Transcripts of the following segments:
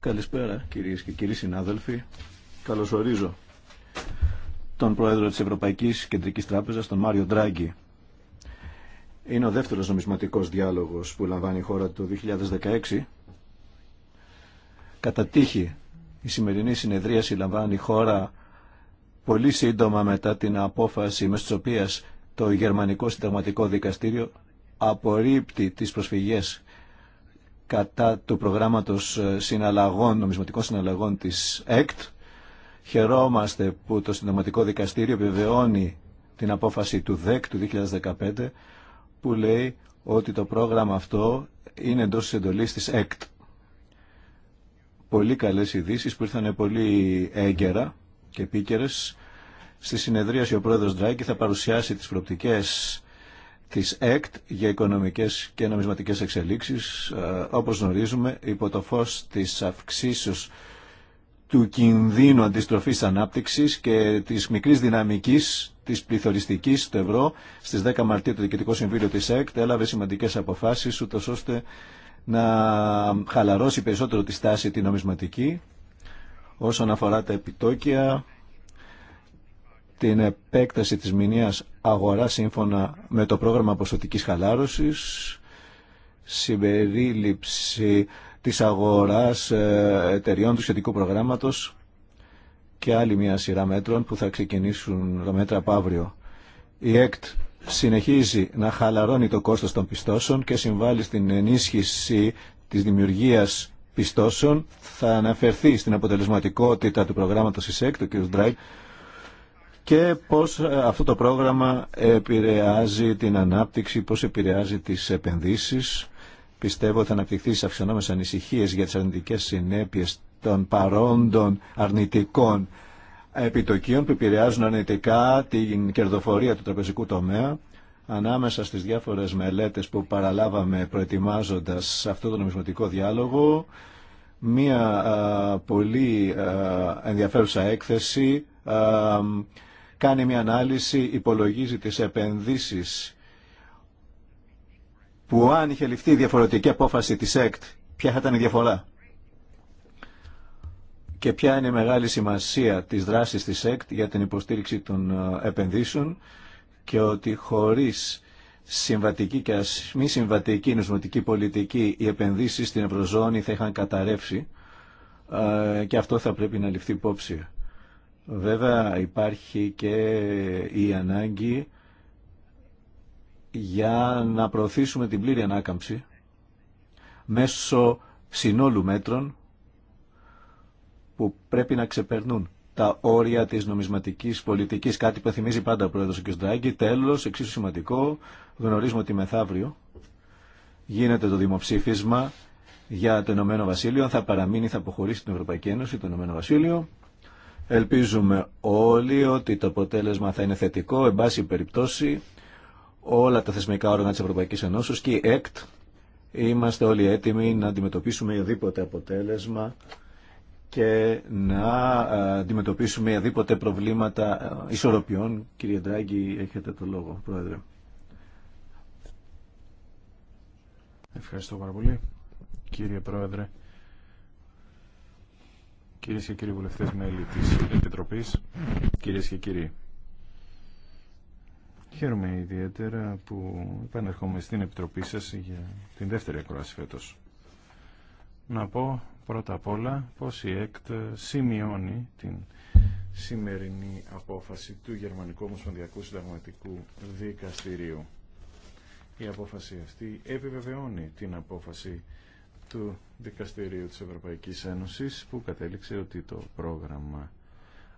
Καλησπέρα κυρίες και κύριοι συνάδελφοι. Καλωσορίζω τον Πρόεδρο της Ευρωπαϊκής Κεντρικής Τράπεζας, τον Μάριο Ντράγκη. Είναι ο δεύτερος νομισματικός διάλογος που λαμβάνει η χώρα το 2016. Κατά τύχη, η σημερινή συνεδρίαση λαμβάνει η χώρα πολύ σύντομα μετά την απόφαση μες της οποίας το Γερμανικό Συνταγματικό Δικαστήριο απορρίπτει τις προσφυγές κατά του προγράμματος ε, συναλλαγών, νομισματικών συναλλαγών της ΕΚΤ. Χαιρόμαστε που το Συνταγματικό Δικαστήριο επιβεβαιώνει την απόφαση του ΔΕΚ του 2015 που λέει ότι το πρόγραμμα αυτό είναι εντός της εντολής της ΕΚΤ. Πολύ καλές ειδήσει που ήρθαν πολύ έγκαιρα και επίκαιρε. Στη συνεδρίαση ο πρόεδρος Ντράγκη θα παρουσιάσει τις προοπτικές της ΕΚΤ για οικονομικές και νομισματικές εξελίξεις, ε, όπως γνωρίζουμε, υπό το φως της αυξήσεως του κινδύνου αντιστροφής ανάπτυξης και της μικρής δυναμικής της πληθωριστικής του ευρώ, στις 10 Μαρτίου το Διοικητικό Συμβούλιο της ΕΚΤ έλαβε σημαντικές αποφάσεις, ούτως ώστε να χαλαρώσει περισσότερο τη στάση τη νομισματική όσον αφορά τα επιτόκια, την επέκταση της μηνίας αγορά σύμφωνα με το πρόγραμμα ποσοτικής χαλάρωσης, συμπερίληψη της αγοράς ε, εταιριών του σχετικού προγράμματος και άλλη μια σειρά μέτρων που θα ξεκινήσουν τα μέτρα από αύριο. Η ΕΚΤ συνεχίζει να χαλαρώνει το κόστος των πιστώσεων και συμβάλλει στην ενίσχυση της δημιουργίας πιστώσεων. Θα αναφερθεί στην αποτελεσματικότητα του προγράμματος της ΕΚΤ, ο κ και πώς ε, αυτό το πρόγραμμα επηρεάζει την ανάπτυξη, πώς επηρεάζει τις επενδύσεις. Πιστεύω θα αναπτυχθεί στις αυξανόμενες ανησυχίες για τις αρνητικές συνέπειες των παρόντων αρνητικών επιτοκίων που επηρεάζουν αρνητικά την κερδοφορία του τραπεζικού τομέα ανάμεσα στις διάφορες μελέτες που παραλάβαμε προετοιμάζοντας αυτό το νομισματικό διάλογο μία πολύ ενδιαφέρουσα έκθεση κάνει μια ανάλυση, υπολογίζει τις επενδύσεις που αν είχε ληφθεί η διαφορετική απόφαση της ΕΚΤ, ποια θα ήταν η διαφορά. Και ποια είναι η μεγάλη σημασία της δράσης της ΕΚΤ για την υποστήριξη των ε, επενδύσεων και ότι χωρίς συμβατική και μη συμβατική νοσμοτική πολιτική οι επενδύσεις στην Ευρωζώνη θα είχαν καταρρεύσει ε, και αυτό θα πρέπει να ληφθεί υπόψη. Βέβαια υπάρχει και η ανάγκη για να προωθήσουμε την πλήρη ανάκαμψη μέσω συνόλου μέτρων που πρέπει να ξεπερνούν τα όρια της νομισματικής πολιτικής, κάτι που θυμίζει πάντα ο Πρόεδρος κ. Ντράγκη. Τέλος, εξίσου σημαντικό, γνωρίζουμε ότι μεθαύριο γίνεται το δημοψήφισμα για το Ηνωμένο Βασίλειο, θα παραμείνει, θα αποχωρήσει την Ευρωπαϊκή Ένωση, το Ηνωμένο Βασίλειο. Ελπίζουμε όλοι ότι το αποτέλεσμα θα είναι θετικό. Εν πάση περιπτώσει, όλα τα θεσμικά όργανα της Ευρωπαϊκής Ενώσης και η ΕΚΤ είμαστε όλοι έτοιμοι να αντιμετωπίσουμε οδήποτε αποτέλεσμα και να ε, αντιμετωπίσουμε οδήποτε προβλήματα ε, ισορροπιών. Κύριε Ντράγκη, έχετε το λόγο, Πρόεδρε. Ευχαριστώ πάρα πολύ, κύριε Πρόεδρε. Κυρίες και κύριοι βουλευτές μέλη της Επιτροπής, κυρίες και κύριοι, χαίρομαι ιδιαίτερα που επανερχόμαι στην Επιτροπή σας για την δεύτερη ακρόαση φέτος. Να πω πρώτα απ' όλα πως η ΕΚΤ σημειώνει την σημερινή απόφαση του Γερμανικού Ομοσπονδιακού Συνταγματικού Δικαστηρίου. Η απόφαση αυτή επιβεβαιώνει την απόφαση του Δικαστηρίου της Ευρωπαϊκής Ένωσης που κατέληξε ότι το πρόγραμμα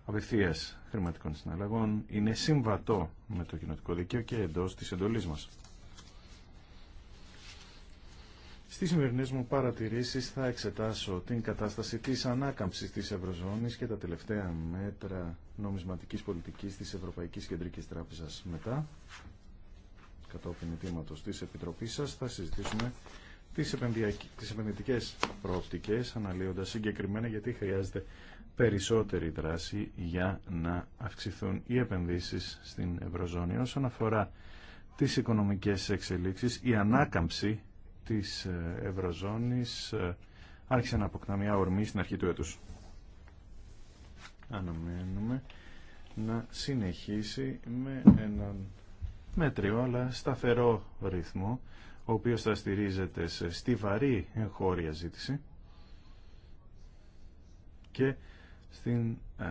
απευθείας χρηματικών συναλλαγών είναι συμβατό με το κοινοτικό δίκαιο και εντός της εντολής μας. Στις σημερινέ μου παρατηρήσεις θα εξετάσω την κατάσταση της ανάκαμψης της Ευρωζώνης και τα τελευταία μέτρα νομισματικής πολιτικής της Ευρωπαϊκής Κεντρικής Τράπεζας. Μετά, κατόπιν ετήματος της Επιτροπής σας, θα συζητήσουμε τις, επενδυτικές προοπτικές αναλύοντας συγκεκριμένα γιατί χρειάζεται περισσότερη δράση για να αυξηθούν οι επενδύσεις στην Ευρωζώνη. Όσον αφορά τις οικονομικές εξελίξεις, η ανάκαμψη της ε, Ευρωζώνης ε, άρχισε να αποκτά μια ορμή στην αρχή του έτους. Αναμένουμε να συνεχίσει με έναν μέτριο αλλά σταθερό ρυθμό ο οποίος θα στηρίζεται σε στιβαρή εγχώρια ζήτηση και στην ε,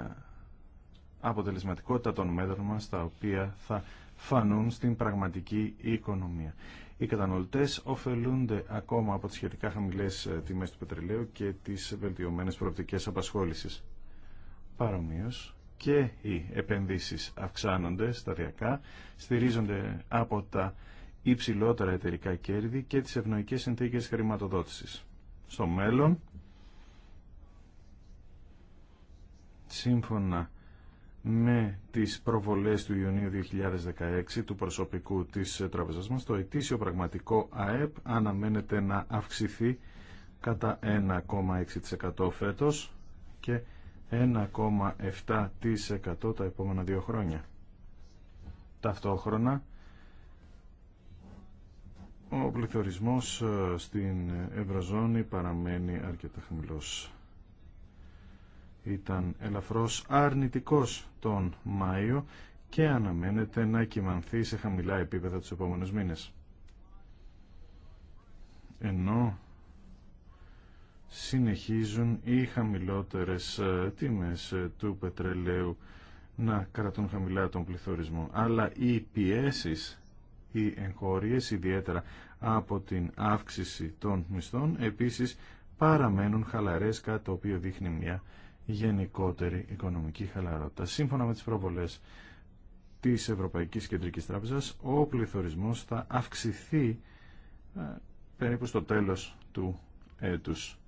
αποτελεσματικότητα των μέτρων μας τα οποία θα φανούν στην πραγματική οικονομία. Οι κατανολτές ωφελούνται ακόμα από τις σχετικά χαμηλές ε, τιμές του πετρελαίου και τις βελτιωμένες προοπτικές απασχόλησης. Παρομοίως και οι επενδύσεις αυξάνονται σταδιακά, στηρίζονται από τα υψηλότερα εταιρικά κέρδη και τις ευνοϊκές συνθήκες χρηματοδότησης. Στο μέλλον, σύμφωνα με τις προβολές του Ιουνίου 2016 του προσωπικού της τραπεζάς μας, το ετήσιο πραγματικό ΑΕΠ αναμένεται να αυξηθεί κατά 1,6% φέτος και 1,7% τα επόμενα δύο χρόνια. Ταυτόχρονα, ο πληθωρισμός ε, στην Ευρωζώνη παραμένει αρκετά χαμηλός. Ήταν ελαφρώς αρνητικός τον Μάιο και αναμένεται να κυμανθεί σε χαμηλά επίπεδα τους επόμενους μήνες. Ενώ συνεχίζουν οι χαμηλότερες ε, τιμές ε, του πετρελαίου να κρατούν χαμηλά τον πληθωρισμό. Αλλά οι πιέσεις οι εγχώριες, ιδιαίτερα από την αύξηση των μισθών, επίσης παραμένουν χαλαρές, κάτι το οποίο δείχνει μια γενικότερη οικονομική χαλαρότητα. Σύμφωνα με τις προβολές της Ευρωπαϊκής Κεντρικής Τράπεζας, ο πληθωρισμός θα αυξηθεί ε, περίπου στο τέλος του έτους.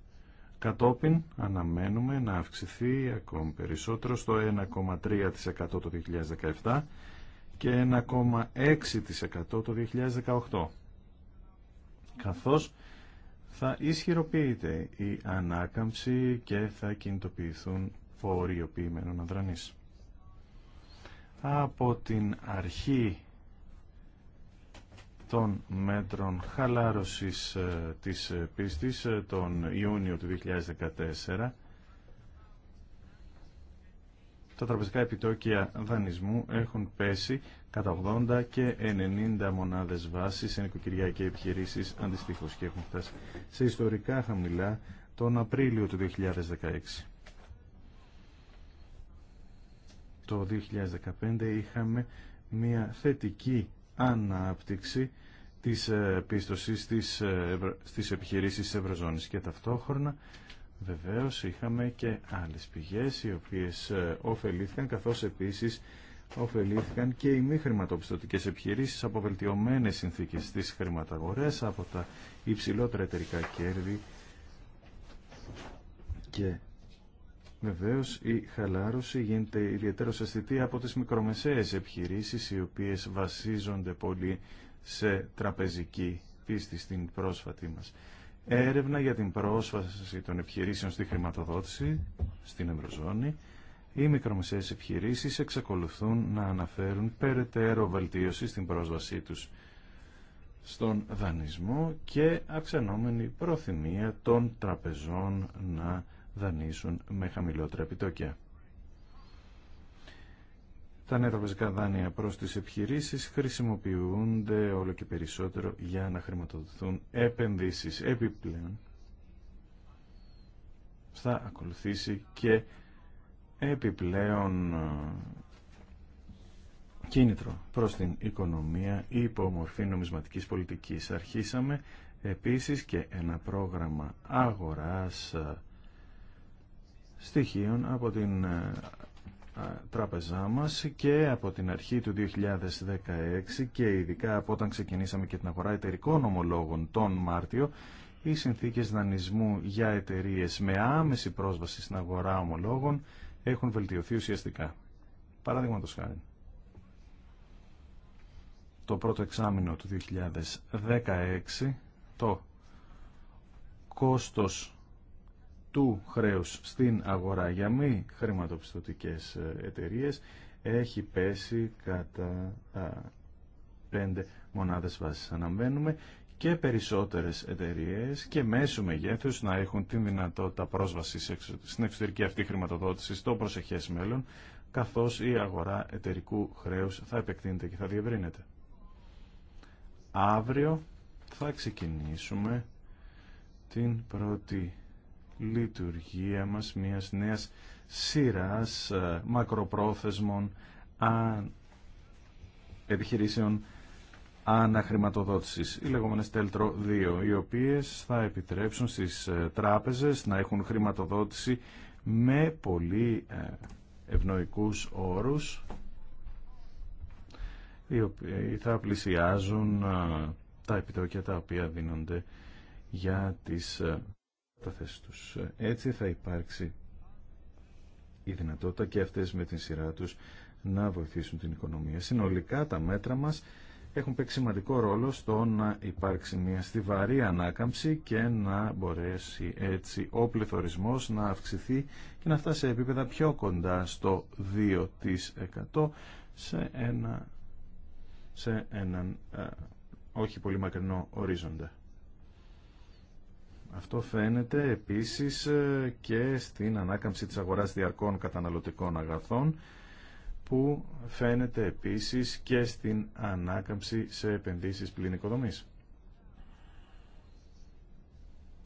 Κατόπιν αναμένουμε να αυξηθεί ακόμη περισσότερο στο 1,3% το 2017 και 1,6% το 2018. Καθώς θα ισχυροποιείται η ανάκαμψη και θα κινητοποιηθούν να αδρανής. Από την αρχή των μέτρων χαλάρωσης ε, της ε, πίστης ε, τον Ιούνιο του 2014 τα τραπεζικά επιτόκια δανεισμού έχουν πέσει κατά 80 και 90 μονάδες βάσης σε νοικοκυριά και επιχειρήσεις αντιστοίχως και έχουν φτάσει σε ιστορικά χαμηλά τον Απρίλιο του 2016. Το 2015 είχαμε μια θετική ανάπτυξη της ε, πίστοσης στις ε, επιχειρήσεις της Ευρωζώνης και ταυτόχρονα Βεβαίως είχαμε και άλλες πηγές οι οποίες ε, ωφελήθηκαν καθώς επίσης ωφελήθηκαν και οι μη χρηματοπιστωτικές επιχειρήσεις από βελτιωμένες συνθήκες στις χρηματαγορές, από τα υψηλότερα εταιρικά κέρδη και βεβαίως η χαλάρωση γίνεται ιδιαίτερος αισθητή από τις μικρομεσαίες επιχειρήσεις οι οποίες βασίζονται πολύ σε τραπεζική πίστη στην πρόσφατη μας έρευνα για την πρόσβαση των επιχειρήσεων στη χρηματοδότηση στην Ευρωζώνη, οι μικρομεσαίες επιχειρήσεις εξακολουθούν να αναφέρουν περαιτέρω βελτίωση στην πρόσβασή τους στον δανεισμό και αυξανόμενη προθυμία των τραπεζών να δανείσουν με χαμηλότερα επιτόκια. Τα τραπεζικά δάνεια προς τις επιχειρήσεις χρησιμοποιούνται όλο και περισσότερο για να χρηματοδοτηθούν επενδύσεις. Επιπλέον θα ακολουθήσει και επιπλέον ε, κίνητρο προς την οικονομία υπό μορφή νομισματικής πολιτικής. Αρχίσαμε επίσης και ένα πρόγραμμα αγοράς ε, στοιχείων από την ε, τράπεζά μας και από την αρχή του 2016 και ειδικά από όταν ξεκινήσαμε και την αγορά εταιρικών ομολόγων τον Μάρτιο οι συνθήκες δανεισμού για εταιρείε με άμεση πρόσβαση στην αγορά ομολόγων έχουν βελτιωθεί ουσιαστικά. Παραδείγματο χάρη. Το πρώτο εξάμεινο του 2016 το κόστος του χρέους στην αγορά για μη χρηματοπιστωτικές ε, εταιρείες έχει πέσει κατά πέντε μονάδες βάσης. Αναμένουμε και περισσότερες εταιρείες και μέσου μεγέθους να έχουν την δυνατότητα πρόσβαση στην εξωτερική αυτή χρηματοδότηση στο προσεχές μέλλον, καθώς η αγορά εταιρικού χρέους θα επεκτείνεται και θα διευρύνεται. Αύριο θα ξεκινήσουμε την πρώτη λειτουργία μας μιας νέας σειράς ε, μακροπρόθεσμων επιχειρήσεων αναχρηματοδότησης, οι λεγόμενες τέλτρο 2, οι οποίες θα επιτρέψουν στις ε, τράπεζες να έχουν χρηματοδότηση με πολύ ε, ευνοϊκούς όρους, οι οποίοι θα πλησιάζουν τα επιτόκια τα οποία δίνονται για τις έτσι θα υπάρξει η δυνατότητα και αυτές με την σειρά τους να βοηθήσουν την οικονομία. Συνολικά τα μέτρα μας έχουν παίξει σημαντικό ρόλο στο να υπάρξει μια στιβαρή ανάκαμψη και να μπορέσει έτσι ο πληθωρισμός να αυξηθεί και να φτάσει σε επίπεδα πιο κοντά στο 2% σε, ένα, σε έναν ε, όχι πολύ μακρινό ορίζοντα. Αυτό φαίνεται επίσης ε, και στην ανάκαμψη της αγοράς διαρκών καταναλωτικών αγαθών που φαίνεται επίσης και στην ανάκαμψη σε επενδύσεις πλήν οικοδομής.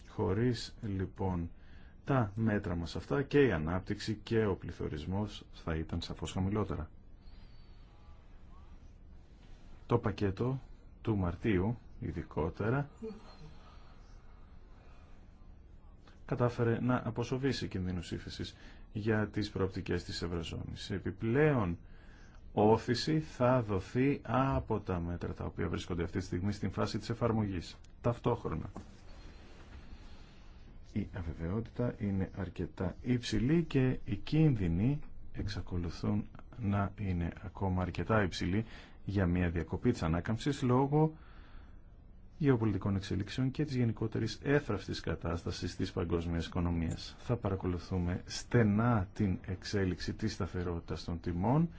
Χωρίς λοιπόν τα μέτρα μας αυτά και η ανάπτυξη και ο πληθωρισμός θα ήταν σαφώς χαμηλότερα. Το πακέτο του Μαρτίου ειδικότερα κατάφερε να αποσοβήσει κινδύνους ύφεση για τις προοπτικέ της Ευρωζώνη. Επιπλέον, όθηση θα δοθεί από τα μέτρα τα οποία βρίσκονται αυτή τη στιγμή στην φάση της εφαρμογής. Ταυτόχρονα. Η αβεβαιότητα είναι αρκετά υψηλή και οι κίνδυνοι εξακολουθούν να είναι ακόμα αρκετά υψηλοί για μια διακοπή της ανάκαμψης λόγω γεωπολιτικών εξελίξεων και της γενικότερης έφραυστης κατάστασης της παγκόσμιας οικονομίας. Θα παρακολουθούμε στενά την εξέλιξη της σταθερότητας των τιμών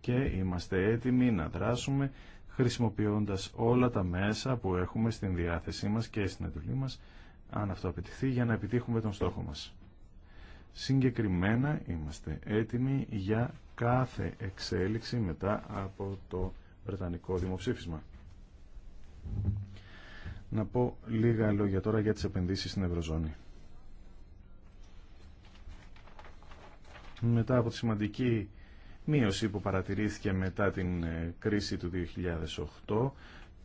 και είμαστε έτοιμοι να δράσουμε χρησιμοποιώντας όλα τα μέσα που έχουμε στην διάθεσή μας και στην εντολή μας, αν αυτό απαιτηθεί, για να επιτύχουμε τον στόχο μας. Συγκεκριμένα είμαστε έτοιμοι για κάθε εξέλιξη μετά από το Βρετανικό Δημοψήφισμα. Να πω λίγα λόγια τώρα για τις επενδύσεις στην Ευρωζώνη. Μετά από τη σημαντική μείωση που παρατηρήθηκε μετά την ε, κρίση του 2008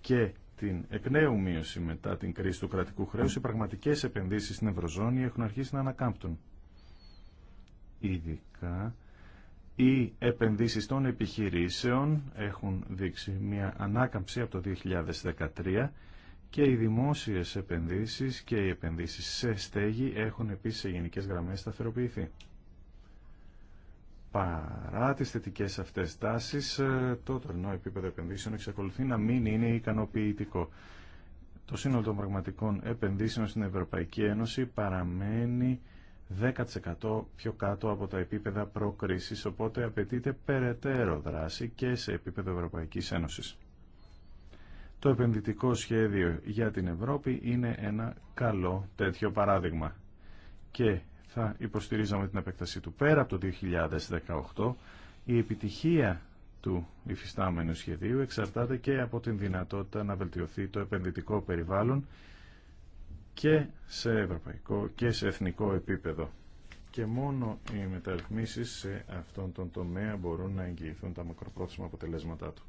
και την εκ νέου μείωση μετά την κρίση του κρατικού χρέους, οι πραγματικές επενδύσεις στην Ευρωζώνη έχουν αρχίσει να ανακάμπτουν. Ειδικά οι επενδύσεις των επιχειρήσεων έχουν δείξει μια ανάκαμψη από το 2013 και οι δημόσιες επενδύσεις και οι επενδύσεις σε στέγη έχουν επίσης σε γενικές γραμμές σταθεροποιηθεί. Παρά τις θετικές αυτές τάσεις, ε, το τωρινό επίπεδο επενδύσεων εξακολουθεί να μην είναι ικανοποιητικό. Το σύνολο των πραγματικών επενδύσεων στην Ευρωπαϊκή Ένωση παραμένει 10% πιο κάτω από τα επίπεδα προκρίσης, οπότε απαιτείται περαιτέρω δράση και σε επίπεδο Ευρωπαϊκής Ένωσης. Το επενδυτικό σχέδιο για την Ευρώπη είναι ένα καλό τέτοιο παράδειγμα. Και θα υποστηρίζαμε την επέκταση του πέρα από το 2018. Η επιτυχία του υφιστάμενου σχεδίου εξαρτάται και από την δυνατότητα να βελτιωθεί το επενδυτικό περιβάλλον και σε ευρωπαϊκό και σε εθνικό επίπεδο. Και μόνο οι μεταρρυθμίσεις σε αυτόν τον τομέα μπορούν να εγγυηθούν τα μακροπρόθεσμα αποτελέσματά του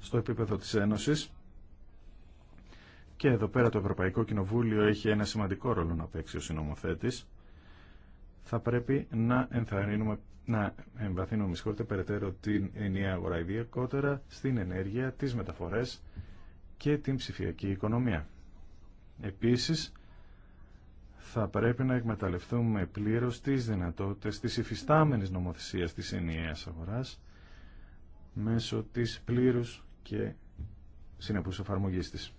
στο επίπεδο της Ένωσης. Και εδώ πέρα το Ευρωπαϊκό Κοινοβούλιο έχει ένα σημαντικό ρόλο να παίξει ο συνομοθέτης. Θα πρέπει να ενθαρρύνουμε, να εμβαθύνουμε, συγχωρείτε, περαιτέρω την ενιαία αγορά, ιδιαίτερα στην ενέργεια, τις μεταφορές και την ψηφιακή οικονομία. Επίσης, θα πρέπει να εκμεταλλευτούμε πλήρως τις δυνατότητες της υφιστάμενης νομοθεσίας της ενιαίας αγοράς μέσω της πλήρους και συνεπούς εφαρμογής της.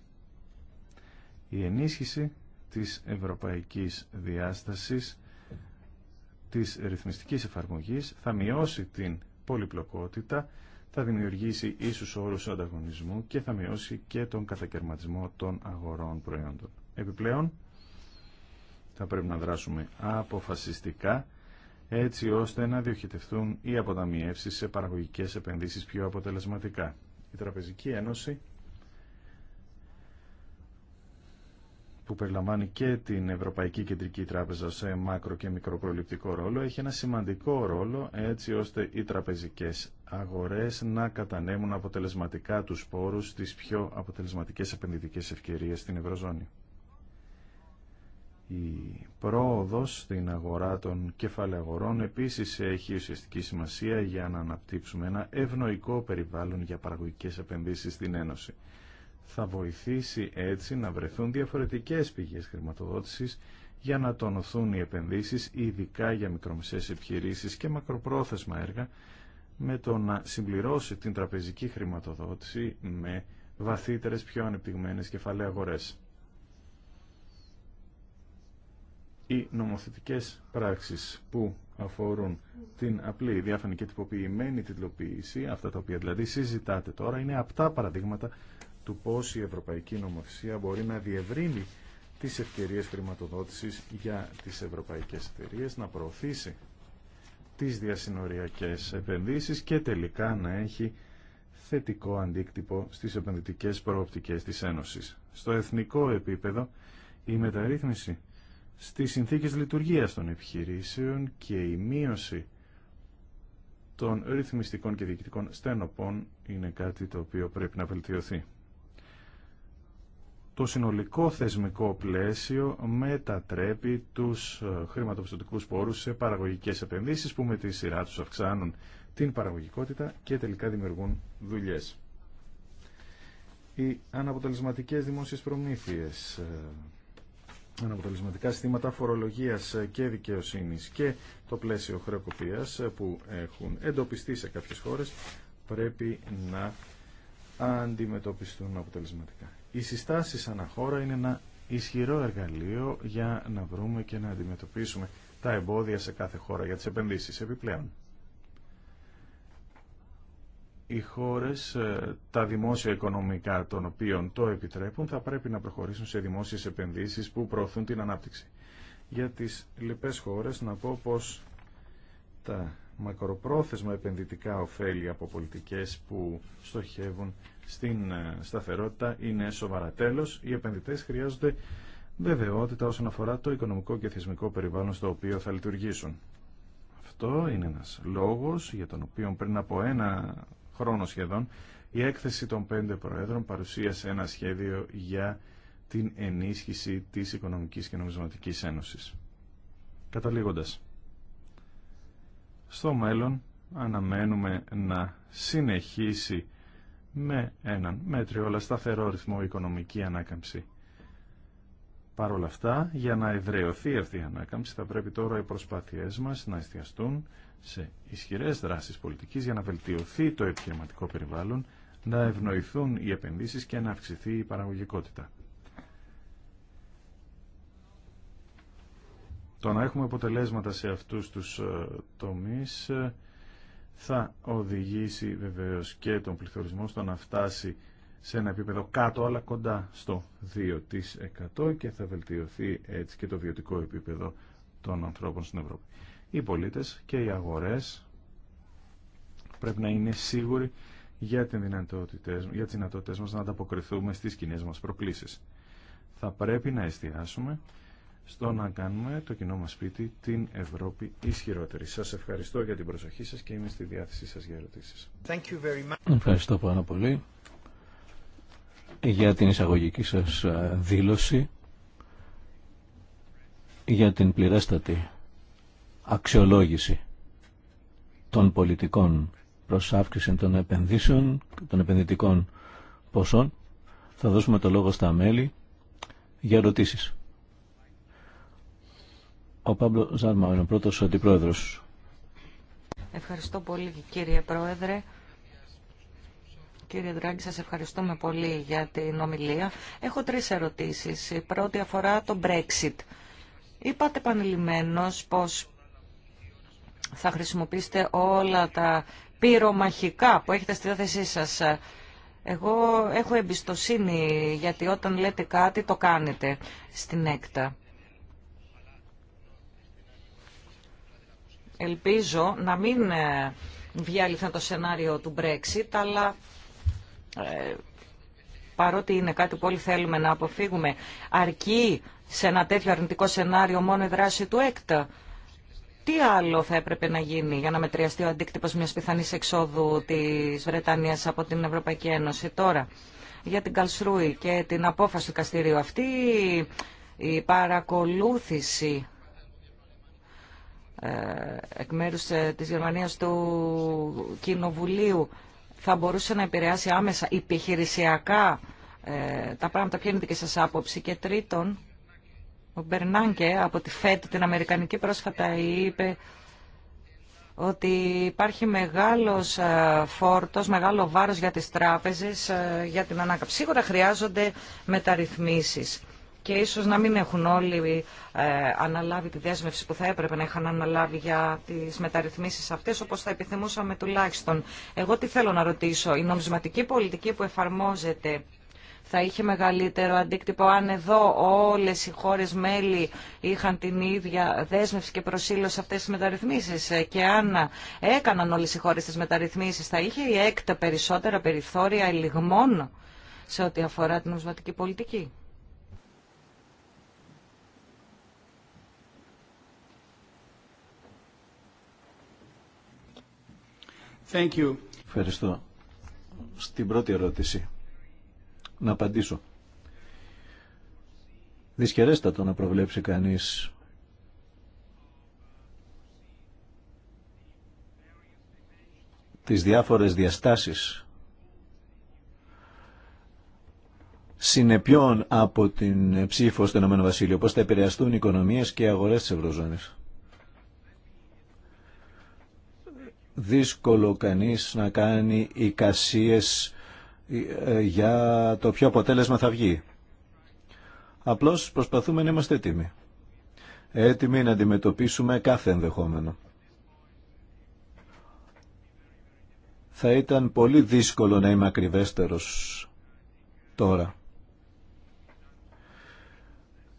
Η ενίσχυση της ευρωπαϊκής διάστασης της ρυθμιστικής εφαρμογής θα μειώσει την πολυπλοκότητα, θα δημιουργήσει ίσους όρους ανταγωνισμού και θα μειώσει και τον κατακαιρματισμό των αγορών προϊόντων. Επιπλέον, θα πρέπει να δράσουμε αποφασιστικά έτσι ώστε να διοχετευτούν οι αποταμιεύσεις σε παραγωγικές επενδύσεις πιο αποτελεσματικά η Τραπεζική Ένωση που περιλαμβάνει και την Ευρωπαϊκή Κεντρική Τράπεζα σε μάκρο και μικροπροληπτικό ρόλο, έχει ένα σημαντικό ρόλο έτσι ώστε οι τραπεζικές αγορές να κατανέμουν αποτελεσματικά τους πόρους στις πιο αποτελεσματικές επενδυτικές ευκαιρίες στην Ευρωζώνη. Η πρόοδος στην αγορά των κεφαλαίων επίσης έχει ουσιαστική σημασία για να αναπτύξουμε ένα ευνοϊκό περιβάλλον για παραγωγικές επενδύσεις στην Ένωση. Θα βοηθήσει έτσι να βρεθούν διαφορετικές πηγές χρηματοδότησης για να τονωθούν οι επενδύσεις ειδικά για μικρομεσαίες επιχειρήσεις και μακροπρόθεσμα έργα με το να συμπληρώσει την τραπεζική χρηματοδότηση με βαθύτερες πιο ανεπτυγμένες οι νομοθετικές πράξεις που αφορούν την απλή, διάφανη και τυποποιημένη τιτλοποίηση, αυτά τα οποία δηλαδή συζητάτε τώρα, είναι απτά παραδείγματα του πώς η ευρωπαϊκή νομοθεσία μπορεί να διευρύνει τις ευκαιρίες χρηματοδότησης για τις ευρωπαϊκές εταιρείε να προωθήσει τις διασυνοριακές επενδύσεις και τελικά να έχει θετικό αντίκτυπο στις επενδυτικές προοπτικές της Ένωσης. Στο εθνικό επίπεδο, η μεταρρύθμιση στις συνθήκες λειτουργίας των επιχειρήσεων και η μείωση των ρυθμιστικών και διοικητικών στένοπων είναι κάτι το οποίο πρέπει να βελτιωθεί. Το συνολικό θεσμικό πλαίσιο μετατρέπει τους ε, χρηματοπιστωτικούς πόρους σε παραγωγικές επενδύσεις που με τη σειρά τους αυξάνουν την παραγωγικότητα και τελικά δημιουργούν δουλειές. Οι αναποτελεσματικές δημόσιες προμήθειες ε, αναποτελεσματικά συστήματα φορολογίας και δικαιοσύνης και το πλαίσιο χρεοκοπίας που έχουν εντοπιστεί σε κάποιες χώρες πρέπει να αντιμετωπιστούν αποτελεσματικά. Οι συστάσεις αναχώρα είναι ένα ισχυρό εργαλείο για να βρούμε και να αντιμετωπίσουμε τα εμπόδια σε κάθε χώρα για τις επενδύσεις επιπλέον οι χώρες, ε, τα δημόσια οικονομικά των οποίων το επιτρέπουν, θα πρέπει να προχωρήσουν σε δημόσιες επενδύσεις που προωθούν την ανάπτυξη. Για τις λοιπές χώρες να πω πως τα μακροπρόθεσμα επενδυτικά ωφέλη από πολιτικές που στοχεύουν στην ε, σταθερότητα είναι σοβαρά. τέλο. οι επενδυτές χρειάζονται βεβαιότητα όσον αφορά το οικονομικό και θεσμικό περιβάλλον στο οποίο θα λειτουργήσουν. Αυτό είναι ένας λόγος για τον οποίο πριν από ένα χρόνο σχεδόν, η έκθεση των πέντε Προέδρων παρουσίασε ένα σχέδιο για την ενίσχυση της Οικονομικής και Νομισματικής Ένωσης. Καταλήγοντας, στο μέλλον αναμένουμε να συνεχίσει με έναν μέτριο αλλά σταθερό ρυθμό οικονομική ανάκαμψη. Παρ' όλα αυτά, για να εδραιωθεί αυτή η ανάκαμψη θα πρέπει τώρα οι προσπάθειές μας να εστιαστούν σε ισχυρές δράσεις πολιτικής για να βελτιωθεί το επιχειρηματικό περιβάλλον, να ευνοηθούν οι επενδύσεις και να αυξηθεί η παραγωγικότητα. Το να έχουμε αποτελέσματα σε αυτούς τους ε, τομείς ε, θα οδηγήσει βεβαίως και τον πληθωρισμό στο να φτάσει σε ένα επίπεδο κάτω αλλά κοντά στο 2% και θα βελτιωθεί έτσι και το βιωτικό επίπεδο των ανθρώπων στην Ευρώπη οι πολίτες και οι αγορές πρέπει να είναι σίγουροι για, την δυνατότητες, για τις δυνατότητες μας να ανταποκριθούμε στις κοινέ μας προκλήσεις. Θα πρέπει να εστιάσουμε στο να κάνουμε το κοινό μας σπίτι την Ευρώπη ισχυρότερη. Σας ευχαριστώ για την προσοχή σας και είμαι στη διάθεσή σας για ερωτήσεις. Ευχαριστώ πάρα πολύ για την εισαγωγική σας ε, δήλωση για την πληρέστατη αξιολόγηση των πολιτικών προς αύξηση των επενδύσεων, των επενδυτικών ποσών. Θα δώσουμε το λόγο στα μέλη για ερωτήσεις. Ο Παύλο Ζάρμα είναι ο πρώτος αντιπρόεδρος. Ευχαριστώ πολύ κύριε Πρόεδρε. Κύριε Δράγκη, σας ευχαριστούμε πολύ για την ομιλία. Έχω τρεις ερωτήσεις. Η πρώτη αφορά το Brexit. Είπατε πανελειμμένος πως θα χρησιμοποιήσετε όλα τα πυρομαχικά που έχετε στη διάθεσή σας. Εγώ έχω εμπιστοσύνη γιατί όταν λέτε κάτι το κάνετε στην έκτα. Ελπίζω να μην ε, βγει το σενάριο του Brexit, αλλά ε, παρότι είναι κάτι που όλοι θέλουμε να αποφύγουμε, αρκεί σε ένα τέτοιο αρνητικό σενάριο μόνο η δράση του ΕΚΤΑ τι άλλο θα έπρεπε να γίνει για να μετριαστεί ο αντίκτυπο μια πιθανή εξόδου τη Βρετανία από την Ευρωπαϊκή Ένωση τώρα για την Καλσρούη και την απόφαση του καστηρίου αυτή η παρακολούθηση ε, εκ μέρους ε, της Γερμανίας του Κοινοβουλίου θα μπορούσε να επηρεάσει άμεσα επιχειρησιακά ε, τα πράγματα ποια είναι δική σας άποψη και τρίτον ο Μπερνάνκε από τη ΦΕΤ, την Αμερικανική πρόσφατα, είπε ότι υπάρχει μεγάλος ε, φόρτος, μεγάλο βάρος για τις τράπεζες ε, για την ανάκαμψη. Σίγουρα χρειάζονται μεταρρυθμίσεις και ίσως να μην έχουν όλοι ε, αναλάβει τη δέσμευση που θα έπρεπε να είχαν αναλάβει για τις μεταρρυθμίσεις αυτές, όπως θα επιθυμούσαμε τουλάχιστον. Εγώ τι θέλω να ρωτήσω, η νομισματική πολιτική που εφαρμόζεται θα είχε μεγαλύτερο αντίκτυπο αν εδώ όλες οι χώρες μέλη είχαν την ίδια δέσμευση και προσήλωση αυτές τις μεταρρυθμίσεις ε, και αν έκαναν όλες οι χώρες τις μεταρρυθμίσεις θα είχε η έκτα περισσότερα περιθώρια ελιγμών σε ό,τι αφορά την νομισματική πολιτική. Thank you. Ευχαριστώ. Στην πρώτη ερώτηση να απαντήσω. Δυσχερέστατο να προβλέψει κανείς τις διάφορες διαστάσεις συνεπιών από την ψήφο στο Ηνωμένο Βασίλειο, πώς θα επηρεαστούν οι οικονομίες και οι αγορές της Ευρωζώνης. Δύσκολο κανείς να κάνει οικασίες ε, ε, για το ποιο αποτέλεσμα θα βγει. Απλώς προσπαθούμε να είμαστε έτοιμοι. Έτοιμοι να αντιμετωπίσουμε κάθε ενδεχόμενο. Θα ήταν πολύ δύσκολο να είμαι ακριβέστερος τώρα.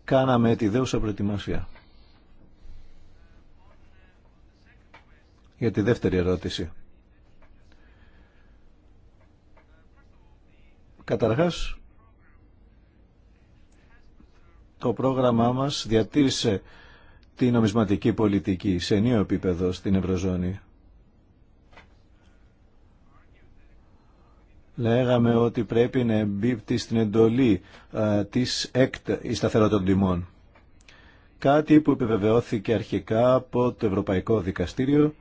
Κάναμε τη δέουσα προετοιμασία. Για τη δεύτερη ερώτηση. Καταρχάς, το πρόγραμμά μας διατήρησε τη νομισματική πολιτική σε νέο επίπεδο στην Ευρωζώνη. Λέγαμε ότι πρέπει να εμπίπτει στην εντολή α, ε, της ΕΚΤ η σταθερότητα των τιμών. Κάτι που επιβεβαιώθηκε αρχικά από το Ευρωπαϊκό Δικαστήριο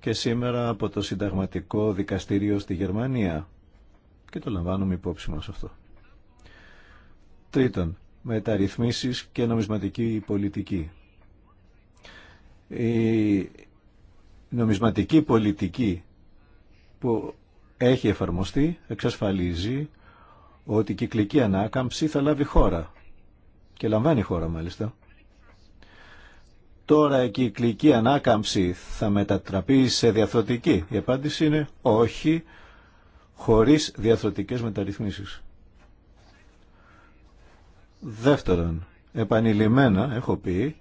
και σήμερα από το Συνταγματικό Δικαστήριο στη Γερμανία και το λαμβάνουμε υπόψη μας αυτό. Τρίτον, μεταρρυθμίσεις και νομισματική πολιτική. Η νομισματική πολιτική που έχει εφαρμοστεί εξασφαλίζει ότι η κυκλική ανάκαμψη θα λάβει χώρα και λαμβάνει χώρα μάλιστα. Τώρα η κυκλική ανάκαμψη θα μετατραπεί σε διαθροτική. Η απάντηση είναι όχι, χωρίς διαθροτικές μεταρρυθμίσεις. Δεύτερον, επανειλημμένα έχω πει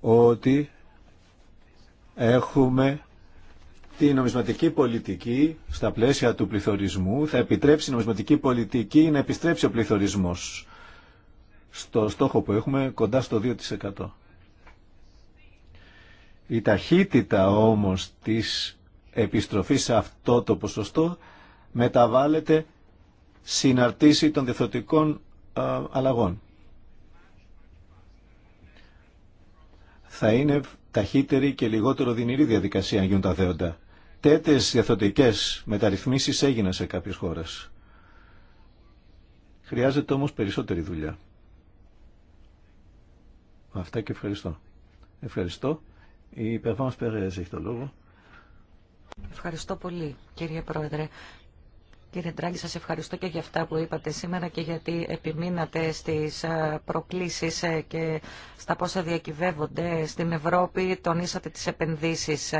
ότι έχουμε τη νομισματική πολιτική στα πλαίσια του πληθωρισμού θα επιτρέψει η νομισματική πολιτική να επιστρέψει ο πληθωρισμός στο στόχο που έχουμε κοντά στο 2%. Η ταχύτητα όμως της επιστροφή σε αυτό το ποσοστό μεταβάλλεται συναρτήση των διαθωτικών αλλαγών. Θα είναι ταχύτερη και λιγότερο δυνηρή διαδικασία αν γίνουν τα δέοντα. Τέτοιες διαθωτικές μεταρρυθμίσεις έγιναν σε κάποιες χώρες. Χρειάζεται όμως περισσότερη δουλειά. Αυτά και ευχαριστώ. Ευχαριστώ. Η Περβάνος Περέζ έχει το λόγο. Ευχαριστώ πολύ κύριε Πρόεδρε. Κύριε Ντράγκη, σας ευχαριστώ και για αυτά που είπατε σήμερα και γιατί επιμείνατε στις ε, προκλήσεις ε, και στα πόσα διακυβεύονται στην Ευρώπη, τονίσατε τις επενδύσεις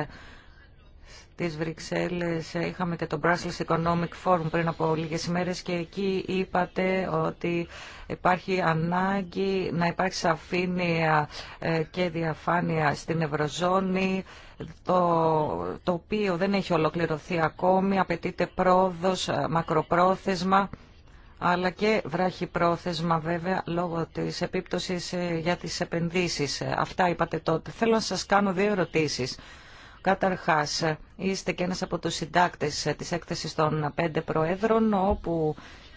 τις Βρυξέλλες είχαμε και το Brussels Economic Forum πριν από λίγες ημέρες και εκεί είπατε ότι υπάρχει ανάγκη να υπάρξει σαφήνεια ε, και διαφάνεια στην Ευρωζώνη το, το οποίο δεν έχει ολοκληρωθεί ακόμη, απαιτείται πρόοδος, ε, μακροπρόθεσμα αλλά και βράχει πρόθεσμα βέβαια λόγω της επίπτωσης ε, για τις επενδύσεις. Αυτά είπατε τότε. Θέλω να σας κάνω δύο ερωτήσεις. Καταρχάς, είστε και ένας από τους συντάκτες της έκθεσης των πέντε προέδρων, όπου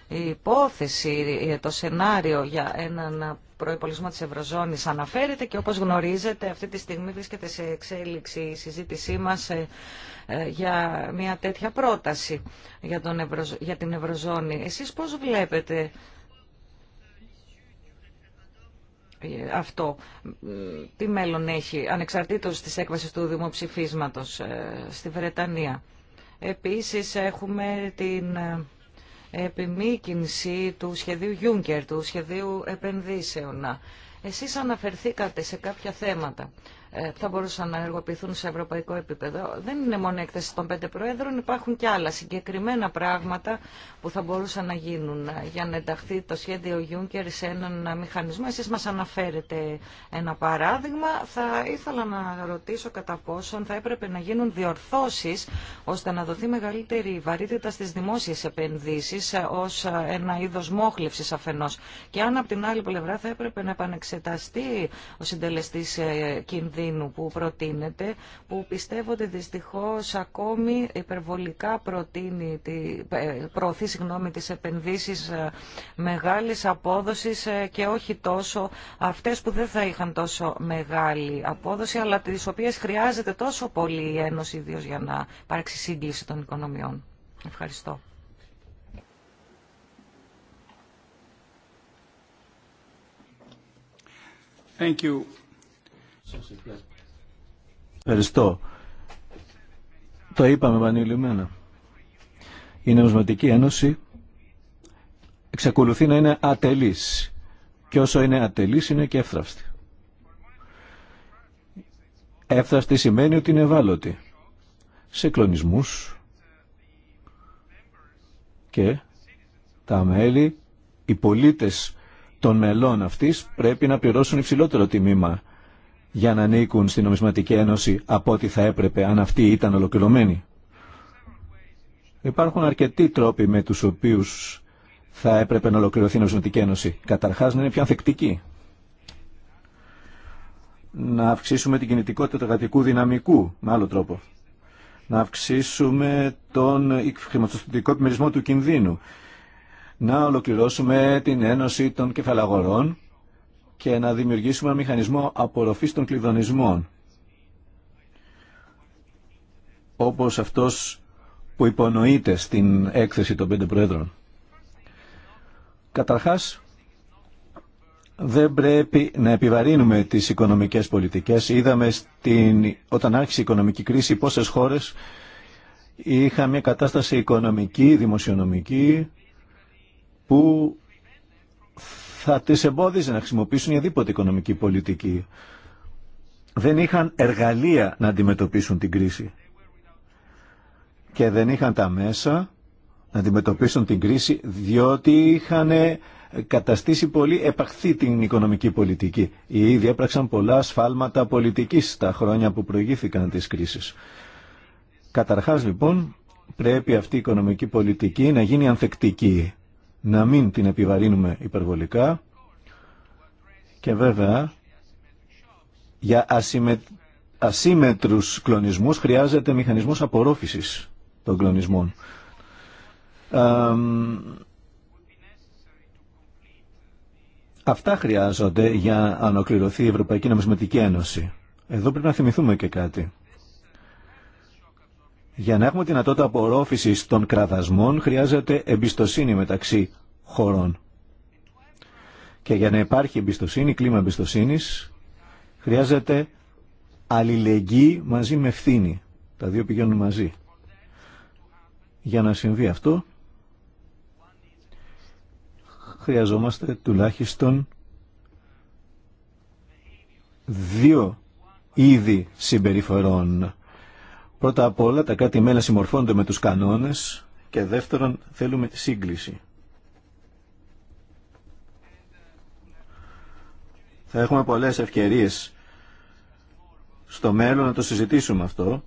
η υπόθεση, το σενάριο για έναν προϋπολισμό της Ευρωζώνης αναφέρεται και όπως γνωρίζετε αυτή τη στιγμή βρίσκεται σε εξέλιξη η συζήτησή μας ε, ε, για μια τέτοια πρόταση για, τον για την Ευρωζώνη. Εσείς πώς βλέπετε Ε, αυτό. Τι μέλλον έχει, ανεξαρτήτως της έκβασης του δημοψηφίσματος ε, στη Βρετανία. Επίσης έχουμε την ε, επιμήκυνση του σχεδίου Juncker, του σχεδίου επενδύσεων. Εσείς αναφερθήκατε σε κάποια θέματα. Ε, θα μπορούσαν να εργοποιηθούν σε ευρωπαϊκό επίπεδο. Δεν είναι μόνο η έκθεση των πέντε προέδρων, υπάρχουν και άλλα συγκεκριμένα πράγματα που θα μπορούσαν να γίνουν για να ενταχθεί το σχέδιο Juncker σε έναν μηχανισμό. Εσείς μας αναφέρετε ένα παράδειγμα. Θα ήθελα να ρωτήσω κατά πόσον θα έπρεπε να γίνουν διορθώσεις ώστε να δοθεί μεγαλύτερη βαρύτητα στις δημόσιες επενδύσεις ως ένα είδος μόχλευσης αφενός. Και αν από την άλλη πλευρά θα έπρεπε να επανεξεταστεί ο συντελεστής ε, κινδύνου που προτείνεται, που πιστεύω ότι δυστυχώς ακόμη υπερβολικά προτείνει, ε, προωθεί συγγνώμη, τις επενδύσεις ε, μεγάλης απόδοσης ε, και όχι τόσο αυτές που δεν θα είχαν τόσο μεγάλη απόδοση, αλλά τις οποίες χρειάζεται τόσο πολύ η Ένωση, ιδίω για να υπάρξει σύγκληση των οικονομιών. Ευχαριστώ. Thank you. Ευχαριστώ. Το είπαμε επανειλημμένα. Η Νεοσματική Ένωση εξακολουθεί να είναι ατελής. Και όσο είναι ατελής είναι και εύθραυστη. Εύθραυστη σημαίνει ότι είναι ευάλωτη σε κλονισμούς και τα μέλη, οι πολίτες των μελών αυτής πρέπει να πληρώσουν υψηλότερο τιμήμα για να ανήκουν στην Νομισματική Ένωση από ό,τι θα έπρεπε αν αυτή ήταν ολοκληρωμένη. Υπάρχουν αρκετοί τρόποι με τους οποίους θα έπρεπε να ολοκληρωθεί η Νομισματική Ένωση. Καταρχάς να είναι πιο ανθεκτική. Να αυξήσουμε την κινητικότητα του εργατικού δυναμικού με άλλο τρόπο. Να αυξήσουμε τον χρηματοστατικό επιμερισμό του κινδύνου. Να ολοκληρώσουμε την Ένωση των Κεφαλαγορών και να δημιουργήσουμε ένα μηχανισμό απορροφής των κλειδονισμών όπως αυτός που υπονοείται στην έκθεση των πέντε πρόεδρων. Καταρχάς, δεν πρέπει να επιβαρύνουμε τις οικονομικές πολιτικές. Είδαμε όταν άρχισε η οικονομική κρίση πόσες χώρες είχαν μια κατάσταση οικονομική, δημοσιονομική που θα τις εμπόδιζε να χρησιμοποιήσουν οποιαδήποτε οικονομική πολιτική. Δεν είχαν εργαλεία να αντιμετωπίσουν την κρίση. Και δεν είχαν τα μέσα να αντιμετωπίσουν την κρίση διότι είχαν ε, καταστήσει πολύ επαχθή την οικονομική πολιτική. η ίδιοι έπραξαν πολλά σφάλματα πολιτικής τα χρόνια που προηγήθηκαν της κρίσης. Καταρχάς λοιπόν πρέπει αυτή η οικονομική πολιτική να γίνει ανθεκτική να μην την επιβαρύνουμε υπερβολικά και βέβαια για ασύμε... ασύμετρους κλονισμούς χρειάζεται μηχανισμός απορρόφησης των κλονισμών. Αυτά χρειάζονται για να ολοκληρωθεί η Ευρωπαϊκή Νομισματική Ένωση. Εδώ πρέπει να θυμηθούμε και κάτι. Για να έχουμε δυνατότητα απορρόφηση των κραδασμών χρειάζεται εμπιστοσύνη μεταξύ χωρών. Και για να υπάρχει εμπιστοσύνη, κλίμα εμπιστοσύνη, χρειάζεται αλληλεγγύη μαζί με ευθύνη. Τα δύο πηγαίνουν μαζί. Για να συμβεί αυτό, χρειαζόμαστε τουλάχιστον δύο είδη συμπεριφορών Πρώτα απ' όλα τα κάτι μελα συμμορφώνονται με τους κανόνες και δεύτερον θέλουμε τη σύγκληση. Θα έχουμε πολλές ευκαιρίες στο μέλλον να το συζητήσουμε αυτό,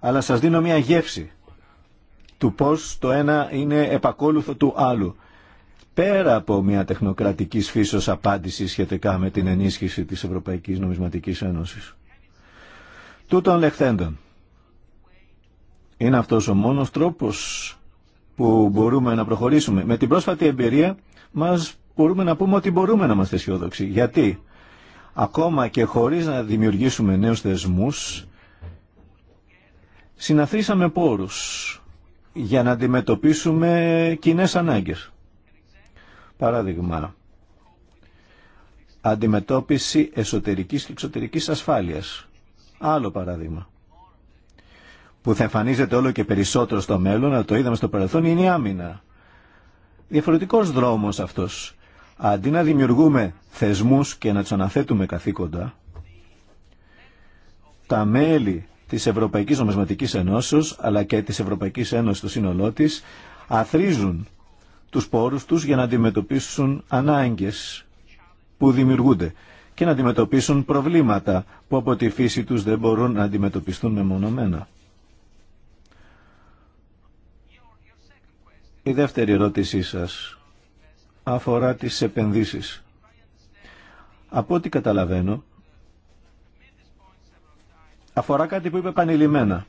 αλλά σας δίνω μια γεύση του πώς το ένα είναι επακόλουθο του άλλου. Πέρα από μια τεχνοκρατική φύσος απάντηση σχετικά με την ενίσχυση της Ευρωπαϊκής Νομισματικής Ένωσης. Τούτων λεχθέντων. Είναι αυτός ο μόνος τρόπος που μπορούμε να προχωρήσουμε. Με την πρόσφατη εμπειρία μας μπορούμε να πούμε ότι μπορούμε να είμαστε αισιόδοξοι. Γιατί ακόμα και χωρίς να δημιουργήσουμε νέους θεσμούς, συναθρήσαμε πόρους για να αντιμετωπίσουμε κοινέ ανάγκες. Παράδειγμα, αντιμετώπιση εσωτερικής και εξωτερικής ασφάλειας. Άλλο παράδειγμα που θα εμφανίζεται όλο και περισσότερο στο μέλλον, αλλά το είδαμε στο παρελθόν, είναι η άμυνα. Διαφορετικός δρόμος αυτός. Αντί να δημιουργούμε θεσμούς και να τους αναθέτουμε καθήκοντα, τα μέλη της Ευρωπαϊκής Νομισματικής Ενώσεως, αλλά και της Ευρωπαϊκής Ένωσης στο σύνολό τη, αθρίζουν τους πόρους τους για να αντιμετωπίσουν ανάγκες που δημιουργούνται και να αντιμετωπίσουν προβλήματα που από τη φύση τους δεν μπορούν να αντιμετωπιστούν μεμονωμένα. Η δεύτερη ερώτησή σας αφορά τις επενδύσεις. Από ό,τι καταλαβαίνω, αφορά κάτι που είπε επανειλημμένα.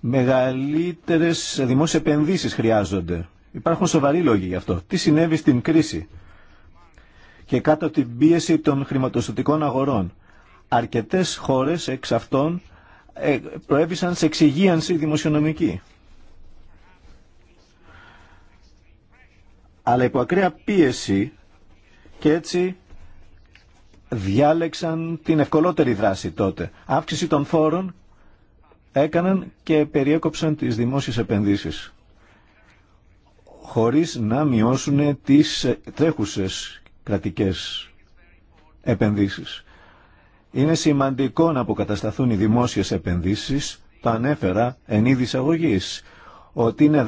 Μεγαλύτερες δημόσιες επενδύσεις χρειάζονται. Υπάρχουν σοβαροί λόγοι γι' αυτό. Τι συνέβη στην κρίση και κάτω από την πίεση των χρηματοστοτικών αγορών. Αρκετές χώρες εξ αυτών ε, προέβησαν σε εξυγίανση δημοσιονομική. Αλλά υπό ακραία πίεση και έτσι διάλεξαν την ευκολότερη δράση τότε. Αύξηση των φόρων έκαναν και περιέκοψαν τις δημόσιες επενδύσεις χωρίς να μειώσουν τις τρέχουσες κρατικές επενδύσεις. Είναι σημαντικό να αποκατασταθούν οι δημόσιες επενδύσεις, το ανέφερα εν είδη εισαγωγής, ότι είναι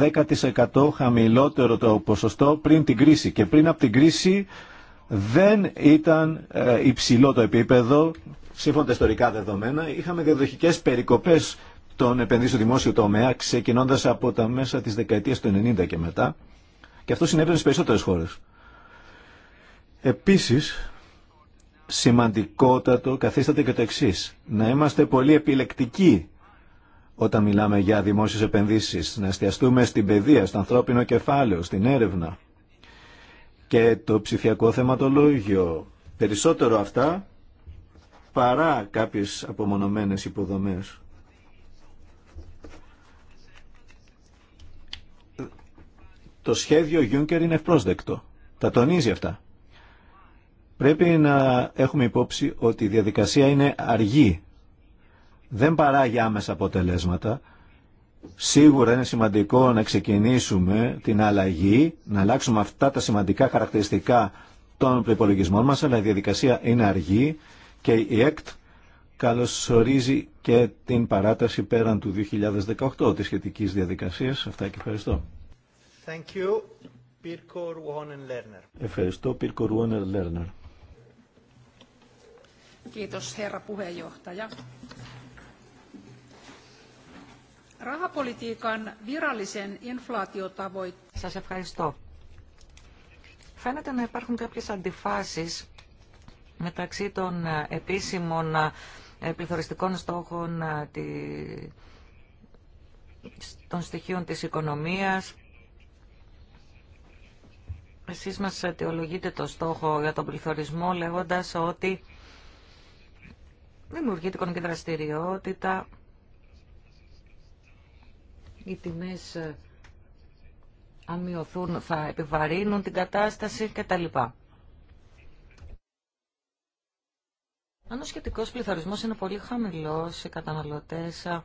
10% χαμηλότερο το ποσοστό πριν την κρίση και πριν από την κρίση δεν ήταν ε, υψηλό το επίπεδο, σύμφωνα τα ιστορικά δεδομένα, είχαμε διαδοχικές περικοπές των επενδύσεων δημόσιου τομέα, ξεκινώντα από τα μέσα τη δεκαετία του 90 και μετά. Και αυτό συνέβαινε στις περισσότερε χώρε. Επίσης σημαντικότατο καθίσταται και το εξή. Να είμαστε πολύ επιλεκτικοί όταν μιλάμε για δημόσιες επενδύσεις, να εστιαστούμε στην παιδεία, στο ανθρώπινο κεφάλαιο, στην έρευνα και το ψηφιακό θεματολόγιο. Περισσότερο αυτά παρά κάποιες απομονωμένες υποδομές. Το σχέδιο Juncker είναι ευπρόσδεκτο. Τα τονίζει αυτά. Πρέπει να έχουμε υπόψη ότι η διαδικασία είναι αργή. Δεν παράγει άμεσα αποτελέσματα. Σίγουρα είναι σημαντικό να ξεκινήσουμε την αλλαγή, να αλλάξουμε αυτά τα σημαντικά χαρακτηριστικά των προπολογισμών μας, αλλά η διαδικασία είναι αργή και η ΕΚΤ καλωσορίζει και την παράταση πέραν του 2018 της σχετικής διαδικασίας. Αυτά και ευχαριστώ. Thank you. Ευχαριστώ, Πίρκο Λέρνερ. Kiitos herra Rahapolitiikan virallisen Σας ευχαριστώ. Φαίνεται να υπάρχουν κάποιες αντιφάσεις μεταξύ των ε, επίσημων ε, πληθωριστικών στόχων ε, των στοιχείων της οικονομίας. Εσείς μας αιτιολογείτε το στόχο για τον πληθωρισμό λέγοντας ότι δημιουργείται οικονομική δραστηριότητα, οι τιμές ε, αν μειωθούν θα επιβαρύνουν την κατάσταση κτλ. Αν ο σχετικός πληθωρισμός είναι πολύ χαμηλός, οι καταναλωτές ε,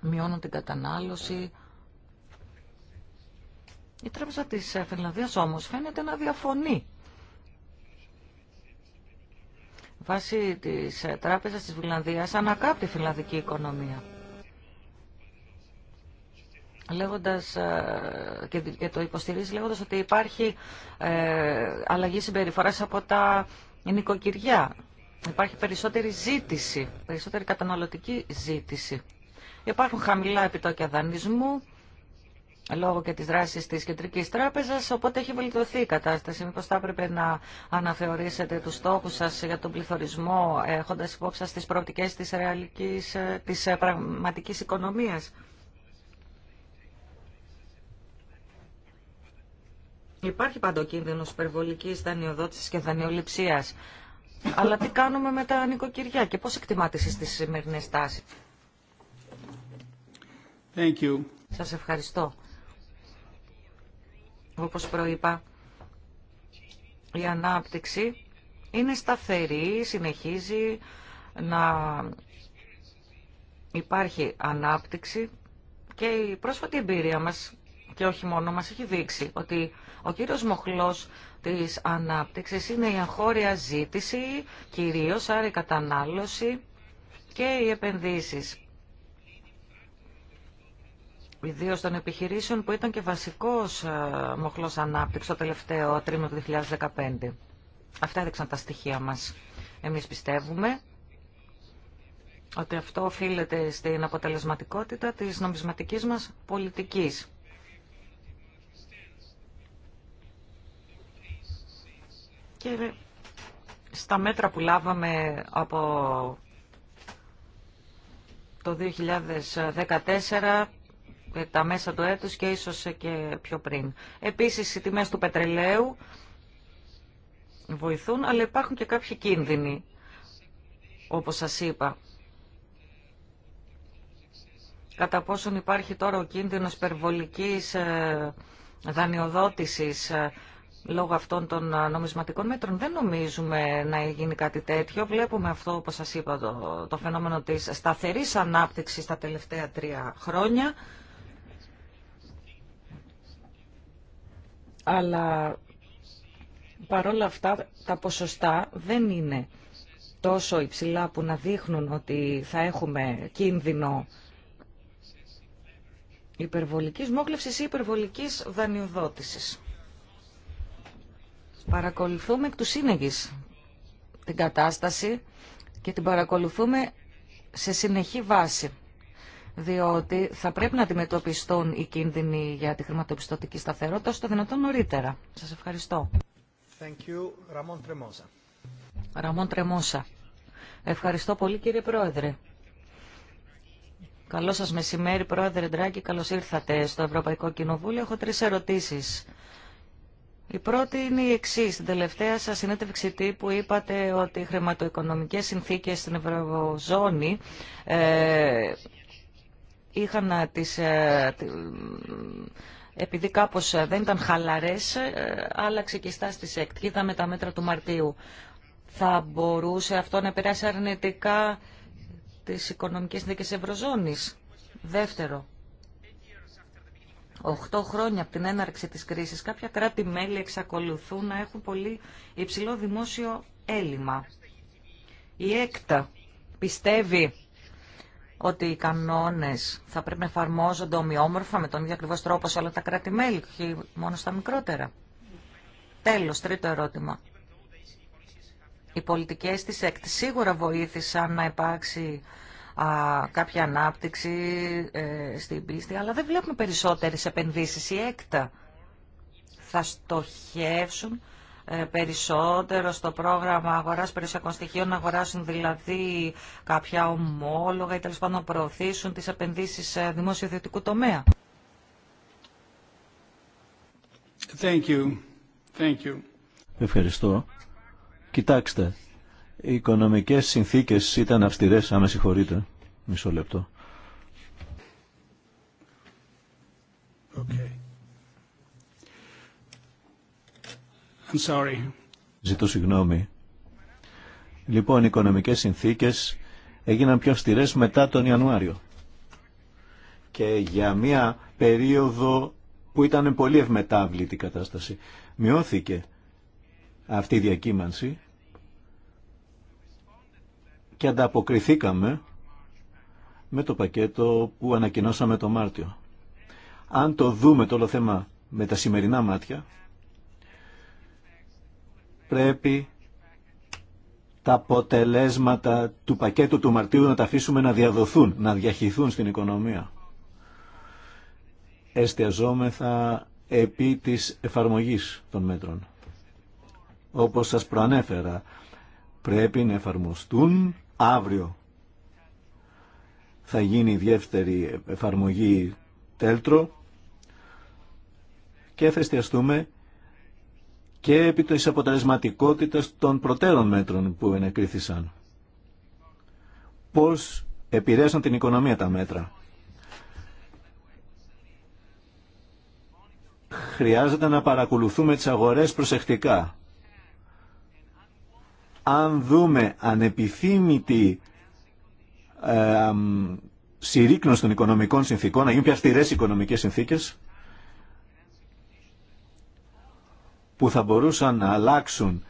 μειώνουν την κατανάλωση. Η τράπεζα της Φιλανδίας όμως φαίνεται να διαφωνεί Βάσει της ε, Τράπεζας της Φιλανδία ανακάπτει η φιλανδική οικονομία. Λέγοντας, ε, και το υποστηρίζει λέγοντας ότι υπάρχει ε, αλλαγή συμπεριφοράς από τα νοικοκυριά. Υπάρχει περισσότερη ζήτηση, περισσότερη καταναλωτική ζήτηση. Υπάρχουν χαμηλά επιτόκια δανεισμού, λόγω και της δράσης της Κεντρικής Τράπεζας, οπότε έχει βελτιωθεί η κατάσταση. Μήπως θα έπρεπε να αναθεωρήσετε τους στόχους σας για τον πληθωρισμό, έχοντας υπόψη σας τις προοπτικές της, ρεαλικής, ε, της ε, πραγματικής οικονομίας. Υπάρχει πάντο κίνδυνο υπερβολική δανειοδότηση και δανειοληψία. Αλλά τι κάνουμε με τα νοικοκυριά και πώ εκτιμάτε εσεί τι σημερινέ τάσει. Σα ευχαριστώ. Όπως προείπα, η ανάπτυξη είναι σταθερή, συνεχίζει να υπάρχει ανάπτυξη και η πρόσφατη εμπειρία μας και όχι μόνο μας έχει δείξει ότι ο κύριος μοχλός της ανάπτυξης είναι η αγχώρια ζήτηση κυρίως, άρα η κατανάλωση και οι επενδύσεις ιδίω των επιχειρήσεων που ήταν και βασικός ε, μοχλός ανάπτυξη το τελευταίο τρίμηνο του 2015. Αυτά έδειξαν τα στοιχεία μας. Εμείς πιστεύουμε ότι αυτό οφείλεται στην αποτελεσματικότητα της νομισματικής μας πολιτικής. Και στα μέτρα που λάβαμε από το 2014 ε, τα μέσα του έτους και ίσως ε, και πιο πριν. Επίσης οι τιμές του πετρελαίου βοηθούν, αλλά υπάρχουν και κάποιοι κίνδυνοι, όπως σας είπα. Κατά πόσον υπάρχει τώρα ο κίνδυνος περβολικής ε, δανειοδότησης λόγω αυτών των νομισματικών μέτρων. Δεν νομίζουμε να γίνει κάτι τέτοιο. Βλέπουμε αυτό, όπως σας είπα, το, το φαινόμενο της σταθερής ανάπτυξης τα τελευταία τρία χρόνια. αλλά παρόλα αυτά τα ποσοστά δεν είναι τόσο υψηλά που να δείχνουν ότι θα έχουμε κίνδυνο υπερβολικής μόχλευσης ή υπερβολικής δανειοδότησης. Παρακολουθούμε εκ του σύνεγης την κατάσταση και την παρακολουθούμε σε συνεχή βάση διότι θα πρέπει να αντιμετωπιστούν οι κίνδυνοι για τη χρηματοπιστωτική σταθερότητα στο δυνατόν νωρίτερα. Σας ευχαριστώ. Thank you. Ramon Tremosa. Ramon Tremosa. Ευχαριστώ πολύ κύριε Πρόεδρε. Καλό σας μεσημέρι Πρόεδρε Ντράκη, καλώς ήρθατε στο Ευρωπαϊκό Κοινοβούλιο. Έχω τρεις ερωτήσεις. Η πρώτη είναι η εξή. Στην τελευταία σα συνέντευξη τύπου είπατε ότι οι χρηματοοικονομικέ συνθήκε στην Ευρωζώνη ε, είχαν ε, τις, ε, ε, επειδή κάπως δεν ήταν χαλαρές, άλλαξε και η στάση της ΕΚΤ. Είδαμε τα μέτρα του Μαρτίου. Θα μπορούσε αυτό να επηρεάσει αρνητικά τις οικονομικές συνθήκες Ευρωζώνης. Δεύτερο, 8 χρόνια από την έναρξη της κρίσης, κάποια κράτη-μέλη εξακολουθούν να έχουν πολύ υψηλό δημόσιο έλλειμμα. Η ΕΚΤΑ πιστεύει ότι οι κανόνες θα πρέπει να εφαρμόζονται ομοιόμορφα με τον ίδιο ακριβώ τρόπο σε όλα τα κράτη-μέλη μόνο στα μικρότερα. Τέλος, τρίτο ερώτημα. Οι πολιτικές της ΕΚΤ σίγουρα βοήθησαν να υπάρξει α, κάποια ανάπτυξη ε, στην πίστη, αλλά δεν βλέπουμε περισσότερε επενδύσει Η ΕΚΤΑ θα στοχεύσουν ε, περισσότερο στο πρόγραμμα αγοράς περιουσιακών στοιχείων, να αγοράσουν δηλαδή κάποια ομόλογα ή τέλος πάντων να προωθήσουν τις επενδύσεις ε, δημόσιο ιδιωτικού τομέα. Thank you. Thank you. Ευχαριστώ. Κοιτάξτε, οι οικονομικές συνθήκες ήταν αυστηρές, άμα συγχωρείτε. Μισό λεπτό. Okay. Ζητώ συγγνώμη. Λοιπόν, οι οικονομικές συνθήκες έγιναν πιο αυστηρές μετά τον Ιανουάριο. Και για μία περίοδο που ήταν πολύ ευμετάβλητη η κατάσταση. Μειώθηκε αυτή η διακύμανση και ανταποκριθήκαμε με το πακέτο που ανακοινώσαμε το Μάρτιο. Αν το δούμε το όλο θέμα με τα σημερινά μάτια, πρέπει τα αποτελέσματα του πακέτου του Μαρτίου να τα αφήσουμε να διαδοθούν, να διαχυθούν στην οικονομία. Εστιαζόμεθα επί της εφαρμογής των μέτρων. Όπως σας προανέφερα, πρέπει να εφαρμοστούν αύριο. Θα γίνει η δεύτερη εφαρμογή τέλτρο και θα εστιαστούμε και επί της αποτελεσματικότητας των προτέρων μέτρων που ενεκρίθησαν. Πώς επηρέασαν την οικονομία τα μέτρα. Χρειάζεται να παρακολουθούμε τις αγορές προσεκτικά. Αν δούμε ανεπιθύμητη ε, συρρήκνωση των οικονομικών συνθήκων, να γίνουν πια αυστηρές οικονομικές συνθήκες, που θα μπορούσαν να αλλάξουν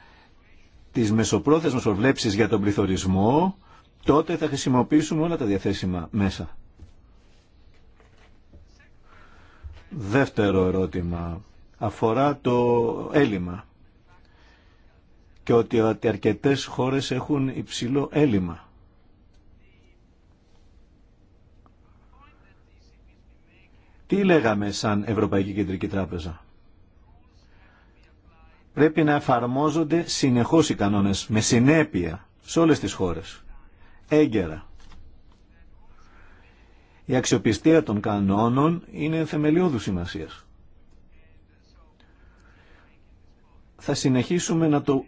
τις μεσοπρόθεσμες προβλέψεις για τον πληθωρισμό, τότε θα χρησιμοποιήσουμε όλα τα διαθέσιμα μέσα. Δεύτερο ερώτημα αφορά το έλλειμμα και ότι αρκετές χώρες έχουν υψηλό έλλειμμα. Τι λέγαμε σαν Ευρωπαϊκή Κεντρική Τράπεζα πρέπει να εφαρμόζονται συνεχώς οι κανόνες, με συνέπεια, σε όλες τις χώρες. Έγκαιρα. Η αξιοπιστία των κανόνων είναι θεμελιώδου σημασίας. Θα συνεχίσουμε να το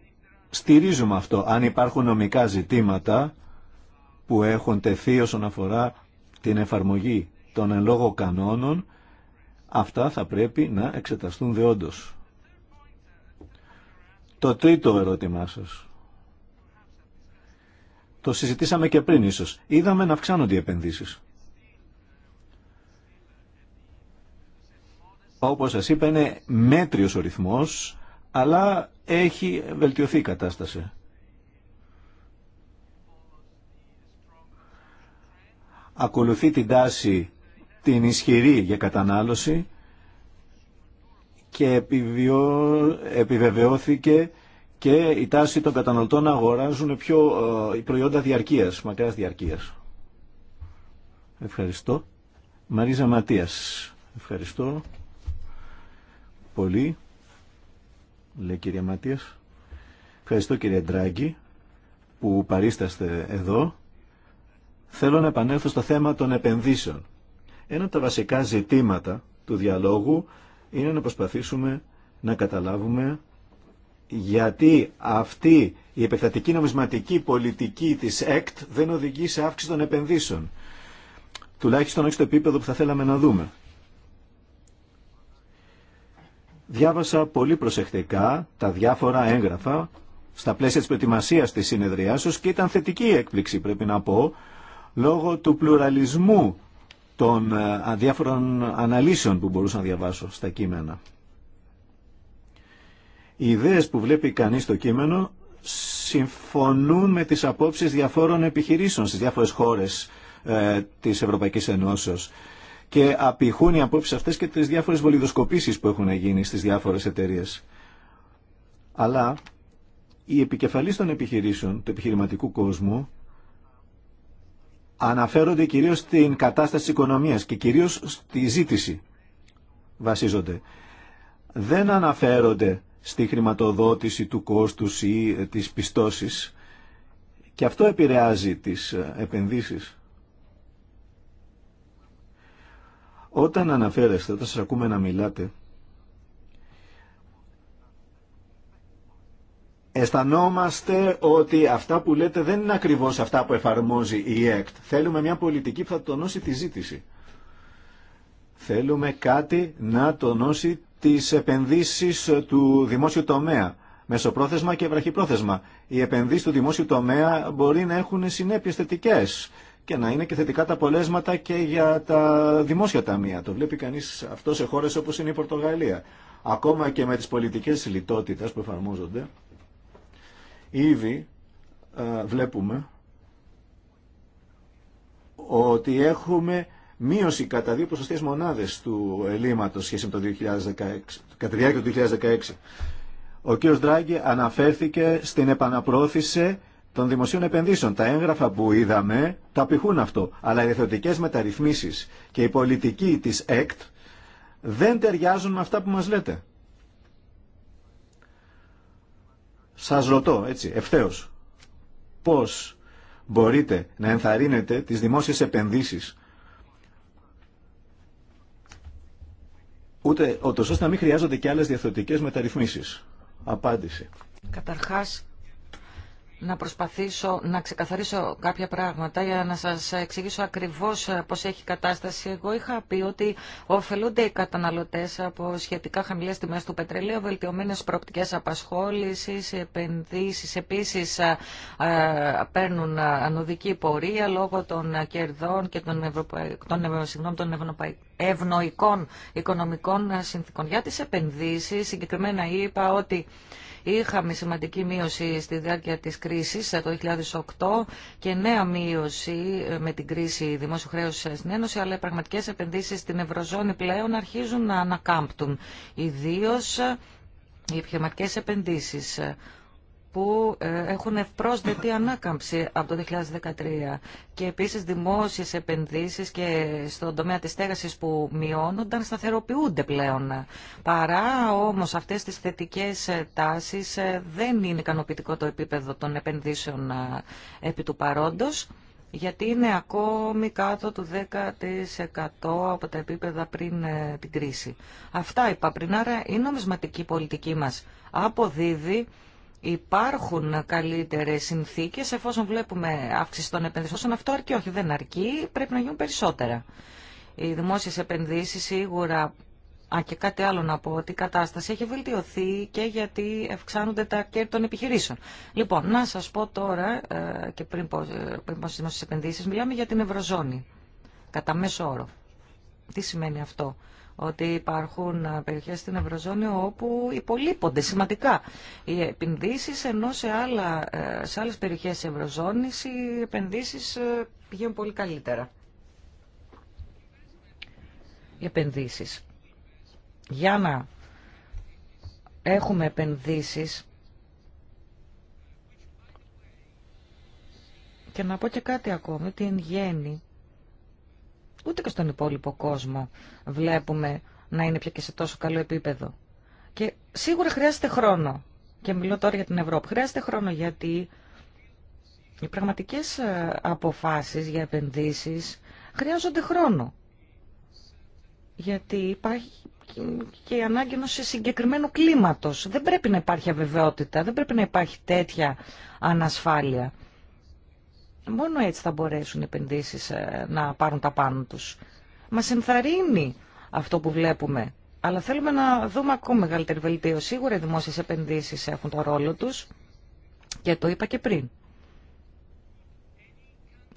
στηρίζουμε αυτό, αν υπάρχουν νομικά ζητήματα που έχουν τεθεί όσον αφορά την εφαρμογή των εν λόγω κανόνων, αυτά θα πρέπει να εξεταστούν δεόντως. Το τρίτο ερώτημά σας. Το συζητήσαμε και πριν ίσως. Είδαμε να αυξάνονται οι επενδύσεις. Όπως σας είπα είναι μέτριος ο ρυθμός, αλλά έχει βελτιωθεί η κατάσταση. Ακολουθεί την τάση την ισχυρή για κατανάλωση και επιβιώ... επιβεβαιώθηκε και η τάση των καταναλωτών να αγοράζουν πιο ε, προϊόντα διαρκείας, μακράς διαρκείας. Ευχαριστώ. Μαρίζα Ματίας. Ευχαριστώ πολύ, λέει κυρία Ματίας. Ευχαριστώ κύριε Ντράγκη που παρίσταστε εδώ. Θέλω να επανέλθω στο θέμα των επενδύσεων. Ένα από τα βασικά ζητήματα του διαλόγου είναι να προσπαθήσουμε να καταλάβουμε γιατί αυτή η επεκτατική νομισματική πολιτική της ΕΚΤ δεν οδηγεί σε αύξηση των επενδύσεων. Τουλάχιστον όχι στο επίπεδο που θα θέλαμε να δούμε. Διάβασα πολύ προσεκτικά τα διάφορα έγγραφα στα πλαίσια της προετοιμασίας της συνεδριάσεως και ήταν θετική έκπληξη πρέπει να πω λόγω του πλουραλισμού των ε, διάφορων αναλύσεων που μπορούσα να διαβάσω στα κείμενα. Οι ιδέες που βλέπει κανείς στο κείμενο συμφωνούν με τις απόψεις διαφόρων επιχειρήσεων στις διάφορες χώρες ε, της Ευρωπαϊκής Ενώσεως και απηχούν οι απόψεις αυτές και τις διάφορες βολιδοσκοπήσεις που έχουν γίνει στις διάφορες εταιρείε. Αλλά οι επικεφαλής των επιχειρήσεων, του επιχειρηματικού κόσμου, αναφέρονται κυρίως στην κατάσταση της οικονομίας και κυρίως στη ζήτηση βασίζονται. Δεν αναφέρονται στη χρηματοδότηση του κόστους ή ε, της πιστώσης και αυτό επηρεάζει τις ε, επενδύσεις. Όταν αναφέρεστε, όταν σας ακούμε να μιλάτε, αισθανόμαστε ότι αυτά που λέτε δεν είναι ακριβώς αυτά που εφαρμόζει η ΕΚΤ. Θέλουμε μια πολιτική που θα τονώσει τη ζήτηση. Θέλουμε κάτι να τονώσει τις επενδύσεις του δημόσιου τομέα, μεσοπρόθεσμα και βραχυπρόθεσμα. Οι επενδύσεις του δημόσιου τομέα μπορεί να έχουν συνέπειες θετικές και να είναι και θετικά τα πολέσματα και για τα δημόσια ταμεία. Το βλέπει κανείς αυτό σε χώρες όπως είναι η Πορτογαλία. Ακόμα και με τις πολιτικές λιτότητες που εφαρμόζονται, Ήδη βλέπουμε ότι έχουμε μείωση κατά δύο ποσοστές μονάδες του ελλείμματος σχέση με το 2016, κατά τη διάρκεια του 2016. Ο κ. Δράγκη αναφέρθηκε στην επαναπρόθεση των δημοσίων επενδύσεων. Τα έγγραφα που είδαμε τα πηχούν αυτό. Αλλά οι διεθνωτικές μεταρρυθμίσεις και η πολιτική της ΕΚΤ δεν ταιριάζουν με αυτά που μας λέτε. Σας ρωτώ, έτσι, ευθέως, πώς μπορείτε να ενθαρρύνετε τις δημόσιες επενδύσεις ούτε ότως ώστε να μην χρειάζονται και άλλες διαθετικές μεταρρυθμίσεις. Απάντηση. Καταρχάς, να προσπαθήσω να ξεκαθαρίσω κάποια πράγματα για να σας εξηγήσω ακριβώς ε, πώς έχει η κατάσταση. Εγώ είχα πει ότι ωφελούνται οι καταναλωτές από σχετικά χαμηλές τιμές του πετρελαίου, βελτιωμένες προοπτικές απασχόλησης, επενδύσεις. Επίσης ε, ε, παίρνουν ανωδική πορεία λόγω των κερδών και των, των, συγγνώμη, ευνοϊκών οικονομικών συνθήκων. Για τις επενδύσεις, συγκεκριμένα είπα ότι Είχαμε σημαντική μείωση στη διάρκεια της κρίσης το 2008 και νέα μείωση με την κρίση δημόσιου χρέους στην Ένωση, αλλά οι πραγματικές επενδύσεις στην Ευρωζώνη πλέον αρχίζουν να ανακάμπτουν. Ιδίως οι επιχειρηματικές επενδύσεις που ε, έχουν ευπρόσδετη ανάκαμψη από το 2013 και επίσης δημόσιες επενδύσεις και στον τομέα της στέγασης που μειώνονταν σταθεροποιούνται πλέον. Παρά όμως αυτές τις θετικές ε, τάσεις ε, δεν είναι ικανοποιητικό το επίπεδο των επενδύσεων επί του παρόντος γιατί είναι ακόμη κάτω του 10% από τα επίπεδα πριν την κρίση. Αυτά είπα πριν, άρα η νομισματική πολιτική μας αποδίδει υπάρχουν καλύτερες συνθήκες εφόσον βλέπουμε αύξηση των επενδύσεων. Αυτό αρκεί, όχι δεν αρκεί, πρέπει να γίνουν περισσότερα. Οι δημόσιε επενδύσεις σίγουρα, α και κάτι άλλο να πω, ότι η κατάσταση έχει βελτιωθεί και γιατί αυξάνονται τα κέρδη των επιχειρήσεων. Λοιπόν, να σας πω τώρα, ε, και πριν πω, ε, πριν πω στις δημόσιες επενδύσεις, μιλάμε για την Ευρωζώνη, κατά μέσο όρο. Τι σημαίνει αυτό ότι υπάρχουν ε, περιοχές στην Ευρωζώνη όπου υπολείπονται σημαντικά οι επενδύσεις, ενώ σε, άλλα, ε, σε άλλες περιοχές της Ευρωζώνης οι επενδύσεις ε, πηγαίνουν πολύ καλύτερα. Οι επενδύσεις. Για να έχουμε επενδύσεις και να πω και κάτι ακόμη, ότι εν γέννη Ούτε και στον υπόλοιπο κόσμο βλέπουμε να είναι πια και σε τόσο καλό επίπεδο. Και σίγουρα χρειάζεται χρόνο. Και μιλώ τώρα για την Ευρώπη. Χρειάζεται χρόνο γιατί οι πραγματικές ε, αποφάσεις για επενδύσεις χρειάζονται χρόνο. Γιατί υπάρχει και η ανάγκη ενός συγκεκριμένο κλίματος. Δεν πρέπει να υπάρχει αβεβαιότητα, δεν πρέπει να υπάρχει τέτοια ανασφάλεια. Μόνο έτσι θα μπορέσουν οι επενδύσεις ε, να πάρουν τα πάνω τους. Μας ενθαρρύνει αυτό που βλέπουμε. Αλλά θέλουμε να δούμε ακόμα μεγαλύτερη βελτίωση. Σίγουρα οι δημόσιες επενδύσεις έχουν το ρόλο τους και το είπα και πριν.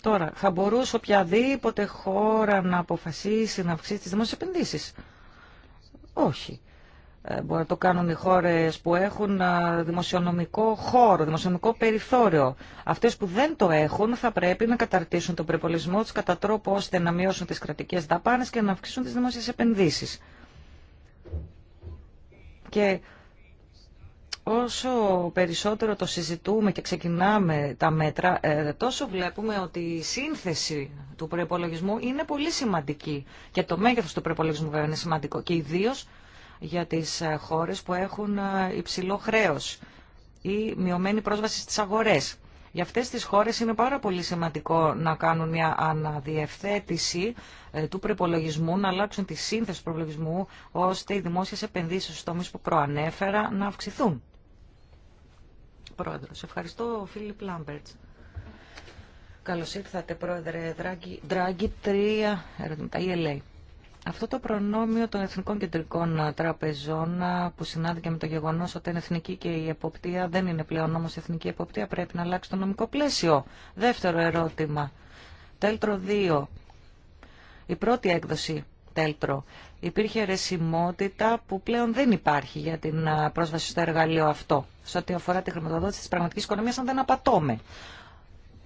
Τώρα, θα μπορούσε οποιαδήποτε χώρα να αποφασίσει να αυξήσει τις δημόσιες επενδύσεις. Όχι. Ε, μπορεί να το κάνουν οι χώρες που έχουν δημοσιονομικό χώρο, δημοσιονομικό περιθώριο. Αυτές που δεν το έχουν θα πρέπει να καταρτήσουν τον προπολισμό τους κατά τρόπο ώστε να μειώσουν τις κρατικές δαπάνες και να αυξήσουν τις δημόσιες επενδύσεις. Και όσο περισσότερο το συζητούμε και ξεκινάμε τα μέτρα, ε, τόσο βλέπουμε ότι η σύνθεση του προπολογισμού είναι πολύ σημαντική. Και το μέγεθος του προπολογισμού βέβαια είναι σημαντικό. Και ιδίως για τις ε, χώρες που έχουν ε, υψηλό χρέος ή μειωμένη πρόσβαση στις αγορές. Για αυτές τις χώρες είναι πάρα πολύ σημαντικό να κάνουν μια αναδιευθέτηση ε, του προπολογισμού, να αλλάξουν τη σύνθεση του προπολογισμού, ώστε οι δημόσιες επενδύσεις στους τομείς που προανέφερα να αυξηθούν. Πρόεδρος, ευχαριστώ Φίλιπ Λάμπερτς. Καλώς ήρθατε, Πρόεδρε Δράγκη. Τρία ερωτήματα, ELA. Αυτό το προνόμιο των εθνικών κεντρικών τραπεζών που συνάδει και με το γεγονό ότι είναι εθνική και η εποπτεία δεν είναι πλέον όμω εθνική εποπτεία, πρέπει να αλλάξει το νομικό πλαίσιο. Δεύτερο ερώτημα. Τέλτρο 2. Η πρώτη έκδοση τέλτρο. Υπήρχε ρεσιμότητα που πλέον δεν υπάρχει για την πρόσβαση στο εργαλείο αυτό, σε ό,τι αφορά τη χρηματοδότηση τη πραγματική οικονομία, αν δεν απατώμε.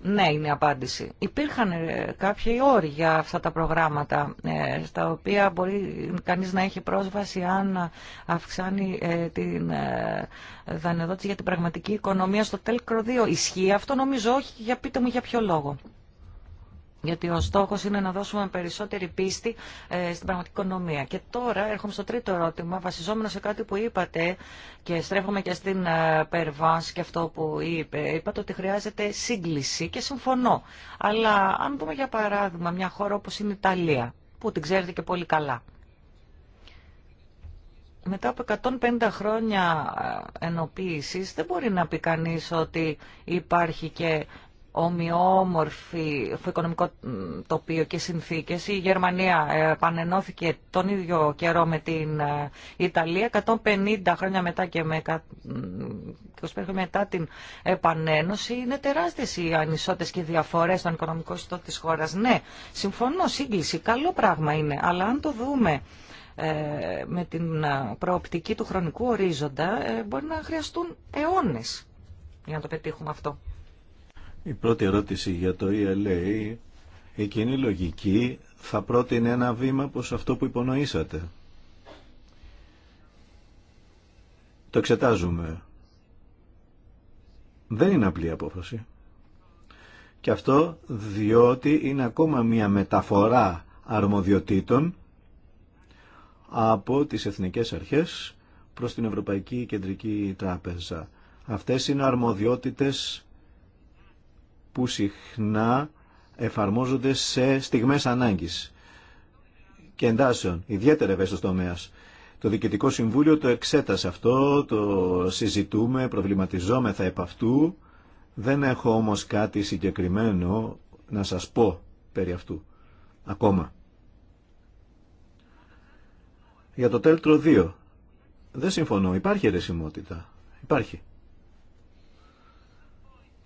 Ναι, είναι η απάντηση. Υπήρχαν ε, κάποιοι όροι για αυτά τα προγράμματα, ε, στα οποία μπορεί κανείς να έχει πρόσβαση αν αυξάνει ε, την δανειοδότηση για την πραγματική οικονομία στο τέλκρο 2. Ισχύει αυτό, νομίζω όχι, για πείτε μου για ποιο λόγο. Γιατί ο στόχος είναι να δώσουμε περισσότερη πίστη ε, στην πραγματική οικονομία. Και τώρα έρχομαι στο τρίτο ερώτημα, βασιζόμενο σε κάτι που είπατε και στρέφομαι και στην ε, Περβάς και αυτό που είπε. Είπατε ότι χρειάζεται σύγκληση και συμφωνώ. Αλλά αν πούμε για παράδειγμα μια χώρα όπως είναι η Ιταλία, που την ξέρετε και πολύ καλά. Μετά από 150 χρόνια ε, ενοποίησης δεν μπορεί να πει κανείς ότι υπάρχει και ομοιόμορφη το οικονομικό τοπίο και συνθήκες. Η Γερμανία επανενώθηκε τον ίδιο καιρό με την ε, Ιταλία, 150 χρόνια μετά και με μετά την επανένωση. Είναι τεράστιες οι ανισότητες και οι διαφορές στον οικονομικό ιστό της χώρας. Ναι, συμφωνώ, σύγκληση, καλό πράγμα είναι, αλλά αν το δούμε ε, με την ε, προοπτική του χρονικού ορίζοντα, μπορεί να χρειαστούν αιώνες για να το πετύχουμε αυτό. Η πρώτη ερώτηση για το ELA, η κοινή λογική θα πρότεινε ένα βήμα προς αυτό που υπονοήσατε. Το εξετάζουμε. Δεν είναι απλή απόφαση. Και αυτό διότι είναι ακόμα μια μεταφορά αρμοδιοτήτων από τις εθνικές αρχές προς την Ευρωπαϊκή Κεντρική Τράπεζα. Αυτές είναι αρμοδιότητες που συχνά εφαρμόζονται σε στιγμές ανάγκης και εντάσεων, ιδιαίτερα ευαίσθητος τομέας. Το Διοικητικό Συμβούλιο το εξέτασε αυτό, το συζητούμε, προβληματιζόμεθα επ' αυτού. Δεν έχω όμως κάτι συγκεκριμένο να σας πω περί αυτού ακόμα. Για το τέλτρο 2. Δεν συμφωνώ. Υπάρχει αιρεσιμότητα. Υπάρχει.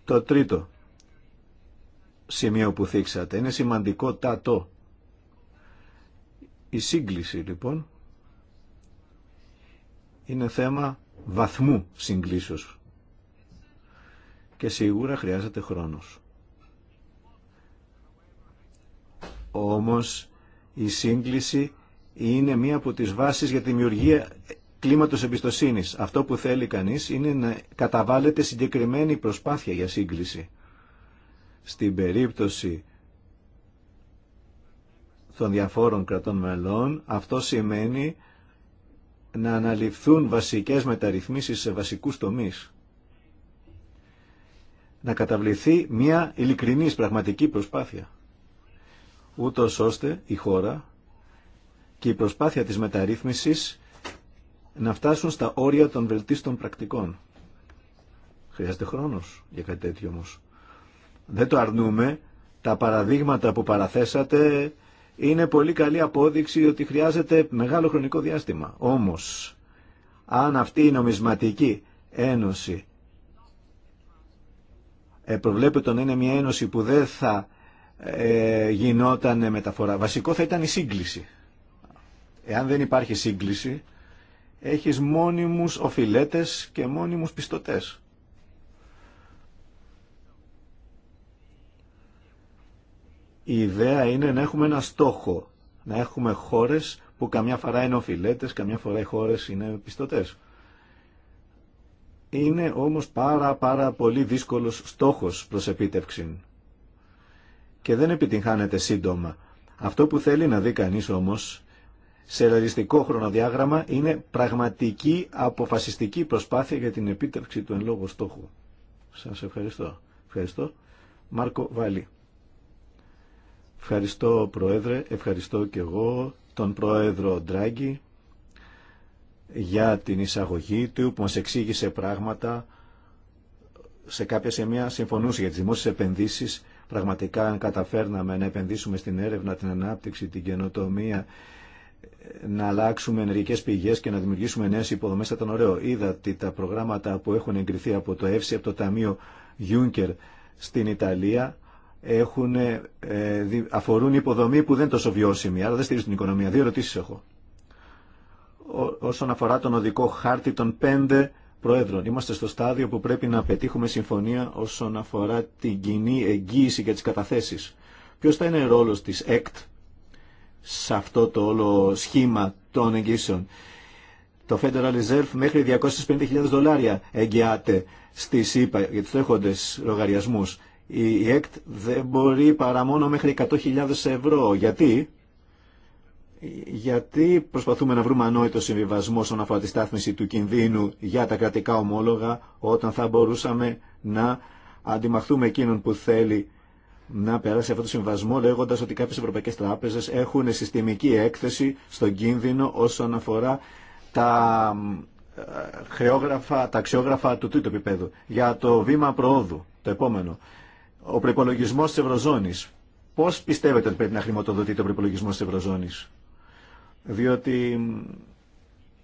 Το τρίτο σημείο που θίξατε. Είναι σημαντικό τάτο Η σύγκληση λοιπόν είναι θέμα βαθμού συγκλήσεως και σίγουρα χρειάζεται χρόνος. Όμως η σύγκληση είναι μία από τις βάσεις για τη δημιουργία κλίματος εμπιστοσύνης. Αυτό που θέλει κανείς είναι να καταβάλλεται συγκεκριμένη προσπάθεια για σύγκληση στην περίπτωση των διαφόρων κρατών μελών, αυτό σημαίνει να αναλυφθούν βασικές μεταρρυθμίσεις σε βασικούς τομείς. Να καταβληθεί μια ειλικρινής πραγματική προσπάθεια, ούτως ώστε η χώρα και η προσπάθεια της μεταρρύθμισης να φτάσουν στα όρια των βελτίστων πρακτικών. Χρειάζεται χρόνος για κάτι τέτοιο όμως. Δεν το αρνούμε. Τα παραδείγματα που παραθέσατε είναι πολύ καλή απόδειξη ότι χρειάζεται μεγάλο χρονικό διάστημα. Όμως, αν αυτή η νομισματική ένωση ε, προβλέπεται να είναι μια ένωση που δεν θα ε, γινόταν μεταφορά. Βασικό θα ήταν η σύγκληση. Εάν δεν υπάρχει σύγκληση, έχεις μόνιμους οφειλέτες και μόνιμους πιστωτές. Η ιδέα είναι να έχουμε ένα στόχο, να έχουμε χώρες που καμιά φορά είναι οφειλέτες, καμιά φορά οι χώρες είναι πιστωτές. Είναι όμως πάρα πάρα πολύ δύσκολος στόχος προς επίτευξη και δεν επιτυγχάνεται σύντομα. Αυτό που θέλει να δει κανείς όμως σε ρεαλιστικό χρονοδιάγραμμα είναι πραγματική αποφασιστική προσπάθεια για την επίτευξη του εν λόγω στόχου. Σας ευχαριστώ. Ευχαριστώ. Μάρκο Βαλή Ευχαριστώ Πρόεδρε, ευχαριστώ και εγώ τον Πρόεδρο Ντράγκη για την εισαγωγή του που μας εξήγησε πράγματα σε κάποια σημεία συμφωνούσε για τις δημόσιες επενδύσεις πραγματικά αν καταφέρναμε να επενδύσουμε στην έρευνα, την ανάπτυξη, την καινοτομία να αλλάξουμε ενεργικέ πηγέ και να δημιουργήσουμε νέες υποδομέ θα ήταν ωραίο. Είδα ότι τα προγράμματα που έχουν εγκριθεί από το ΕΦΣΙ, από το Ταμείο Juncker στην Ιταλία, έχουν, ε, αφορούν υποδομή που δεν είναι τόσο βιώσιμη, άρα δεν στηρίζουν την οικονομία. Δύο ερωτήσει έχω. όσον αφορά τον οδικό χάρτη των πέντε Προέδρων, είμαστε στο στάδιο που πρέπει να πετύχουμε συμφωνία όσον αφορά την κοινή εγγύηση για τις καταθέσεις. Ποιος θα είναι ο ρόλος της ΕΚΤ σε αυτό το όλο σχήμα των εγγύσεων. Το Federal Reserve μέχρι 250.000 δολάρια εγγυάται στις ΣΥΠΑ για τους τρέχοντες λογαριασμούς η ΕΚΤ δεν μπορεί παρά μόνο μέχρι 100.000 ευρώ. Γιατί? Γιατί προσπαθούμε να βρούμε ανόητο συμβιβασμό στον αφορά τη στάθμιση του κινδύνου για τα κρατικά ομόλογα όταν θα μπορούσαμε να αντιμαχθούμε εκείνον που θέλει να περάσει αυτό το συμβασμό λέγοντα ότι κάποιε ευρωπαϊκέ τράπεζε έχουν συστημική έκθεση στον κίνδυνο όσον αφορά τα ε, χρεόγραφα, τα αξιόγραφα του τρίτου επίπεδου. Για το βήμα προόδου, το επόμενο ο προπολογισμό τη Ευρωζώνη. Πώ πιστεύετε ότι πρέπει να χρηματοδοτείται ο προπολογισμό τη Ευρωζώνη, Διότι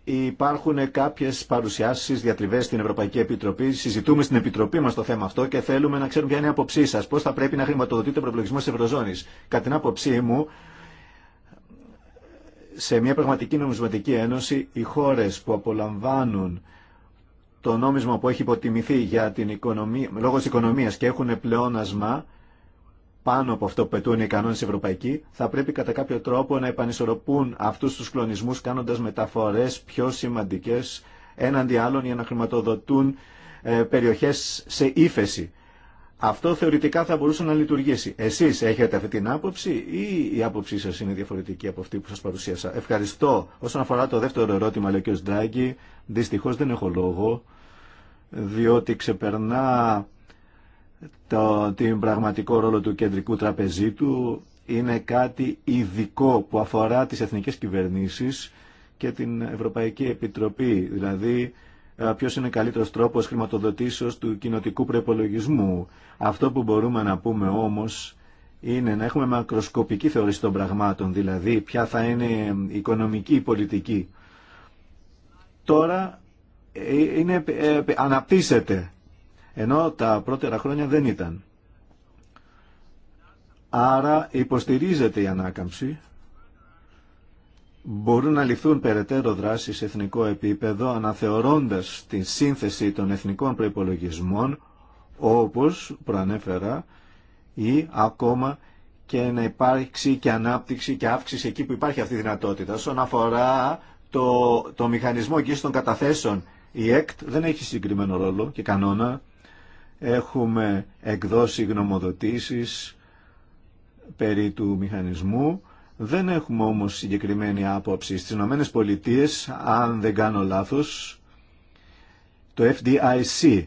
υπάρχουν κάποιε παρουσιάσει, διατριβέ στην Ευρωπαϊκή Επιτροπή. Συζητούμε στην Επιτροπή μα το θέμα αυτό και θέλουμε να ξέρουμε ποια είναι η άποψή σα. Πώ θα πρέπει να χρηματοδοτείται ο προπολογισμό τη Ευρωζώνη. Κατά την άποψή μου, σε μια πραγματική νομισματική ένωση, οι χώρε που απολαμβάνουν το νόμισμα που έχει υποτιμηθεί για την οικονομία, λόγω της οικονομίας και έχουν πλεόνασμα πάνω από αυτό που πετούν οι κανόνες ευρωπαϊκοί, θα πρέπει κατά κάποιο τρόπο να επανισορροπούν αυτούς τους κλονισμούς κάνοντας μεταφορές πιο σημαντικές έναντι άλλων για να χρηματοδοτούν ε, περιοχές σε ύφεση. Αυτό θεωρητικά θα μπορούσε να λειτουργήσει. Εσείς έχετε αυτή την άποψη ή η άποψή σας είναι διαφορετική από αυτή που σας παρουσίασα. Ευχαριστώ. Όσον αφορά το δεύτερο ερώτημα, λέει ο κ. Ντράγκη, δυστυχώς δεν έχω λόγο διότι ξεπερνά το, την πραγματικό ρόλο του κεντρικού τραπεζίτου είναι κάτι ειδικό που αφορά τις εθνικές κυβερνήσεις και την Ευρωπαϊκή Επιτροπή. Δηλαδή, ε, ποιος είναι καλύτερος τρόπος χρηματοδοτήσεως του κοινοτικού προπολογισμού. Αυτό που μπορούμε να πούμε όμως είναι να έχουμε μακροσκοπική θεωρήση των πραγμάτων, δηλαδή ποια θα είναι η οικονομική η πολιτική. Τώρα είναι, ε, ε, αναπτύσσεται, ενώ τα πρώτερα χρόνια δεν ήταν. Άρα υποστηρίζεται η ανάκαμψη. Μπορούν να ληφθούν περαιτέρω δράσεις σε εθνικό επίπεδο, αναθεωρώντας τη σύνθεση των εθνικών προϋπολογισμών, όπως προανέφερα, ή ακόμα και να υπάρξει και ανάπτυξη και αύξηση εκεί που υπάρχει αυτή η δυνατότητα. Όσον αφορά το, το μηχανισμό εκεί των καταθέσεων η ΕΚΤ δεν έχει συγκεκριμένο ρόλο και κανόνα. Έχουμε εκδώσει γνωμοδοτήσεις περί του μηχανισμού. Δεν έχουμε όμως συγκεκριμένη άποψη. Στις Ηνωμένες Πολιτείες, αν δεν κάνω λάθος, το FDIC,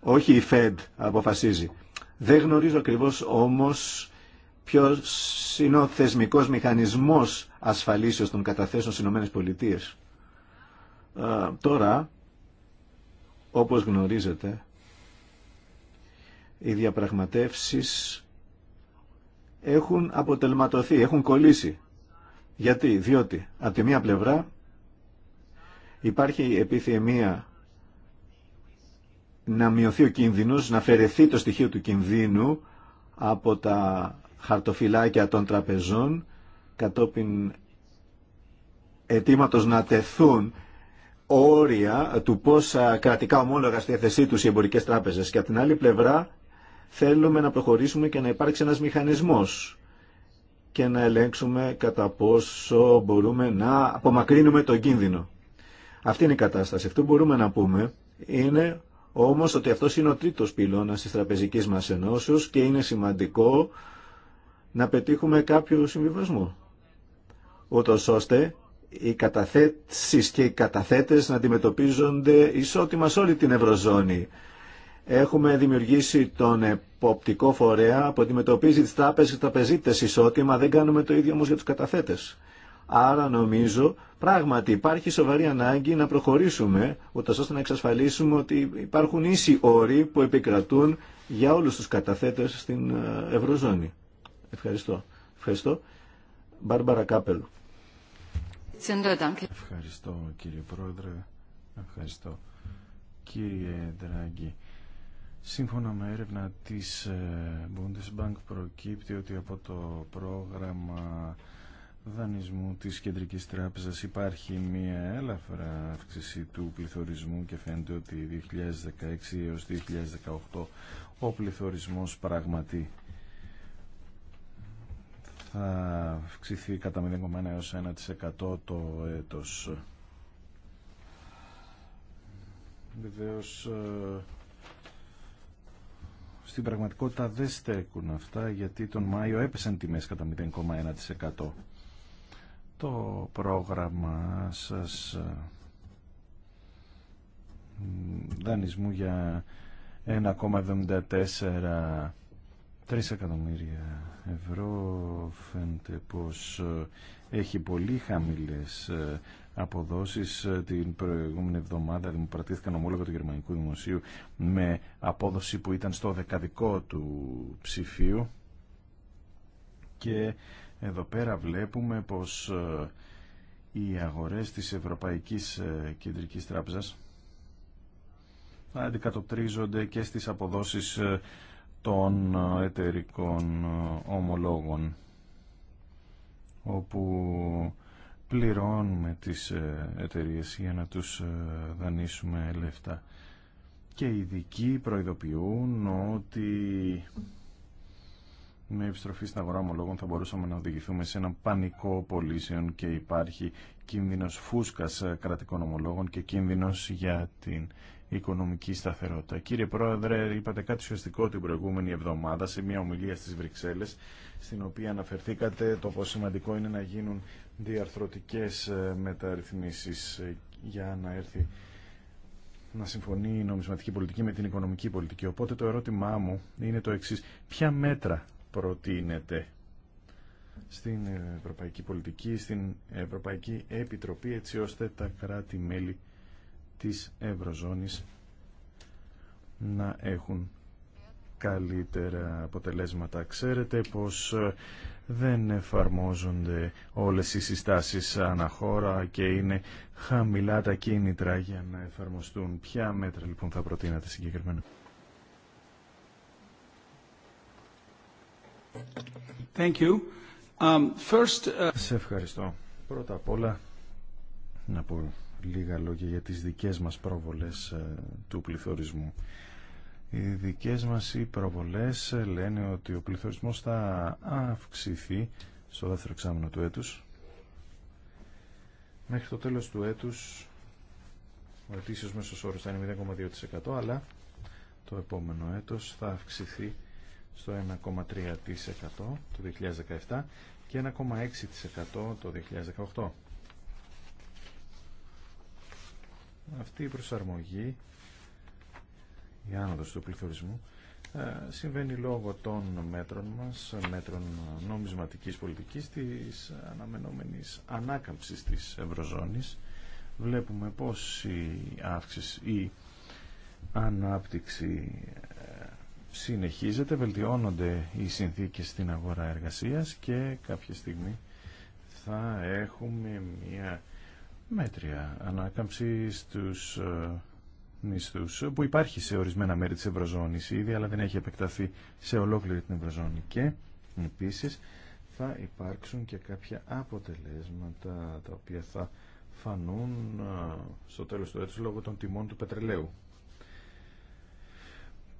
όχι η Fed αποφασίζει. Δεν γνωρίζω ακριβώς όμως ποιος είναι ο θεσμικός μηχανισμός ασφαλίσεως των καταθέσεων στις Ηνωμένες τώρα, όπως γνωρίζετε, οι διαπραγματεύσεις έχουν αποτελματωθεί, έχουν κολλήσει. Γιατί, διότι από τη μία πλευρά υπάρχει επιθυμία να μειωθεί ο κίνδυνος, να αφαιρεθεί το στοιχείο του κινδύνου από τα χαρτοφυλάκια των τραπεζών κατόπιν αιτήματος να τεθούν όρια του πόσα κρατικά ομόλογα στη θέση τους οι εμπορικές τράπεζες και από την άλλη πλευρά θέλουμε να προχωρήσουμε και να υπάρξει ένας μηχανισμός και να ελέγξουμε κατά πόσο μπορούμε να απομακρύνουμε τον κίνδυνο. Αυτή είναι η κατάσταση. Αυτό μπορούμε να πούμε είναι όμως ότι αυτός είναι ο τρίτος πυλώνας της τραπεζικής μας ενώσεως και είναι σημαντικό να πετύχουμε κάποιο συμβιβασμό ούτως ώστε οι καταθέσει και οι καταθέτες να αντιμετωπίζονται ισότιμα σε όλη την Ευρωζώνη. Έχουμε δημιουργήσει τον εποπτικό φορέα που αντιμετωπίζει τις τράπεζες και τραπεζίτες ισότιμα, δεν κάνουμε το ίδιο όμως για τους καταθέτες. Άρα νομίζω πράγματι υπάρχει σοβαρή ανάγκη να προχωρήσουμε ούτω ώστε να εξασφαλίσουμε ότι υπάρχουν ίσοι όροι που επικρατούν για όλους τους καταθέτες στην ε, Ευρωζώνη. Ευχαριστώ. Ευχαριστώ. Μπάρμπαρα Κάπελου. Ευχαριστώ κύριε Πρόεδρε, ευχαριστώ κύριε Ντράγκη. Σύμφωνα με έρευνα της ε, Bundesbank προκύπτει ότι από το πρόγραμμα δανεισμού της Κεντρικής Τράπεζας υπάρχει μια έλαφρα αύξηση του πληθωρισμού και φαίνεται ότι 2016 έως 2018 ο πληθωρισμός πραγματι θα αυξηθεί κατά 0,1 έως 1% το έτος. Βεβαίως ε, στην πραγματικότητα δεν στέκουν αυτά γιατί τον Μάιο έπεσαν τιμές κατά 0,1%. Το πρόγραμμα σας ε, δανεισμού για 1,74 3 εκατομμύρια ευρώ φαίνεται πως ε, έχει πολύ χαμηλές ε, αποδόσεις ε, την προηγούμενη εβδομάδα δημοπρατήθηκαν ομόλογα του Γερμανικού Δημοσίου με απόδοση που ήταν στο δεκαδικό του ψηφίου και εδώ πέρα βλέπουμε πως οι αγορές της Ευρωπαϊκής Κεντρικής Τράπεζας αντικατοπτρίζονται και στις αποδόσεις των ε, εταιρικών ε, ομολόγων όπου πληρώνουμε τις ε, εταιρείε για να τους δανείσουμε λεφτά. Και οι ειδικοί προειδοποιούν ότι με επιστροφή στην αγορά ομολόγων θα μπορούσαμε να οδηγηθούμε σε έναν πανικό πωλήσεων και υπάρχει κίνδυνος φούσκας κρατικών ομολόγων και κίνδυνος για την οικονομική σταθερότητα. Κύριε Πρόεδρε, είπατε κάτι ουσιαστικό την προηγούμενη εβδομάδα σε μια ομιλία στις Βρυξέλλες, στην οποία αναφερθήκατε το πόσο σημαντικό είναι να γίνουν διαρθρωτικές ε, μεταρρυθμίσεις ε, για να έρθει να συμφωνεί η νομισματική πολιτική με την οικονομική πολιτική. Οπότε το ερώτημά μου είναι το εξής. Ποια μέτρα προτείνεται στην Ευρωπαϊκή Πολιτική, στην Ευρωπαϊκή Επιτροπή, έτσι ώστε τα κράτη-μέλη της Ευρωζώνης να έχουν καλύτερα αποτελέσματα. Ξέρετε πως ε, δεν εφαρμόζονται όλες οι συστάσεις αναχώρα και είναι χαμηλά τα κίνητρα για να εφαρμοστούν. Ποια μέτρα λοιπόν θα προτείνατε συγκεκριμένα. Thank you. Um, first, uh... Σε ευχαριστώ. Πρώτα απ' όλα να πω λίγα λόγια για τις δικές μας πρόβολες ε, του πληθωρισμού. Οι δικές μας οι προβολές ε, λένε ότι ο πληθωρισμός θα αυξηθεί στο δεύτερο εξάμεινο του έτους. Μέχρι το τέλος του έτους ο ετήσιος μέσος όρος θα είναι 0,2% αλλά το επόμενο έτος θα αυξηθεί στο 1,3% το 2017 και 1,6% το 2018. Αυτή η προσαρμογή, η άνοδος του πληθωρισμού, ε, συμβαίνει λόγω των μέτρων μας, μέτρων νομισματικής πολιτικής, της αναμενόμενης ανάκαμψης της Ευρωζώνης. Βλέπουμε πως η αύξηση, η ανάπτυξη ε, συνεχίζεται, βελτιώνονται οι συνθήκες στην αγορά εργασίας και κάποια στιγμή θα έχουμε μια μέτρια ανάκαμψη στους ε, μισθού που υπάρχει σε ορισμένα μέρη της Ευρωζώνης ήδη αλλά δεν έχει επεκταθεί σε ολόκληρη την Ευρωζώνη και επίσης θα υπάρξουν και κάποια αποτελέσματα τα οποία θα φανούν ε, στο τέλος του έτους λόγω των τιμών του πετρελαίου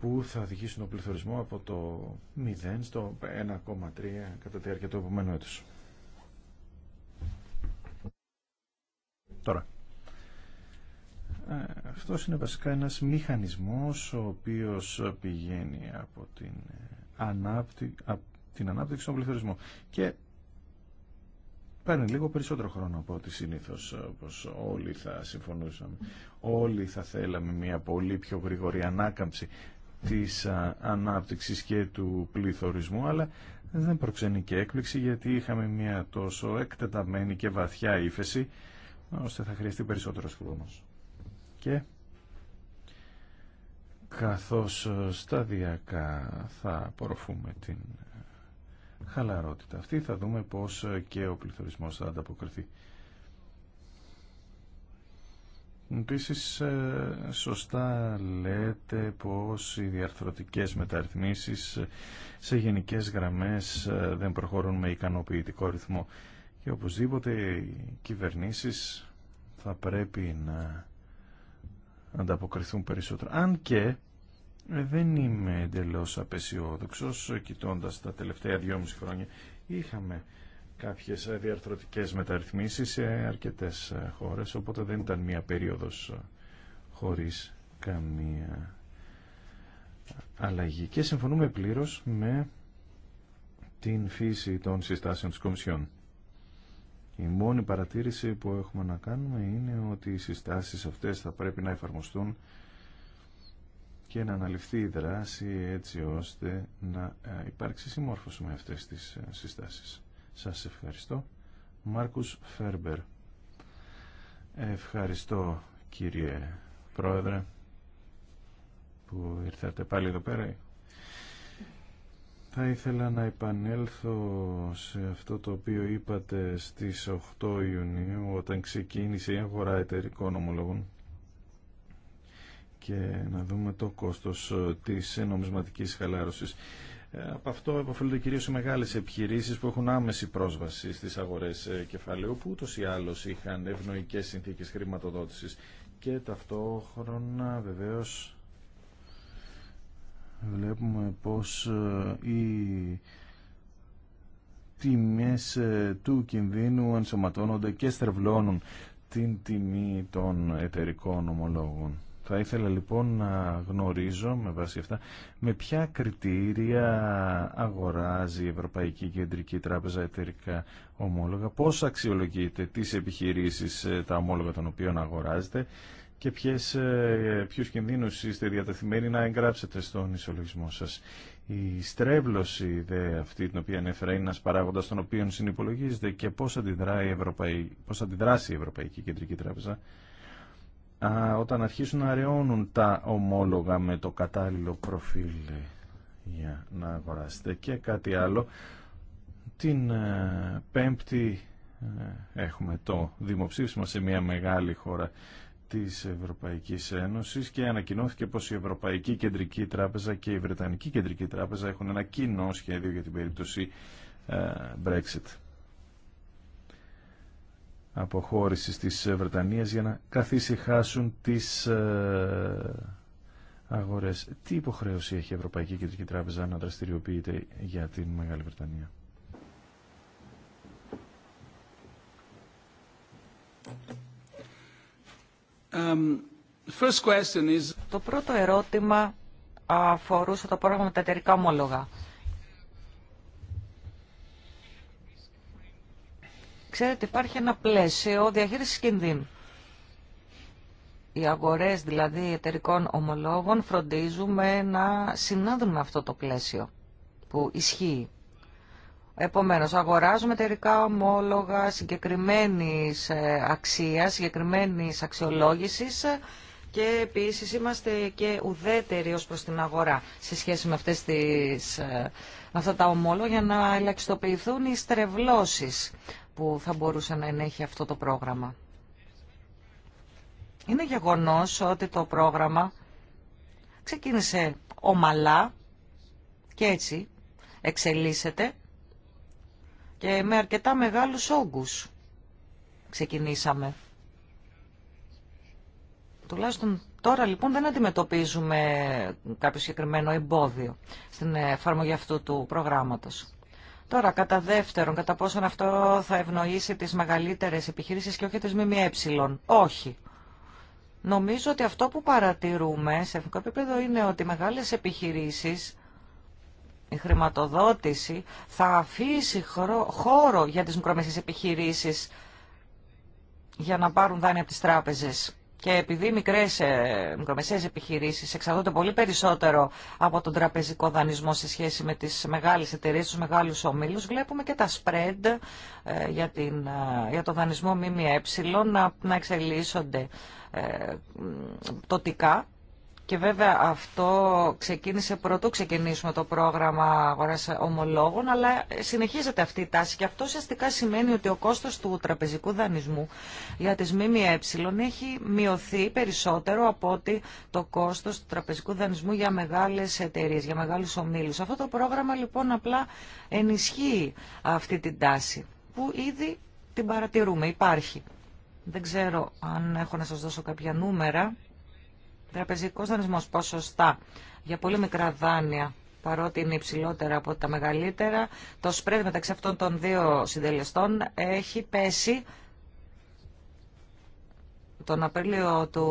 που θα οδηγήσουν τον πληθωρισμό από το 0 στο 1,3 κατά τη διάρκεια του επομένου έτους. Τώρα, ε, αυτό είναι βασικά ένας μηχανισμός ο οποίος πηγαίνει από την, ε, ανάπτυ... την ανάπτυξη στον πληθωρισμό και παίρνει λίγο περισσότερο χρόνο από ό,τι συνήθως όπως όλοι θα συμφωνούσαμε. Όλοι θα θέλαμε μια πολύ πιο γρήγορη ανάκαμψη της ε, ανάπτυξης και του πληθωρισμού αλλά δεν προξενεί και έκπληξη γιατί είχαμε μια τόσο εκτεταμένη και βαθιά ύφεση ώστε θα χρειαστεί περισσότερος χρόνος. Και καθώς ε, σταδιακά θα απορροφούμε την ε, χαλαρότητα αυτή θα δούμε πως ε, και ο πληθωρισμός θα ανταποκριθεί. Επίση, σωστά λέτε πως οι διαρθρωτικές μεταρρυθμίσεις σε γενικές γραμμές δεν προχωρούν με ικανοποιητικό ρυθμό και οπωσδήποτε οι κυβερνήσεις θα πρέπει να ανταποκριθούν περισσότερο. Αν και ε, δεν είμαι εντελώς απεσιόδοξος, κοιτώντας τα τελευταία δυόμιση χρόνια, είχαμε κάποιες διαρθρωτικές μεταρρυθμίσεις σε αρκετές χώρες, οπότε δεν ήταν μία περίοδος χωρίς καμία αλλαγή. Και συμφωνούμε πλήρως με την φύση των συστάσεων της Κομισιόν η μόνη παρατήρηση που έχουμε να κάνουμε είναι ότι οι συστάσεις αυτές θα πρέπει να εφαρμοστούν και να αναλυφθεί η δράση έτσι ώστε να ε, υπάρξει συμμόρφωση με αυτές τις ε, συστάσεις. Σας ευχαριστώ. Μάρκους Φέρμπερ. Ευχαριστώ κύριε Πρόεδρε που ήρθατε πάλι εδώ πέρα. Θα ήθελα να επανέλθω σε αυτό το οποίο είπατε στις 8 Ιουνίου όταν ξεκίνησε η αγορά εταιρικών ομολόγων και να δούμε το κόστος της νομισματικής χαλάρωσης. Ε, Από αυτό επωφελούνται κυρίως οι μεγάλες επιχειρήσεις που έχουν άμεση πρόσβαση στις αγορές ε, κεφαλαίου που ούτως ή άλλως είχαν ευνοϊκές συνθήκες χρηματοδότησης και ταυτόχρονα βεβαίως βλέπουμε πως ε, οι τιμές ε, του κινδύνου ενσωματώνονται και στερβλώνουν την τιμή των εταιρικών ομολόγων. Θα ήθελα λοιπόν να γνωρίζω με βάση αυτά με ποια κριτήρια αγοράζει η Ευρωπαϊκή Κεντρική Τράπεζα εταιρικά ομόλογα, πώς αξιολογείται τις επιχειρήσεις ε, τα ομόλογα των οποίων αγοράζεται και ποιες, ε, ποιους κινδύνους είστε διατεθειμένοι να εγγράψετε στον ισολογισμό σας. Η στρέβλωση δε αυτή την οποία ανέφερα είναι ένας παράγοντας τον οποίο συνυπολογίζεται και πώς, αντιδράει η πώς αντιδράσει η Ευρωπαϊκή Κεντρική Τράπεζα όταν αρχίσουν να αραιώνουν τα ομόλογα με το κατάλληλο προφίλ για να αγοράσετε και κάτι άλλο. Την ε, Πέμπτη ε, έχουμε το δημοψήφισμα σε μια μεγάλη χώρα της Ευρωπαϊκής Ένωσης και ανακοινώθηκε πως η Ευρωπαϊκή Κεντρική Τράπεζα και η Βρετανική Κεντρική Τράπεζα έχουν ένα κοινό σχέδιο για την περίπτωση ε, Brexit Αποχώρηση της Βρετανίας για να καθησυχάσουν τις ε, αγορές. Τι υποχρέωση έχει η Ευρωπαϊκή Κεντρική Τράπεζα να δραστηριοποιείται για την Μεγάλη Βρετανία. Um, το πρώτο ερώτημα αφορούσε το πρόγραμμα με τα εταιρικά ομόλογα. Ξέρετε, υπάρχει ένα πλαίσιο διαχείρισης κινδύνου. Οι αγορές δηλαδή εταιρικών ομολόγων φροντίζουμε να συνάδουν με αυτό το πλαίσιο που ισχύει. Επομένως, αγοράζουμε εταιρικά ομόλογα συγκεκριμένης ε, αξίας, συγκεκριμένης αξιολόγησης και επίσης είμαστε και ουδέτεροι ως προς την αγορά σε σχέση με, αυτές τις, ε, με αυτά τα ομόλογα για να ελαχιστοποιηθούν οι στρεβλώσεις που θα μπορούσε να ενέχει αυτό το πρόγραμμα. Είναι γεγονός ότι το πρόγραμμα ξεκίνησε ομαλά και έτσι εξελίσσεται και με αρκετά μεγάλους όγκους ξεκινήσαμε. Τουλάχιστον τώρα λοιπόν δεν αντιμετωπίζουμε κάποιο συγκεκριμένο εμπόδιο στην εφαρμογή αυτού του προγράμματος. Τώρα, κατά δεύτερον, κατά πόσον αυτό θα ευνοήσει τις μεγαλύτερες επιχειρήσεις και όχι τις ΜΜΕ. Όχι. Νομίζω ότι αυτό που παρατηρούμε σε εθνικό επίπεδο είναι ότι μεγάλες επιχειρήσεις η χρηματοδότηση θα αφήσει χώρο για τις μικρομεσαίες επιχειρήσεις για να πάρουν δάνεια από τις τράπεζες. Και επειδή οι μικρές ε, μικρομεσαίες επιχειρήσεις εξαρτώνται πολύ περισσότερο από τον τραπεζικό δανεισμό σε σχέση με τις μεγάλες εταιρείες, τους μεγάλους ομίλους, βλέπουμε και τα spread ε, για, την, ε, για το δανεισμό ΜΜΕ να, να εξελίσσονται ε, τοτικά και βέβαια αυτό ξεκίνησε πρωτού ξεκινήσουμε το πρόγραμμα αγοράς ομολόγων, αλλά συνεχίζεται αυτή η τάση και αυτό ουσιαστικά σημαίνει ότι ο κόστος του τραπεζικού δανεισμού για τις ΜΜΕ έχει μειωθεί περισσότερο από ότι το κόστος του τραπεζικού δανεισμού για μεγάλες εταιρείες, για μεγάλους ομίλους. Αυτό το πρόγραμμα λοιπόν απλά ενισχύει αυτή την τάση που ήδη την παρατηρούμε, υπάρχει. Δεν ξέρω αν έχω να σας δώσω κάποια νούμερα Τραπεζικό δανεισμός, ποσοστά για πολύ μικρά δάνεια, παρότι είναι υψηλότερα από τα μεγαλύτερα, το σπρέδι μεταξύ αυτών των δύο συντελεστών έχει πέσει τον Απρίλιο του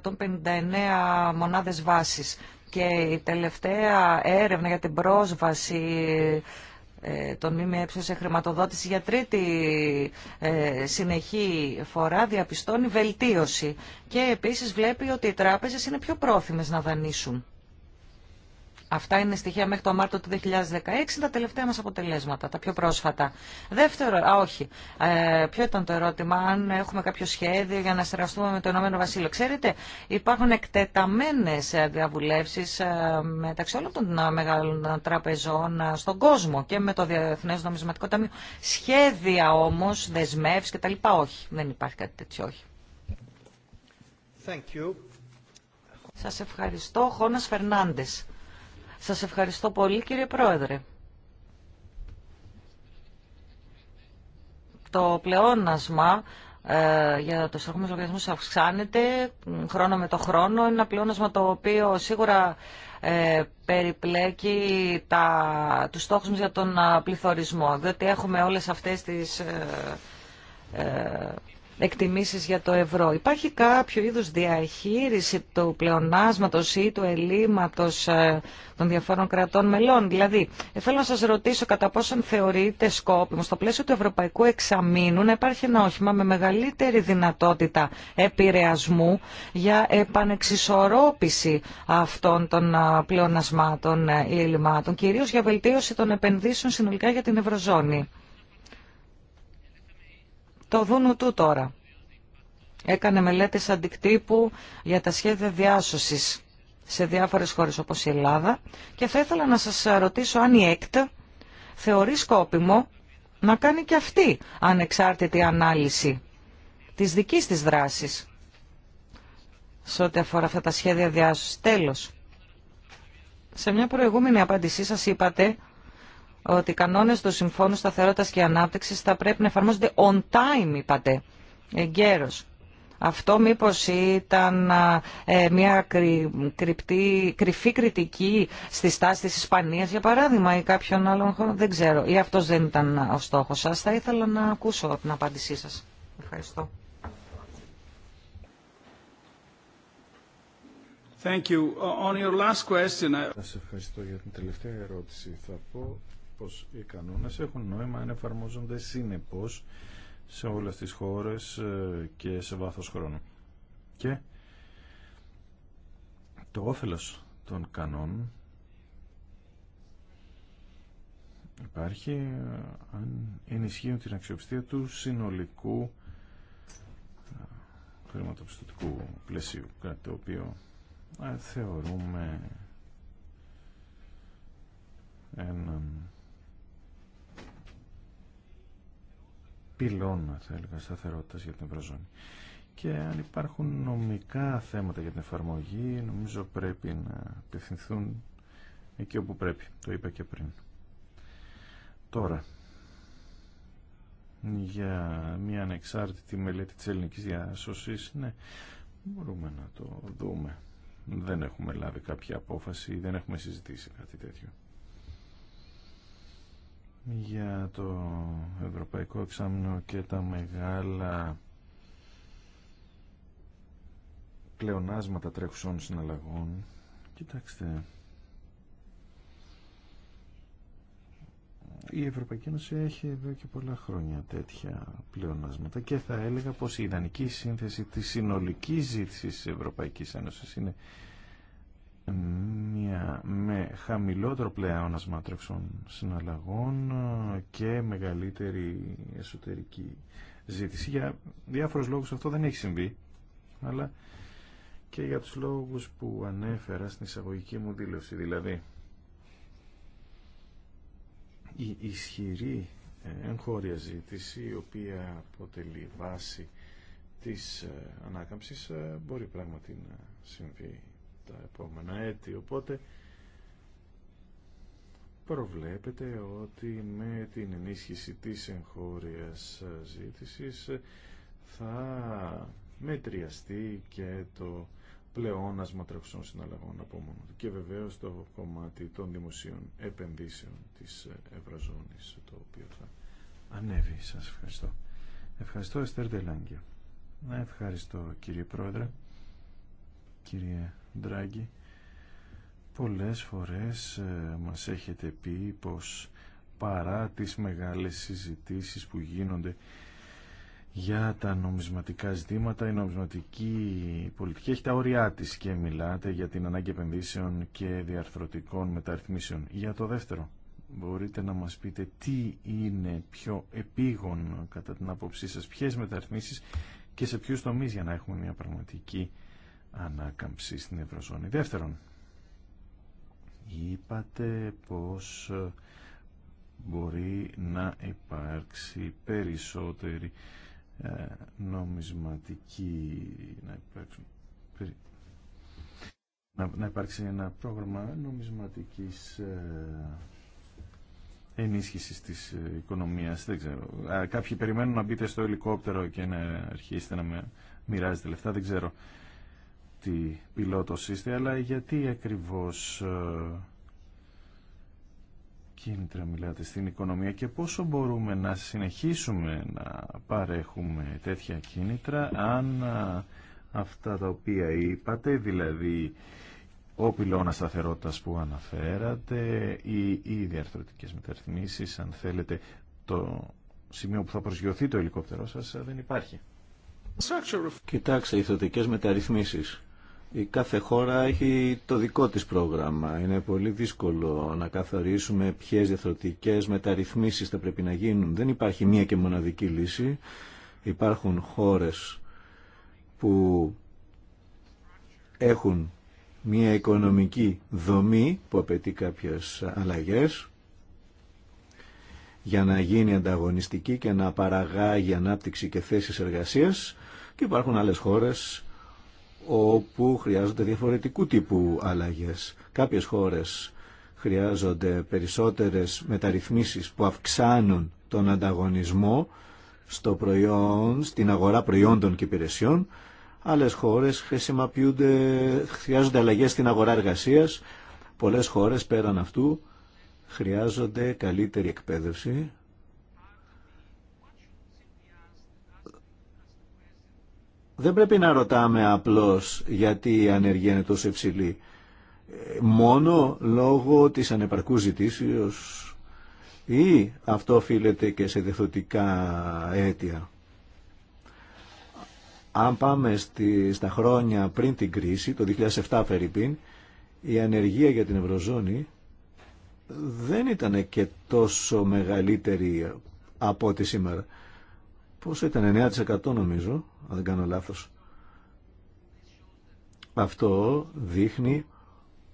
159 μονάδες βάσης και η τελευταία έρευνα για την πρόσβαση ε, τον ΜΜΕ σε χρηματοδότηση για τρίτη ε, συνεχή φορά διαπιστώνει βελτίωση και επίσης βλέπει ότι οι τράπεζες είναι πιο πρόθυμες να δανείσουν. Αυτά είναι στοιχεία μέχρι το Μάρτιο του 2016, τα τελευταία μας αποτελέσματα, τα πιο πρόσφατα. Δεύτερο, α όχι, ε, ποιο ήταν το ερώτημα, αν έχουμε κάποιο σχέδιο για να συνεργαστούμε με το Ηνωμένο Βασίλειο. Ξέρετε, υπάρχουν εκτεταμένες διαβουλεύσεις ε, μεταξύ όλων των μεγάλων τραπεζών ε, στον κόσμο και με το Διεθνές Νομισματικό Ταμείο. Σχέδια όμως, δεσμεύσεις κτλ. Όχι, δεν υπάρχει κάτι τέτοιο, όχι. Thank you. Σας ευχαριστώ, Χώνας Φερνάντες. Σας ευχαριστώ πολύ κύριε Πρόεδρε. Το πλεόνασμα ε, για τους μας λογαριασμούς αυξάνεται χρόνο με το χρόνο. Είναι ένα πλεόνασμα το οποίο σίγουρα ε, περιπλέκει τα, τους στόχους μας για τον πληθωρισμό. Διότι έχουμε όλες αυτές τις... Ε, ε εκτιμήσεις για το ευρώ. Υπάρχει κάποιο είδους διαχείριση του πλεονάσματος ή του ελλείμματος ε, των διαφόρων κρατών μελών. Δηλαδή, ε, θέλω να σας ρωτήσω κατά πόσον θεωρείτε σκόπιμο στο πλαίσιο του ευρωπαϊκού εξαμήνου να υπάρχει ένα όχημα με μεγαλύτερη δυνατότητα επηρεασμού για επανεξισορρόπηση αυτών των ε, πλεονασμάτων ή ελλημάτων, κυρίως για βελτίωση των επενδύσεων συνολικά για την Ευρωζώνη το δούνου του τώρα. Έκανε μελέτες αντικτύπου για τα σχέδια διάσωσης σε διάφορες χώρες όπως η Ελλάδα και θα ήθελα να σας ρωτήσω αν η ΕΚΤ θεωρεί σκόπιμο να κάνει και αυτή ανεξάρτητη ανάλυση της δικής της δράσης σε ό,τι αφορά αυτά τα σχέδια διάσωσης. Τέλος, σε μια προηγούμενη απάντησή σας είπατε ότι οι κανόνες του Συμφώνου Σταθερότητας και Ανάπτυξης θα πρέπει να εφαρμόζονται on time, είπατε, Εγκαίρω. Αυτό μήπω ήταν ε, μια κρυφή κριτική στη στάση τη Ισπανίας, για παράδειγμα, ή κάποιον άλλον χώρο, δεν ξέρω. Ή αυτό δεν ήταν ο στόχο σα. Θα ήθελα να ακούσω την απάντησή σας. Ευχαριστώ. Thank you. On your last question, ευχαριστώ για την τελευταία ερώτηση. Θα πω πως οι κανόνες έχουν νόημα αν εφαρμόζονται συνεπώς σε όλες τις χώρες ε, και σε βάθος χρόνου. Και το όφελος των κανόνων υπάρχει ε, αν ενισχύουν την αξιοπιστία του συνολικού ε, χρηματοπιστωτικού πλαισίου, κάτι το οποίο θεωρούμε έναν πυλώνα, θα έλεγα, σταθερότητα για την Ευρωζώνη. Και αν υπάρχουν νομικά θέματα για την εφαρμογή, νομίζω πρέπει να απευθυνθούν εκεί όπου πρέπει. Το είπα και πριν. Τώρα, για μια ανεξάρτητη μελέτη της ελληνικής διάσωσης, ναι, μπορούμε να το δούμε. Δεν έχουμε λάβει κάποια απόφαση, δεν έχουμε συζητήσει κάτι τέτοιο για το Ευρωπαϊκό Εξάμεινο και τα μεγάλα πλεονάσματα τρέχουσών συναλλαγών. Κοιτάξτε, η Ευρωπαϊκή Ένωση έχει εδώ και πολλά χρόνια τέτοια πλεονάσματα και θα έλεγα πως η ιδανική σύνθεση της συνολικής ζήτησης της Ευρωπαϊκής Ένωσης είναι μια, με χαμηλότερο πλέον τρεξών συναλλαγών και μεγαλύτερη εσωτερική ζήτηση. Για διάφορους λόγους αυτό δεν έχει συμβεί, αλλά και για τους λόγους που ανέφερα στην εισαγωγική μου δήλωση. Δηλαδή, η ισχυρή εγχώρια ζήτηση, η οποία αποτελεί βάση της ε, ανάκαμψης, ε, μπορεί πράγματι να συμβεί τα επόμενα έτη. Οπότε προβλέπεται ότι με την ενίσχυση της εγχώριας ζήτησης θα μετριαστεί και το πλεόνασμα τρεχουσών συναλλαγών από μόνο του και βεβαίως το κομμάτι των δημοσίων επενδύσεων της Ευρωζώνης το οποίο θα ανέβει. Σας ευχαριστώ. Ευχαριστώ Εστέρ Να Ευχαριστώ κύριε Πρόεδρε, κύριε Ντράγκη πολλές φορές ε, μας έχετε πει πως παρά τις μεγάλες συζητήσεις που γίνονται για τα νομισματικά ζητήματα, η νομισματική πολιτική έχει τα όρια της και μιλάτε για την ανάγκη επενδύσεων και διαρθρωτικών μεταρρυθμίσεων. Για το δεύτερο, μπορείτε να μας πείτε τι είναι πιο επίγον κατά την άποψή σας, ποιες μεταρρυθμίσεις και σε ποιους τομείς για να έχουμε μια πραγματική ανάκαμψη στην Ευρωζώνη. Δεύτερον, είπατε πως μπορεί να υπάρξει περισσότερη ε, νομισματική να υπάρξει να, υπάρξει ένα πρόγραμμα νομισματικής ε, ενίσχυσης της ε, οικονομίας. Δεν ξέρω. κάποιοι περιμένουν να μπείτε στο ελικόπτερο και να αρχίσετε να μοιράζετε λεφτά. Δεν ξέρω τι πιλότος είστε, αλλά γιατί ακριβώς ε, κίνητρα μιλάτε στην οικονομία και πόσο μπορούμε να συνεχίσουμε να παρέχουμε τέτοια κίνητρα αν ε, αυτά τα οποία είπατε, δηλαδή ο πυλώνας σταθερότητας που αναφέρατε ή οι διαρθρωτικές μεταρρυθμίσεις, αν θέλετε το σημείο που θα προσγειωθεί το ελικόπτερό σας ε, δεν υπάρχει. Κοιτάξτε, οι θετικές μεταρρυθμίσεις η κάθε χώρα έχει το δικό της πρόγραμμα. Είναι πολύ δύσκολο να καθορίσουμε ποιες διαθροτικές μεταρρυθμίσεις θα πρέπει να γίνουν. Δεν υπάρχει μία και μοναδική λύση. Υπάρχουν χώρες που έχουν μία οικονομική δομή που απαιτεί κάποιες αλλαγές για να γίνει ανταγωνιστική και να παραγάγει ανάπτυξη και θέσεις εργασίας και υπάρχουν άλλες χώρες όπου χρειάζονται διαφορετικού τύπου αλλαγές. Κάποιες χώρες χρειάζονται περισσότερες μεταρρυθμίσεις που αυξάνουν τον ανταγωνισμό στο προϊόν, στην αγορά προϊόντων και υπηρεσιών. Άλλες χώρες χρειάζονται αλλαγές στην αγορά εργασίας. Πολλές χώρες πέραν αυτού χρειάζονται καλύτερη εκπαίδευση, δεν πρέπει να ρωτάμε απλώς γιατί η ανεργία είναι τόσο υψηλή. Μόνο λόγω της ανεπαρκούς ζητήσεως ή αυτό οφείλεται και σε διεθνωτικά αίτια. Αν πάμε στη, στα χρόνια πριν την κρίση, το 2007 περίπου, η ανεργία για την Ευρωζώνη δεν ήταν και τόσο μεγαλύτερη από ό,τι σήμερα. Πόσο ήταν, 9% νομίζω αν Αυτό δείχνει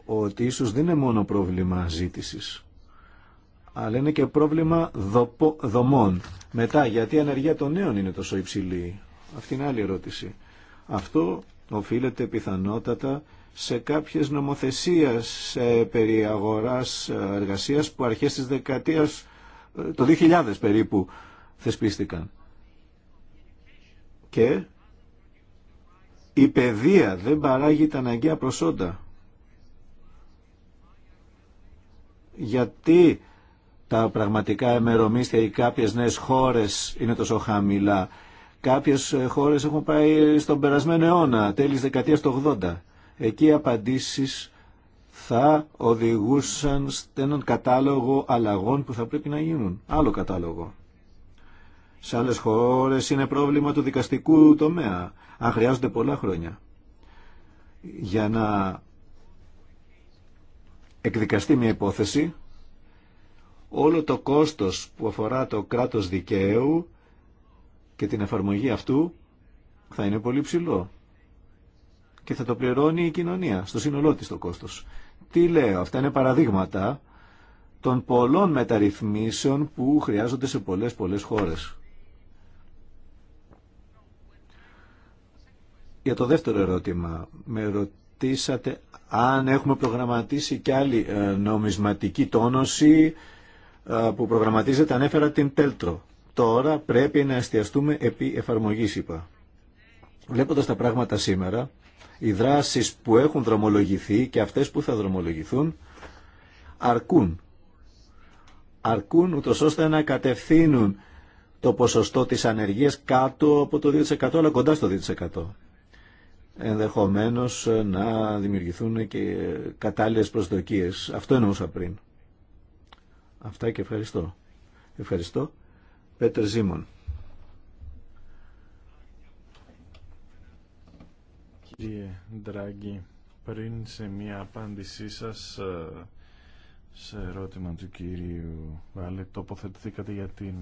ότι ίσως δεν είναι μόνο πρόβλημα ζήτησης, αλλά είναι και πρόβλημα δοπο, δομών. Μετά, γιατί η ανεργία των νέων είναι τόσο υψηλή. Αυτή είναι άλλη ερώτηση. Αυτό οφείλεται πιθανότατα σε κάποιες νομοθεσίες σε περί αγοράς ε, εργασίας που αρχές της δεκαετίας, ε, το 2000 περίπου, θεσπίστηκαν και η παιδεία δεν παράγει τα αναγκαία προσόντα. Γιατί τα πραγματικά εμερομίστια ή κάποιες νέες χώρες είναι τόσο χαμηλά. Κάποιες χώρες έχουν πάει στον περασμένο αιώνα, τέλης δεκαετίας του 80. Εκεί οι απαντήσεις θα οδηγούσαν σε έναν κατάλογο αλλαγών που θα πρέπει να γίνουν. Άλλο κατάλογο. Σε άλλε χώρε είναι πρόβλημα του δικαστικού τομέα. Αν χρειάζονται πολλά χρόνια για να εκδικαστεί μια υπόθεση, όλο το κόστος που αφορά το κράτος δικαίου και την εφαρμογή αυτού θα είναι πολύ ψηλό και θα το πληρώνει η κοινωνία στο σύνολό της το κόστος. Τι λέω, αυτά είναι παραδείγματα των πολλών μεταρρυθμίσεων που χρειάζονται σε πολλές πολλές χώρες. Για το δεύτερο ερώτημα, με ρωτήσατε αν έχουμε προγραμματίσει και άλλη ε, νομισματική τόνωση ε, που προγραμματίζεται, ανέφερα την Τέλτρο. Τώρα πρέπει να εστιαστούμε επί εφαρμογής, είπα. Βλέποντας τα πράγματα σήμερα, οι δράσεις που έχουν δρομολογηθεί και αυτές που θα δρομολογηθούν αρκούν. Αρκούν ούτως ώστε να κατευθύνουν το ποσοστό της ανεργίας κάτω από το 2% αλλά κοντά στο 2% ενδεχομένως να δημιουργηθούν και κατάλληλες προσδοκίες. Αυτό εννοούσα πριν. Αυτά και ευχαριστώ. Ευχαριστώ. Πέτερ Ζήμων. Κύριε Ντράγκη, πριν σε μία απάντησή σας ε, σε ερώτημα του κυρίου Βάλε τοποθετηθήκατε για την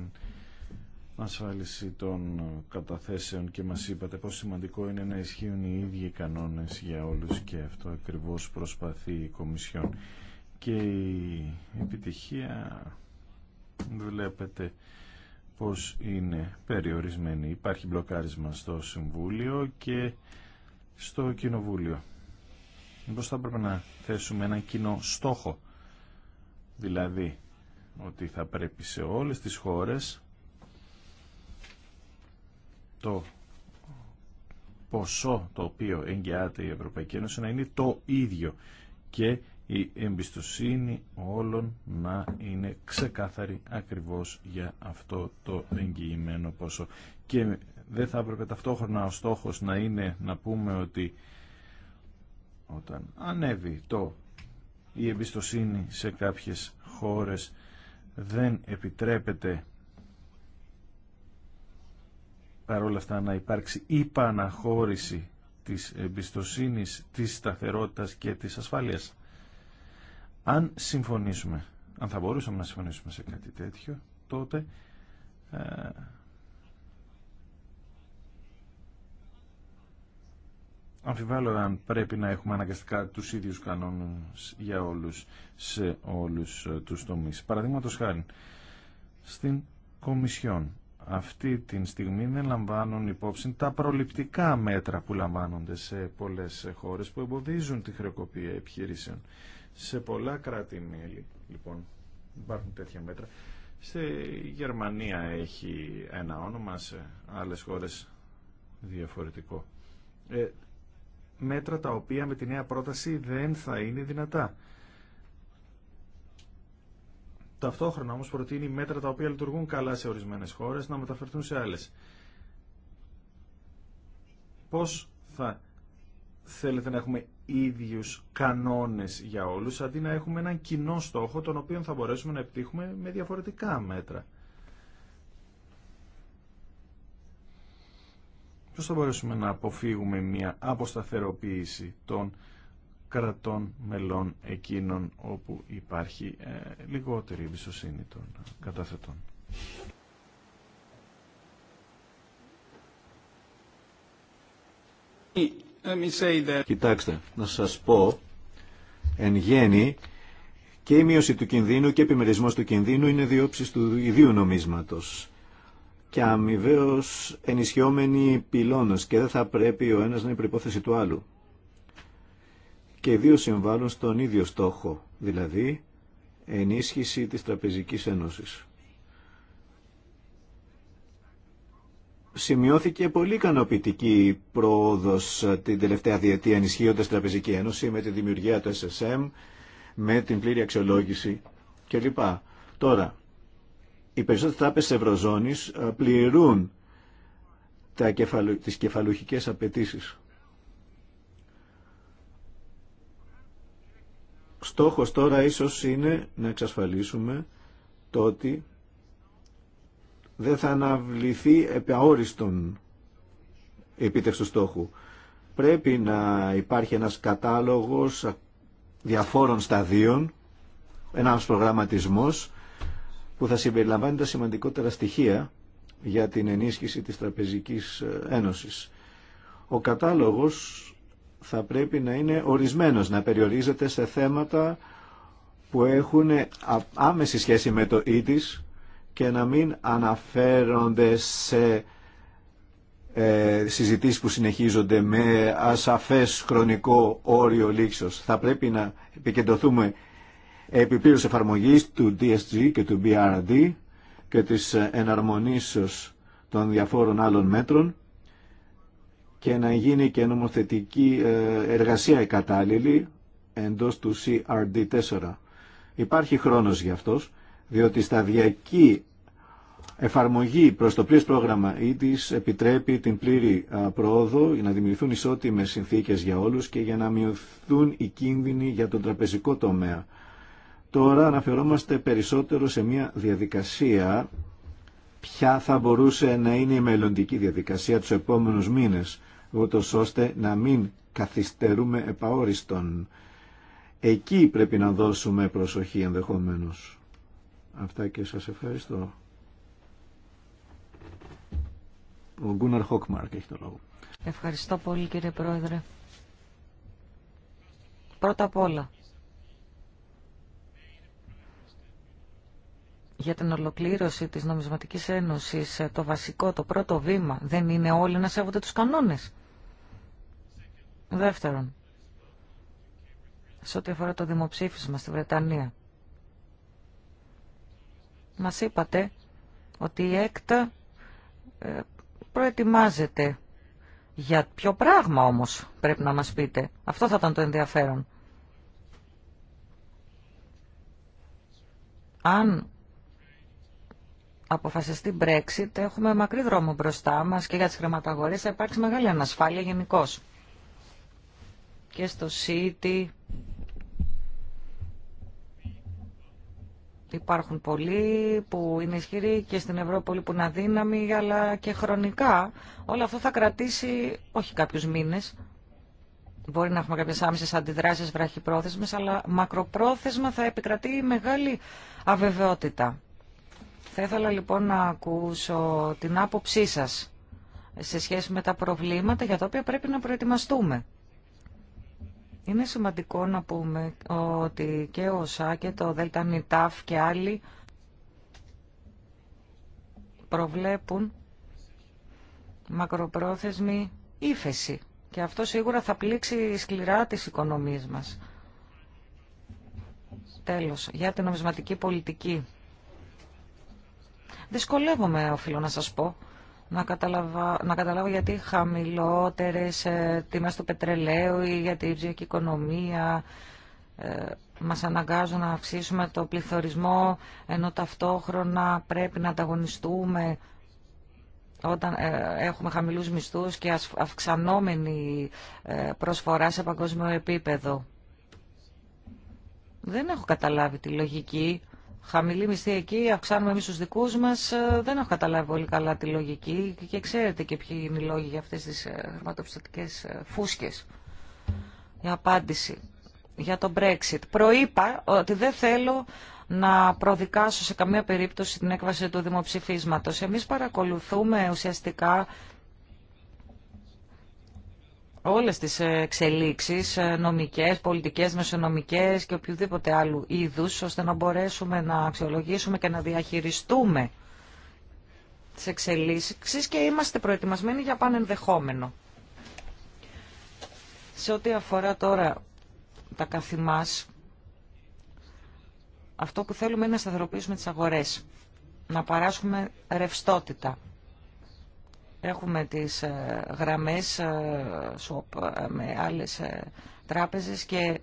ασφάλιση των καταθέσεων και μας είπατε πόσο σημαντικό είναι να ισχύουν οι ίδιοι κανόνες για όλους και αυτό ακριβώς προσπαθεί η Κομισιόν. Και η επιτυχία βλέπετε πως είναι περιορισμένη. Υπάρχει μπλοκάρισμα στο Συμβούλιο και στο Κοινοβούλιο. Μήπως θα πρέπει να θέσουμε έναν κοινό στόχο. Δηλαδή ότι θα πρέπει σε όλες τις χώρες το ποσό το οποίο εγγυάται η Ευρωπαϊκή Ένωση να είναι το ίδιο και η εμπιστοσύνη όλων να είναι ξεκάθαρη ακριβώς για αυτό το εγγυημένο ποσό. Και δεν θα έπρεπε ταυτόχρονα ο στόχος να είναι να πούμε ότι όταν ανέβει το η εμπιστοσύνη σε κάποιες χώρες δεν επιτρέπεται παρόλα αυτά να υπάρξει υπαναχώρηση της εμπιστοσύνης, της σταθερότητας και της ασφάλειας. Αν συμφωνήσουμε, αν θα μπορούσαμε να συμφωνήσουμε σε κάτι τέτοιο, τότε ε, αμφιβάλλω αν πρέπει να έχουμε αναγκαστικά τους ίδιους κανόνες για όλους σε όλους ε, τους τομείς. Παραδείγματος χάρη, στην Κομισιόν αυτή τη στιγμή δεν λαμβάνουν υπόψη τα προληπτικά μέτρα που λαμβάνονται σε πολλές χώρες που εμποδίζουν τη χρεοκοπία επιχειρήσεων. Σε πολλά κράτη-μέλη, λοιπόν, υπάρχουν τέτοια μέτρα. Στη Γερμανία έχει ένα όνομα, σε άλλες χώρες διαφορετικό. Ε, μέτρα τα οποία με τη νέα πρόταση δεν θα είναι δυνατά. Ταυτόχρονα όμω προτείνει μέτρα τα οποία λειτουργούν καλά σε ορισμένες χώρε να μεταφερθούν σε άλλες. Πώς θα θέλετε να έχουμε ίδιους κανόνες για όλους αντί να έχουμε έναν κοινό στόχο τον οποίο θα μπορέσουμε να επιτύχουμε με διαφορετικά μέτρα. Πώς θα μπορέσουμε να αποφύγουμε μια αποσταθεροποίηση των κρατών μελών εκείνων όπου υπάρχει ε, λιγότερη εμπιστοσύνη των καταθετών. Κοιτάξτε, να σας πω, εν γέννη, και η μείωση του κινδύνου και επιμερισμός του κινδύνου είναι διόψεις του ιδίου νομίσματος και αμοιβαίως ενισχυόμενοι πυλώνες και δεν θα πρέπει ο ένας να είναι προϋπόθεση του άλλου και οι δύο συμβάλλουν στον ίδιο στόχο, δηλαδή ενίσχυση της Τραπεζικής Ένωσης. Σημειώθηκε πολύ ικανοποιητική πρόοδος την τελευταία διετία ενισχύοντας Τραπεζική Ένωση με τη δημιουργία του SSM, με την πλήρη αξιολόγηση κλπ. Τώρα, οι περισσότερες τράπεζες Ευρωζώνης πληρούν τα κεφαλου... τις κεφαλουχικές απαιτήσεις. Στόχος τώρα ίσως είναι να εξασφαλίσουμε το ότι δεν θα αναβληθεί επί αόριστον η στόχου. Πρέπει να υπάρχει ένας κατάλογος διαφόρων σταδίων, ένας προγραμματισμός που θα συμπεριλαμβάνει τα σημαντικότερα στοιχεία για την ενίσχυση της Τραπεζικής Ένωσης. Ο κατάλογος θα πρέπει να είναι ορισμένος, να περιορίζεται σε θέματα που έχουν άμεση σχέση με το ίδις και να μην αναφέρονται σε ε, συζητήσεις που συνεχίζονται με ασαφές χρονικό όριο λήξος. Θα πρέπει να επικεντρωθούμε σε εφαρμογής του DSG και του BRD και της εναρμονίσεως των διαφόρων άλλων μέτρων και να γίνει και νομοθετική ε, εργασία η κατάλληλη εντός του CRD4. Υπάρχει χρόνος για αυτός, διότι σταδιακή εφαρμογή προς το πλήρες πρόγραμμα της επιτρέπει την πλήρη ε, πρόοδο για να δημιουργηθούν ισότιμες συνθήκες για όλους και για να μειωθούν οι κίνδυνοι για τον τραπεζικό τομέα. Τώρα αναφερόμαστε περισσότερο σε μια διαδικασία ποια θα μπορούσε να είναι η μελλοντική διαδικασία τους επόμενους μήνες ούτω ώστε να μην καθυστερούμε επαόριστον. Εκεί πρέπει να δώσουμε προσοχή ενδεχομένως. Αυτά και σας ευχαριστώ. Ο Γκούναρ Χόκμαρκ έχει το λόγο. Ευχαριστώ πολύ κύριε Πρόεδρε. Πρώτα απ' όλα για την ολοκλήρωση της νομισματικής ένωσης ε, το βασικό, το πρώτο βήμα δεν είναι όλοι να σέβονται τους κανόνες. Δεύτερον, σε ό,τι αφορά το δημοψήφισμα στη Βρετανία. Μας είπατε ότι η ΕΚΤΑ ε, προετοιμάζεται. Για ποιο πράγμα όμως πρέπει να μας πείτε. Αυτό θα ήταν το ενδιαφέρον. Αν αποφασιστεί Brexit, έχουμε μακρύ δρόμο μπροστά μας και για τις χρηματαγορές θα υπάρξει μεγάλη ανασφάλεια γενικώ. Και στο City υπάρχουν πολλοί που είναι ισχυροί και στην Ευρώπη που είναι αδύναμοι, αλλά και χρονικά όλο αυτό θα κρατήσει όχι κάποιους μήνες. Μπορεί να έχουμε κάποιες άμεσες αντιδράσεις βραχυπρόθεσμες, αλλά μακροπρόθεσμα θα επικρατεί μεγάλη αβεβαιότητα. Θα ήθελα λοιπόν να ακούσω την άποψή σας σε σχέση με τα προβλήματα για τα οποία πρέπει να προετοιμαστούμε. Είναι σημαντικό να πούμε ότι και ο ΣΑ και το ΔΕΛΤΑΝΙΤΑΦ και άλλοι προβλέπουν μακροπρόθεσμη ύφεση και αυτό σίγουρα θα πλήξει σκληρά τις οικονομίες μας. Τέλος, για την νομισματική πολιτική. Δυσκολεύομαι, οφείλω να σας πω, να, καταλαβα... να καταλάβω γιατί χαμηλότερες ε, τιμές του πετρελαίου ή για την ψυχικη οικονομία ε, μας αναγκάζουν να αυξήσουμε το πληθωρισμό ενώ ταυτόχρονα πρέπει να ανταγωνιστούμε όταν ε, έχουμε χαμηλούς μισθούς και αυξανόμενη ε, προσφορά σε παγκόσμιο επίπεδο. Δεν έχω καταλάβει τη λογική χαμηλή μισθή εκεί, αυξάνουμε εμεί του δικού μα. Ε, δεν έχω καταλάβει πολύ καλά τη λογική και ξέρετε και ποιοι είναι οι λόγοι για αυτέ τι ε, χρηματοπιστωτικέ ε, φούσκε. Η απάντηση για το Brexit. Προείπα ότι δεν θέλω να προδικάσω σε καμία περίπτωση την έκβαση του δημοψηφίσματος. Εμείς παρακολουθούμε ουσιαστικά όλες τις ε, εξελίξεις ε, νομικές, πολιτικές, μεσονομικές και οποιοδήποτε άλλου είδους, ώστε να μπορέσουμε να αξιολογήσουμε και να διαχειριστούμε τις εξελίξεις και είμαστε προετοιμασμένοι για πανενδεχόμενο. Σε ό,τι αφορά τώρα τα καθημάς, αυτό που θέλουμε είναι να σταθεροποιήσουμε τις αγορές, να παράσχουμε ρευστότητα Έχουμε τις ε, γραμμές ε, σοπ ε, με άλλες τράπεζες και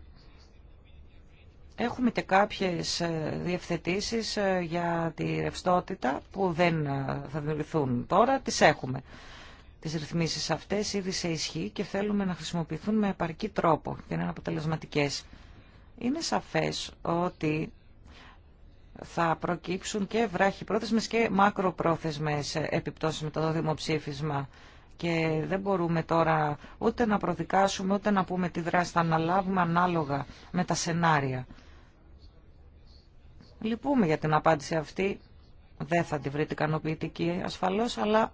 έχουμε και κάποιες διευθετήσεις για τη ρευστότητα που δεν θα δημιουργηθούν τώρα, τις έχουμε. Τις ρυθμίσεις αυτές ήδη σε ισχύ και θέλουμε να χρησιμοποιηθούν με επαρκή τρόπο και να είναι αποτελεσματικές. Είναι σαφές ότι θα προκύψουν και πρόθεσμε και μακροπρόθεσμες επιπτώσεις με το δημοψήφισμα. Και δεν μπορούμε τώρα ούτε να προδικάσουμε, ούτε να πούμε τι δράση θα αναλάβουμε ανάλογα με τα σενάρια. Λυπούμε για την απάντηση αυτή. Δεν θα τη βρείτε ικανοποιητική ασφαλώς, αλλά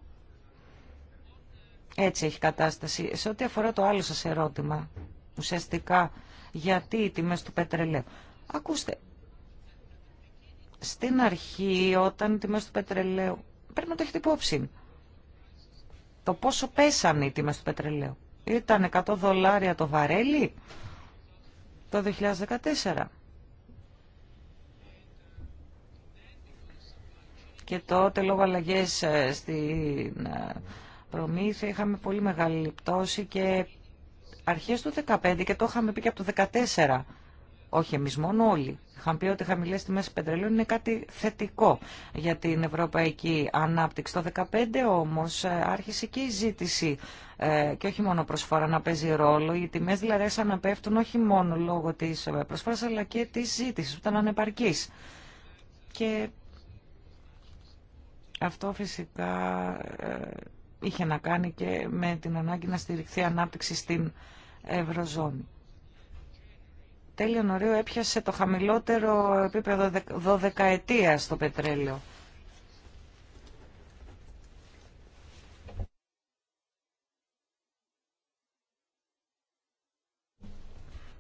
έτσι έχει κατάσταση. Σε ό,τι αφορά το άλλο σα ερώτημα, ουσιαστικά γιατί οι τιμές του πετρελαίου. Ακούστε, στην αρχή όταν οι τιμές του πετρελαίου πρέπει να το έχετε υπόψη το πόσο πέσανε οι τιμές του πετρελαίου ήταν 100 δολάρια το βαρέλι το 2014 και τότε λόγω αλλαγές ε, στην ε, προμήθεια είχαμε πολύ μεγάλη πτώση και αρχές του 2015 και το είχαμε πει και από το 2014 όχι εμείς μόνο όλοι, είχαν πει ότι οι χαμηλές τιμές πετρελαίου είναι κάτι θετικό για την ευρωπαϊκή ανάπτυξη. Το 2015 όμως ε, άρχισε και η ζήτηση ε, και όχι μόνο προσφορά να παίζει ρόλο. Οι τιμές δηλαδή άρχισαν να πέφτουν όχι μόνο λόγω τη ε, προσφόρα, αλλά και τη ζήτηση, που ήταν ανεπαρκή. Και αυτό φυσικά είχε να κάνει και με την ανάγκη να στηριχθεί ανάπτυξη στην Ευρωζώνη τέλειο Ιανουαρίου έπιασε το χαμηλότερο επίπεδο 12 ετία στο πετρέλαιο.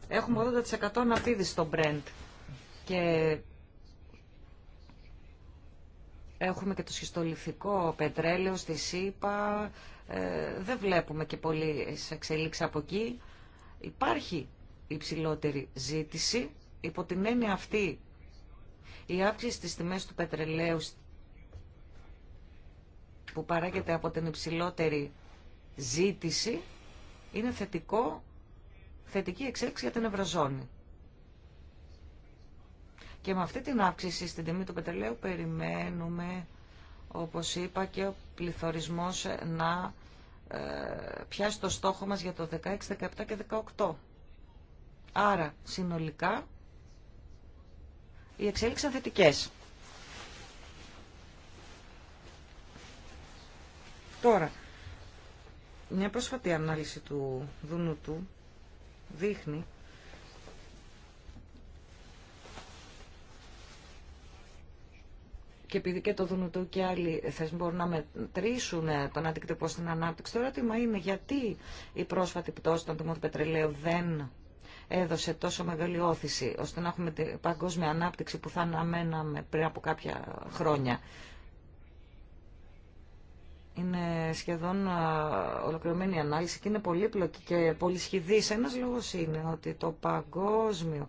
Έχουμε 80% αναπήδηση στο Brent και έχουμε και το σχιστολιθικό πετρέλαιο στη ΣΥΠΑ. Ε, δεν βλέπουμε και πολύ εξελίξη από εκεί. Υπάρχει υψηλότερη ζήτηση. Υπό την έννοια αυτή, η αύξηση στις τιμές του πετρελαίου που παράγεται από την υψηλότερη ζήτηση είναι θετικό, θετική εξέλιξη για την Ευρωζώνη. Και με αυτή την αύξηση στην τιμή του πετρελαίου περιμένουμε, όπως είπα, και ο πληθωρισμός να ε, πιάσει το στόχο μας για το 16, 17 και 18. Άρα, συνολικά, οι εξέλιξεις ήταν θετικές. Τώρα, μια πρόσφατη ανάλυση του Δούνου του δείχνει και επειδή και το Δουνουτού και άλλοι θεσμοί μπορούν να μετρήσουν ε, τον αντικτυπώ στην ανάπτυξη, το ερώτημα είναι γιατί η πρόσφατη πτώση των τιμών του πετρελαίου δεν έδωσε τόσο μεγάλη όθηση ώστε να έχουμε την παγκόσμια ανάπτυξη που θα αναμέναμε πριν από κάποια χρόνια. Είναι σχεδόν ολοκληρωμένη η ανάλυση και είναι πολύπλοκη και πολυσχηδής. Ένας λόγος είναι ότι το παγκόσμιο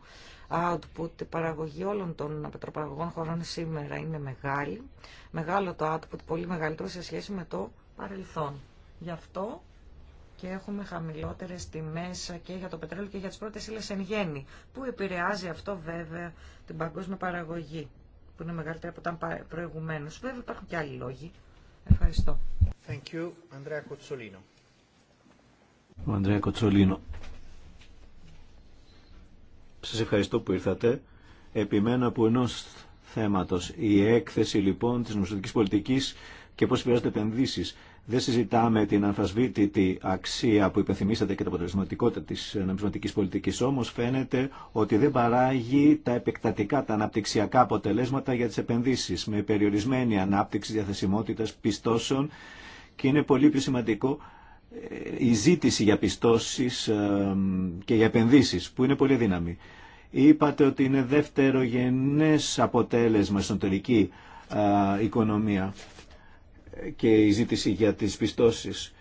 output, η παραγωγή όλων των πετροπαραγωγών χωρών σήμερα είναι μεγάλη. Μεγάλο το output, πολύ μεγαλύτερο σε σχέση με το παρελθόν. Γι' αυτό και έχουμε χαμηλότερες τιμές και για το πετρέλαιο και για τις πρώτες ύλε εν γέννη, που επηρεάζει αυτό βέβαια την παγκόσμια παραγωγή, που είναι μεγαλύτερη από τα προηγουμένω. Βέβαια υπάρχουν και άλλοι λόγοι. Ευχαριστώ. Thank you, Andrea Ο Ανδρέα Κοτσολίνο. Σας ευχαριστώ που ήρθατε. Επιμένω από ενό θέματο. Η έκθεση λοιπόν τη νομισματικής πολιτική και πώ επηρεάζονται επενδύσει. Δεν συζητάμε την αμφασβήτητη αξία που υπενθυμίσατε και την αποτελεσματικότητα της νομισματικής πολιτικής, όμως φαίνεται ότι δεν παράγει τα επεκτατικά, τα αναπτυξιακά αποτελέσματα για τις επενδύσεις, με περιορισμένη ανάπτυξη διαθεσιμότητας πιστώσεων και είναι πολύ πιο σημαντικό ε, η ζήτηση για πιστώσεις ε, και για επενδύσεις, που είναι πολύ δύναμη. Είπατε ότι είναι δευτερογενέ αποτέλεσμα στην εσωτερική ε, οικονομία και η ζήτηση για τις πιστώσεις.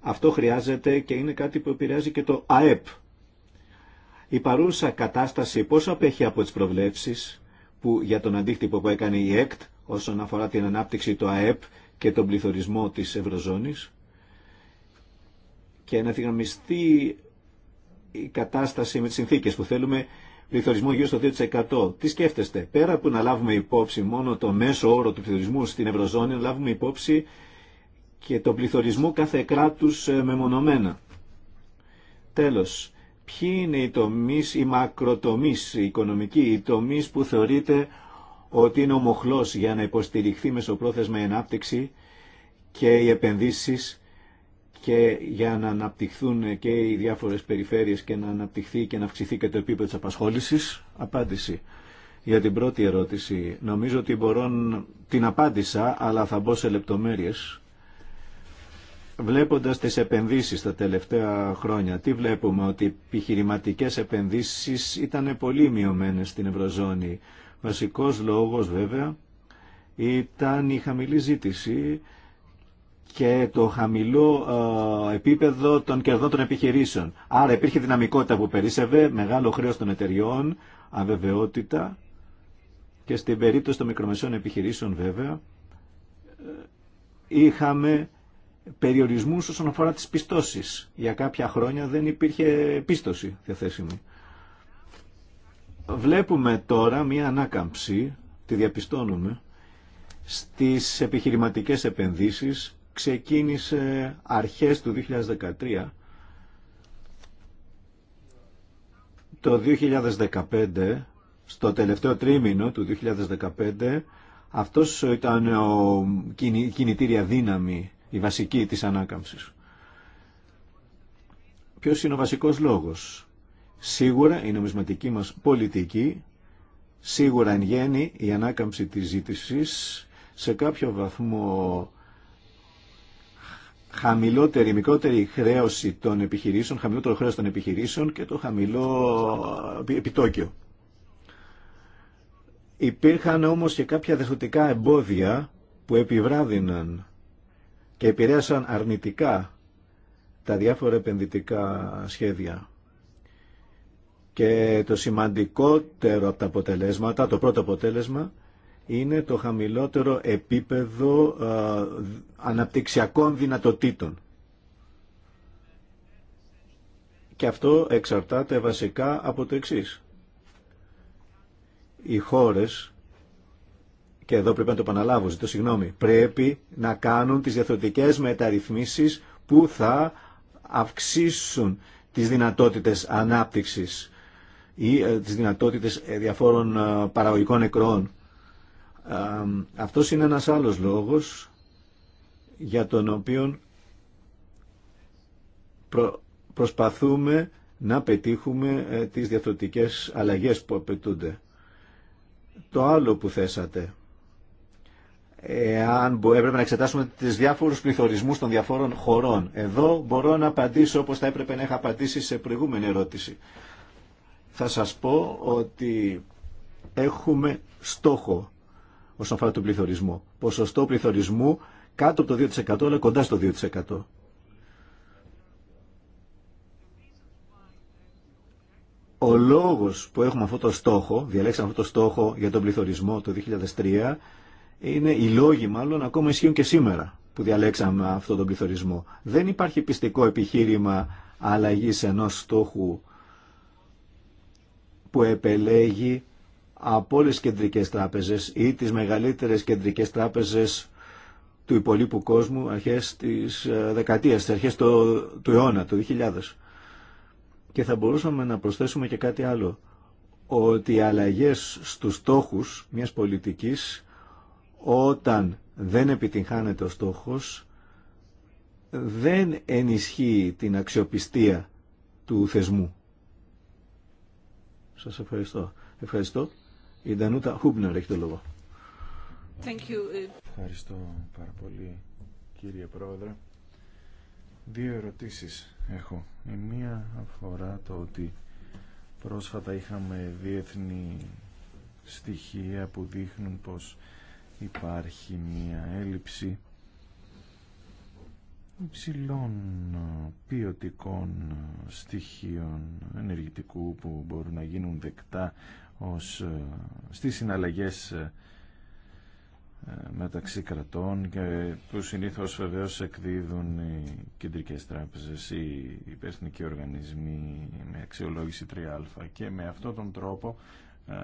Αυτό χρειάζεται και είναι κάτι που επηρεάζει και το ΑΕΠ. Η παρούσα κατάσταση πόσο απέχει από τις προβλέψεις που για τον αντίκτυπο που έκανε η ΕΚΤ όσον αφορά την ανάπτυξη του ΑΕΠ και τον πληθωρισμό της Ευρωζώνης και να ευθυγραμμιστεί η κατάσταση με τις συνθήκες που θέλουμε πληθωρισμό γύρω στο 2%. Τι σκέφτεστε, πέρα που να λάβουμε υπόψη μόνο το μέσο όρο του πληθωρισμού στην Ευρωζώνη, να λάβουμε υπόψη και το πληθωρισμό κάθε κράτους ε, μεμονωμένα. Τέλος, ποιοι είναι οι τομείς, οι μακροτομείς, οι οικονομικοί, οι τομείς που θεωρείτε ότι είναι ομοχλός για να υποστηριχθεί μεσοπρόθεσμα η ανάπτυξη και οι επενδύσεις και για να αναπτυχθούν και οι διάφορες περιφέρειες και να αναπτυχθεί και να αυξηθεί και το επίπεδο της απασχόλησης. Απάντηση. Για την πρώτη ερώτηση, νομίζω ότι μπορώ την απάντησα, αλλά θα μπω σε λεπτομέρειες. Βλέποντας τις επενδύσεις τα τελευταία χρόνια, τι βλέπουμε, ότι οι επιχειρηματικές επενδύσεις ήταν πολύ μειωμένες στην Ευρωζώνη. Βασικός λόγος βέβαια ήταν η χαμηλή ζήτηση και το χαμηλό ε, επίπεδο των κερδών των επιχειρήσεων. Άρα υπήρχε δυναμικότητα που περίσευε, μεγάλο χρέος των εταιριών, αβεβαιότητα και στην περίπτωση των μικρομεσαίων επιχειρήσεων βέβαια ε, είχαμε περιορισμούς όσον αφορά τις πιστώσεις. Για κάποια χρόνια δεν υπήρχε πίστοση διαθέσιμη. Βλέπουμε τώρα μία ανάκαμψη, τη διαπιστώνουμε, στις επιχειρηματικές επενδύσεις ξεκίνησε αρχές του 2013. Το 2015, στο τελευταίο τρίμηνο του 2015, αυτός ήταν ο κινητήρια δύναμη, η βασική της ανάκαμψης. Ποιος είναι ο βασικός λόγος. Σίγουρα η νομισματική μας πολιτική, σίγουρα εν γέννη η ανάκαμψη της ζήτησης, σε κάποιο βαθμό χαμηλότερη, μικρότερη χρέωση των επιχειρήσεων, χαμηλότερο χρέος των επιχειρήσεων και το χαμηλό επιτόκιο. Υπήρχαν όμως και κάποια δεσοτικά εμπόδια που επιβράδυναν και επηρέασαν αρνητικά τα διάφορα επενδυτικά σχέδια. Και το σημαντικότερο από τα αποτελέσματα, το πρώτο αποτέλεσμα, είναι το χαμηλότερο επίπεδο αναπτυξιακών δυνατοτήτων. Και αυτό εξαρτάται βασικά από το εξής. Οι χώρες, και εδώ πρέπει να το επαναλάβω, ζητώ συγγνώμη, πρέπει να κάνουν τις διαθωτικές μεταρρυθμίσεις που θα αυξήσουν τις δυνατότητες ανάπτυξης ή ε, τις δυνατότητες ε, διαφόρων ε, παραγωγικών νεκρών αυτός είναι ένας άλλος λόγος για τον οποίο προσπαθούμε να πετύχουμε ε, τις διαθροτικές αλλαγές που απαιτούνται. Το άλλο που θέσατε, εάν έπρεπε να εξετάσουμε τις διάφορους πληθωρισμούς των διαφόρων χωρών. Εδώ μπορώ να απαντήσω όπως θα έπρεπε να είχα απαντήσει σε προηγούμενη ερώτηση. Θα σας πω ότι έχουμε στόχο όσον αφορά τον πληθωρισμό. Ποσοστό πληθωρισμού κάτω από το 2% αλλά κοντά στο 2%. Ο λόγος που έχουμε αυτό το στόχο, διαλέξαμε αυτό το στόχο για τον πληθωρισμό το 2003, είναι οι λόγοι μάλλον ακόμα ισχύουν και σήμερα που διαλέξαμε αυτό τον πληθωρισμό. Δεν υπάρχει πιστικό επιχείρημα αλλαγής ενός στόχου που επελέγει από όλες τις κεντρικές τράπεζες ή τις μεγαλύτερες κεντρικές τράπεζες του υπολείπου κόσμου αρχές της ε, δεκαετίας, αρχές του, του αιώνα, του 2000. Και θα μπορούσαμε να προσθέσουμε και κάτι άλλο, ότι οι αλλαγές στους στόχους μιας πολιτικής, όταν δεν επιτυγχάνεται ο στόχος, δεν ενισχύει την αξιοπιστία του θεσμού. Σας ευχαριστώ. Ευχαριστώ. Η Ντανούτα Χούμπνερ έχει το λόγο. Ευχαριστώ πάρα πολύ κύριε Πρόεδρε. Δύο ερωτήσεις έχω. Η μία αφορά το ότι πρόσφατα είχαμε διεθνή στοιχεία που δείχνουν πως υπάρχει μία έλλειψη υψηλών ποιοτικών στοιχείων ενεργητικού που μπορούν να γίνουν δεκτά ως, ε, στις συναλλαγές ε, ε, μεταξύ κρατών και που συνήθως βεβαίως εκδίδουν οι κεντρικές τράπεζες ή οι υπερθνικοί οργανισμοί με αξιολόγηση 3α και με αυτόν τον τρόπο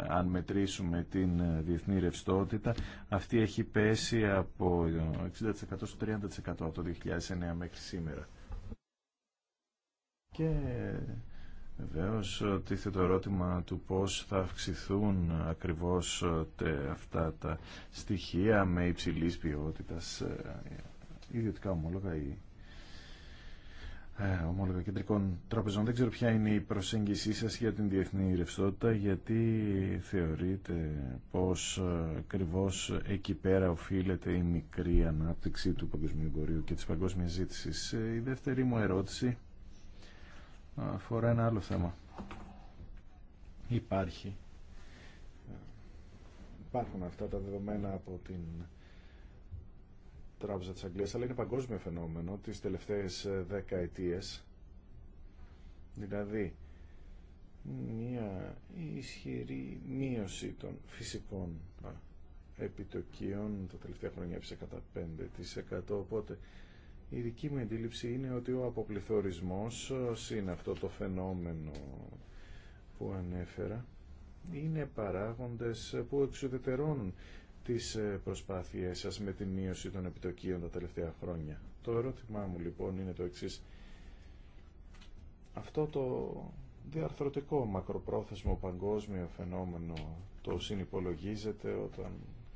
αν μετρήσουμε την διεθνή ρευστότητα αυτή έχει πέσει από 60% στο 30% από το 2009 μέχρι σήμερα και Βεβαίως ε, τίθεται το ερώτημα του πώς θα αυξηθούν ακριβώς ε, αυτά τα στοιχεία με υψηλής ποιότητας ε, ιδιωτικά ομόλογα ή ε, ομόλογα κεντρικών τραπεζών. Δεν ξέρω ποια είναι η προσέγγισή σας για την διεθνή ρευστότητα, γιατί θεωρείτε πως ακριβώ εκεί πέρα οφείλεται η μικρή ανάπτυξη του παγκοσμίου εμπορίου και της παγκόσμιας ζήτησης. Η δεύτερη μου ερώτηση αφορά ένα άλλο θέμα. Υπάρχει. Υπάρχουν αυτά τα δεδομένα από την Τράπεζα της Αγγλίας, αλλά είναι παγκόσμιο φαινόμενο τις τελευταίες δέκα Δηλαδή, μια ισχυρή μείωση των φυσικών επιτοκίων τα τελευταία χρόνια έφυσε κατά 5% οπότε η δική μου εντύπωση είναι ότι ο αποπληθωρισμός είναι αυτό το φαινόμενο που ανέφερα είναι παράγοντες που εξουδετερώνουν τις προσπάθειές σας με τη μείωση των επιτοκίων τα τελευταία χρόνια. Το ερώτημά μου λοιπόν είναι το εξής. Αυτό το διαρθρωτικό μακροπρόθεσμο παγκόσμιο φαινόμενο το συνυπολογίζεται όταν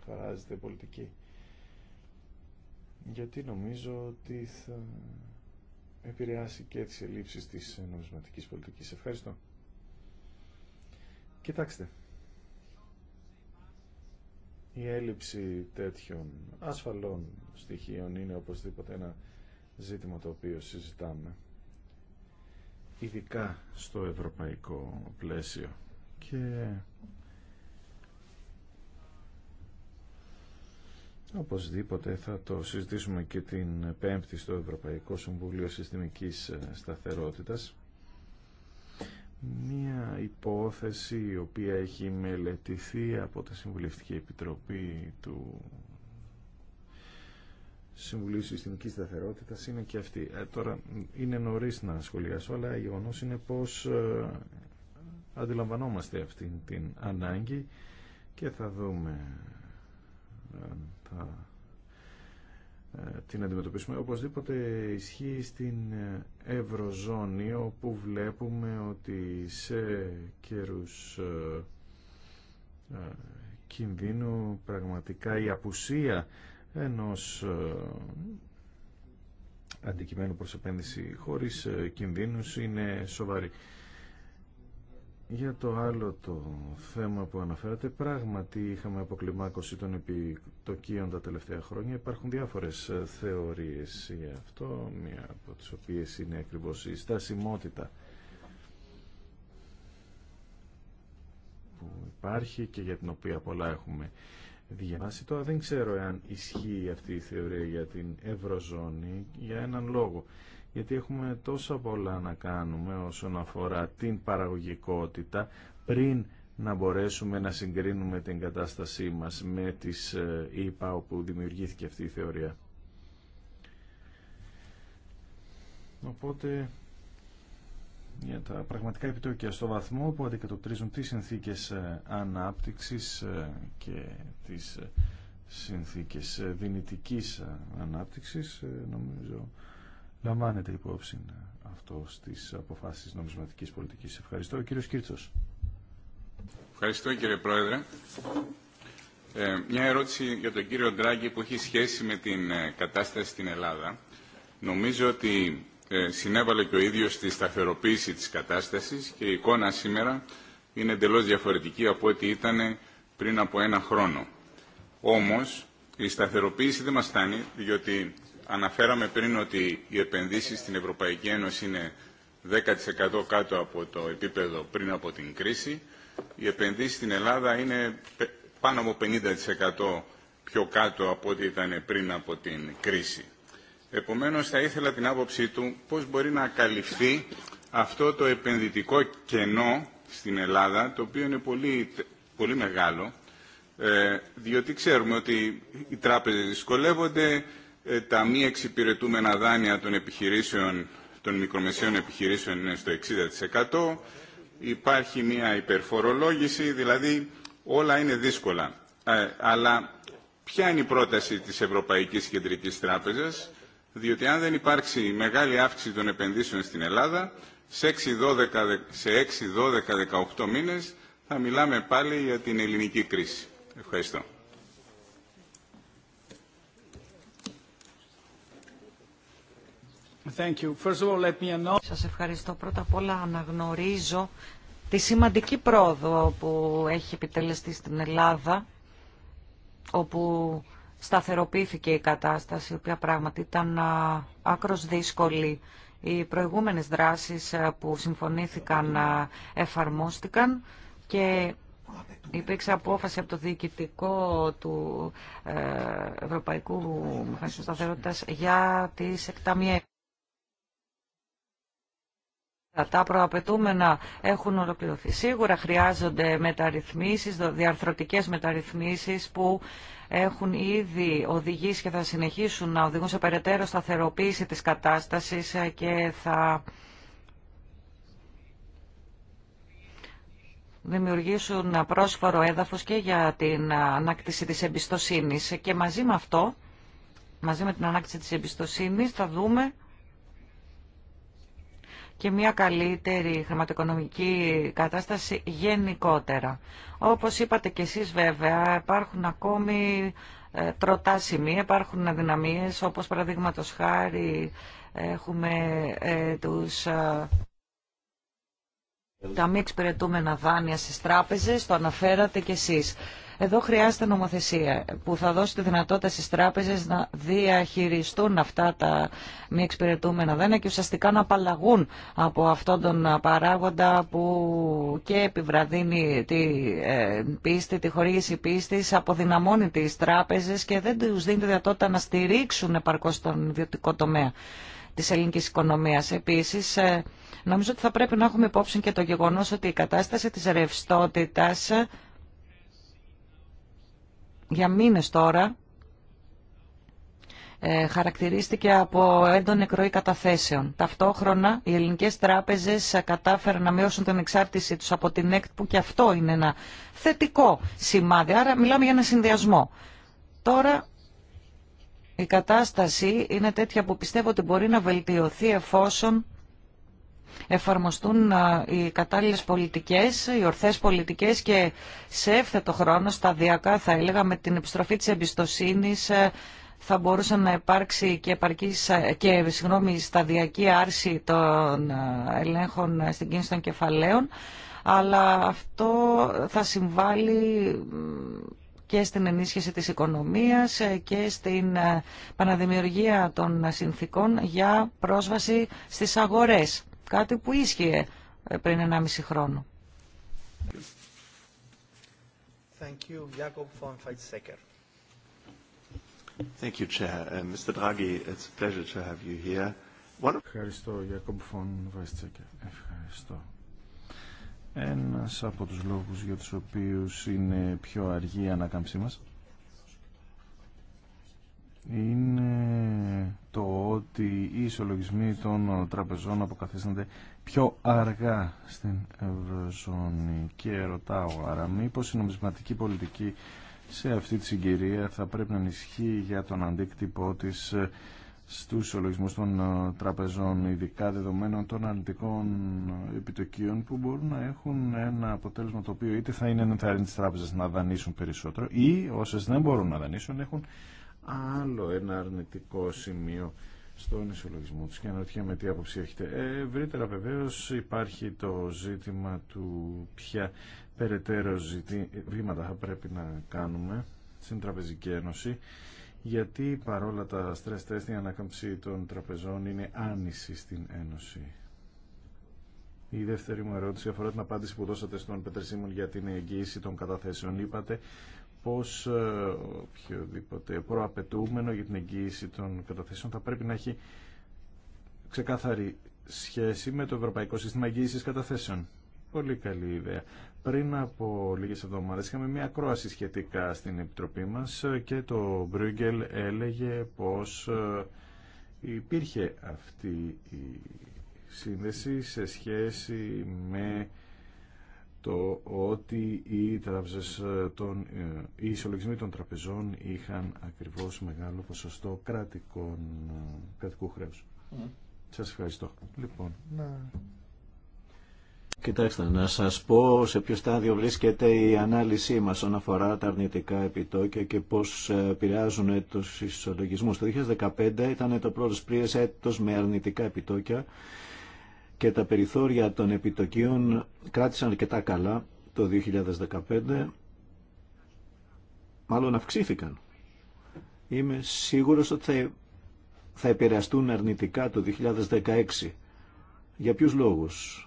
χαράζεται πολιτική γιατί νομίζω ότι θα επηρεάσει και τις ελλείψεις της νομισματικής πολιτικής. Ευχαριστώ. Κοιτάξτε, η έλλειψη τέτοιων ασφαλών στοιχείων είναι οπωσδήποτε ένα ζήτημα το οποίο συζητάμε, ειδικά στο ευρωπαϊκό πλαίσιο. Και Οπωσδήποτε θα το συζητήσουμε και την Πέμπτη στο Ευρωπαϊκό Συμβούλιο Συστημικής Σταθερότητας. Μία υπόθεση η οποία έχει μελετηθεί από τη Συμβουλευτική Επιτροπή του Συμβουλίου Συστημικής Σταθερότητας είναι και αυτή. Ε, τώρα είναι νωρίς να σχολιάσω, αλλά γεγονό είναι πως ε, αντιλαμβανόμαστε αυτή την ανάγκη και θα δούμε ε, θα ε, την αντιμετωπίσουμε. Οπωσδήποτε ισχύει στην ε, Ευρωζώνη όπου βλέπουμε ότι σε καιρούς ε, κινδύνου πραγματικά η απουσία ενός αντικειμένου προς επένδυση χωρίς κινδύνους είναι σοβαρή. Για το άλλο το θέμα που αναφέρατε, πράγματι είχαμε αποκλιμάκωση των επιτοκίων τα τελευταία χρόνια. Υπάρχουν διάφορες θεωρίες για αυτό, μία από τις οποίες είναι ακριβώς η στασιμότητα που υπάρχει και για την οποία πολλά έχουμε διαβάσει. Τώρα δεν ξέρω αν ισχύει αυτή η θεωρία για την Ευρωζώνη για έναν λόγο γιατί έχουμε τόσα πολλά να κάνουμε όσον αφορά την παραγωγικότητα πριν να μπορέσουμε να συγκρίνουμε την κατάστασή μας με τις ΙΠΑ ε, όπου δημιουργήθηκε αυτή η θεωρία. Οπότε για τα πραγματικά επιτόκια στο βαθμό που αντικατοπτρίζουν τις συνθήκες ε, ανάπτυξης ε, και τις συνθήκες δυνητικής ανάπτυξης νομίζω λαμβάνεται υπόψη αυτό στις αποφάσεις νομισματικής πολιτικής. Ευχαριστώ. Ο κύριος Κίρτσος. Ευχαριστώ κύριε Πρόεδρε. Ε, μια ερώτηση για τον κύριο Ντράγκη που έχει σχέση με την ε, κατάσταση στην Ελλάδα. Νομίζω ότι ε, συνέβαλε και ο ίδιος στη σταθεροποίηση της κατάστασης και η εικόνα σήμερα είναι εντελώς διαφορετική από ό,τι ήταν πριν από ένα χρόνο. Όμως η σταθεροποίηση δεν μας φτάνει διότι Αναφέραμε πριν ότι οι επενδύσεις στην Ευρωπαϊκή Ένωση είναι 10% κάτω από το επίπεδο πριν από την κρίση. Οι επενδύσεις στην Ελλάδα είναι πάνω από 50% πιο κάτω από ό,τι ήταν πριν από την κρίση. Επομένως, θα ήθελα την άποψή του πώς μπορεί να καλυφθεί αυτό το επενδυτικό κενό στην Ελλάδα, το οποίο είναι πολύ, πολύ μεγάλο, ε, διότι ξέρουμε ότι οι τράπεζες δυσκολεύονται, ε, τα μη εξυπηρετούμενα δάνεια των επιχειρήσεων, των μικρομεσαίων επιχειρήσεων είναι στο 60%. Υπάρχει μια υπερφορολόγηση, δηλαδή όλα είναι δύσκολα. Ε, αλλά ποια είναι η πρόταση της Ευρωπαϊκής Κεντρικής Τράπεζας, διότι αν δεν υπάρξει μεγάλη αύξηση των επενδύσεων στην Ελλάδα, σε 6-12-18 μήνες θα μιλάμε πάλι για την ελληνική κρίση. Ευχαριστώ. Thank Σας ευχαριστώ. Πρώτα απ' όλα αναγνωρίζω τη σημαντική πρόοδο που έχει επιτελεστεί στην Ελλάδα, όπου σταθεροποιήθηκε η κατάσταση, η οποία πράγματι ήταν άκρος δύσκολη. Οι προηγούμενες δράσεις που συμφωνήθηκαν εφαρμόστηκαν και υπήρξε απόφαση από το διοικητικό του ε, Ευρωπαϊκού Μηχανισμού Σταθερότητας για τις εκταμιές τα προαπαιτούμενα έχουν ολοκληρωθεί. Σίγουρα χρειάζονται μεταρρυθμίσεις, διαρθρωτικές μεταρρυθμίσεις που έχουν ήδη οδηγήσει και θα συνεχίσουν να οδηγούν σε περαιτέρω σταθεροποίηση της κατάστασης και θα δημιουργήσουν πρόσφορο έδαφος και για την ανάκτηση της εμπιστοσύνης. Και μαζί με αυτό, μαζί με την ανάκτηση της εμπιστοσύνης, θα δούμε και μια καλύτερη χρηματοοικονομική κατάσταση γενικότερα. Όπως είπατε και εσείς βέβαια, υπάρχουν ακόμη ε, τροτά σημεία, υπάρχουν αδυναμίες, όπως παραδείγματος χάρη έχουμε ε, τους... Ε, τα μη εξυπηρετούμενα δάνεια στις τράπεζες, το αναφέρατε κι εσείς. Εδώ χρειάζεται νομοθεσία που θα δώσει τη δυνατότητα στις τράπεζες να διαχειριστούν αυτά τα μη εξυπηρετούμενα δένα και ουσιαστικά να απαλλαγούν από αυτόν τον παράγοντα που και επιβραδύνει τη ε, πίστη, τη χορήγηση πίστης, αποδυναμώνει τις τράπεζες και δεν τους δίνει τη δυνατότητα να στηρίξουν επαρκώς τον ιδιωτικό τομέα της ελληνικής οικονομίας. Επίσης, ε, νομίζω ότι θα πρέπει να έχουμε υπόψη και το γεγονός ότι η κατάσταση της ρευστότητας για μήνες τώρα ε, χαρακτηρίστηκε από έντονη νεκροή καταθέσεων. Ταυτόχρονα οι ελληνικές τράπεζες κατάφεραν να μειώσουν την εξάρτησή τους από την ΕΚΤ που και αυτό είναι ένα θετικό σημάδι. Άρα μιλάμε για ένα συνδυασμό. Τώρα η κατάσταση είναι τέτοια που πιστεύω ότι μπορεί να βελτιωθεί εφόσον εφαρμοστούν οι κατάλληλες πολιτικές, οι ορθές πολιτικές και σε εύθετο χρόνο, σταδιακά θα έλεγα, με την επιστροφή της εμπιστοσύνης ε, θα μπορούσε να υπάρξει και, επαρκής, ε, και σταδιακή άρση των ε, ελέγχων στην κίνηση των κεφαλαίων, αλλά αυτό θα συμβάλλει και στην ενίσχυση της οικονομίας και στην παναδημιουργία των συνθήκων για πρόσβαση στις αγορές κάτι που ίσχυε ε, πριν ένα μισή χρόνο. Ευχαριστώ, Ιάκομπ Φόν Βαϊστσέκερ. Ευχαριστώ. Ένας από τους λόγους για τους οποίους είναι πιο αργή η ανακάμψή μας είναι το ότι οι ισολογισμοί των τραπεζών αποκαθίστανται πιο αργά στην Ευρωζώνη και ρωτάω άρα μήπως η νομισματική πολιτική σε αυτή τη συγκυρία θα πρέπει να ενισχύει για τον αντίκτυπό της ε, στους ισολογισμούς των ε, τραπεζών ειδικά δεδομένων των αρνητικών ε, επιτοκίων που μπορούν να έχουν ένα αποτέλεσμα το οποίο είτε θα είναι ενθαρρύνει τις τράπεζες να δανείσουν περισσότερο ή όσες δεν μπορούν να δανείσουν έχουν άλλο ένα αρνητικό σημείο στον ισολογισμό τους και αναρωτιέμαι τι άποψη έχετε. Ε, ευρύτερα βεβαίω υπάρχει το ζήτημα του ποια περαιτέρω ζητή... βήματα θα πρέπει να κάνουμε στην Τραπεζική Ένωση γιατί παρόλα τα stress τεστ η ανάκαμψη των τραπεζών είναι άνηση στην Ένωση. Η δεύτερη μου ερώτηση αφορά την απάντηση που δώσατε στον Πετρεσίμων για την εγγύηση των καταθέσεων. Είπατε πως ε, οποιοδήποτε προαπαιτούμενο για την εγγύηση των καταθέσεων θα πρέπει να έχει ξεκάθαρη σχέση με το Ευρωπαϊκό Σύστημα Εγγύησης Καταθέσεων. Πολύ καλή ιδέα. Πριν από λίγες εβδομάδες είχαμε μια ακρόαση σχετικά στην Επιτροπή μας και το Μπρούγκελ έλεγε πως ε, υπήρχε αυτή η σύνδεση σε σχέση με το ότι οι, τράπεζες των, ε, ισολογισμοί των τραπεζών είχαν ακριβώς μεγάλο ποσοστό κρατικών, ε, κρατικού χρέους. Mm. Σας ευχαριστώ. Λοιπόν, να... Κοιτάξτε, να σας πω σε ποιο στάδιο βρίσκεται η ανάλυση μας όσον αφορά τα αρνητικά επιτόκια και πώς ε, επηρεάζουν τους ισολογισμούς. Το 2015 ήταν το πρώτο πρίες έτος με αρνητικά επιτόκια και τα περιθώρια των επιτοκίων κράτησαν αρκετά καλά το 2015, μάλλον αυξήθηκαν. Είμαι σίγουρος ότι θα, θα επηρεαστούν αρνητικά το 2016. Για ποιους λόγους.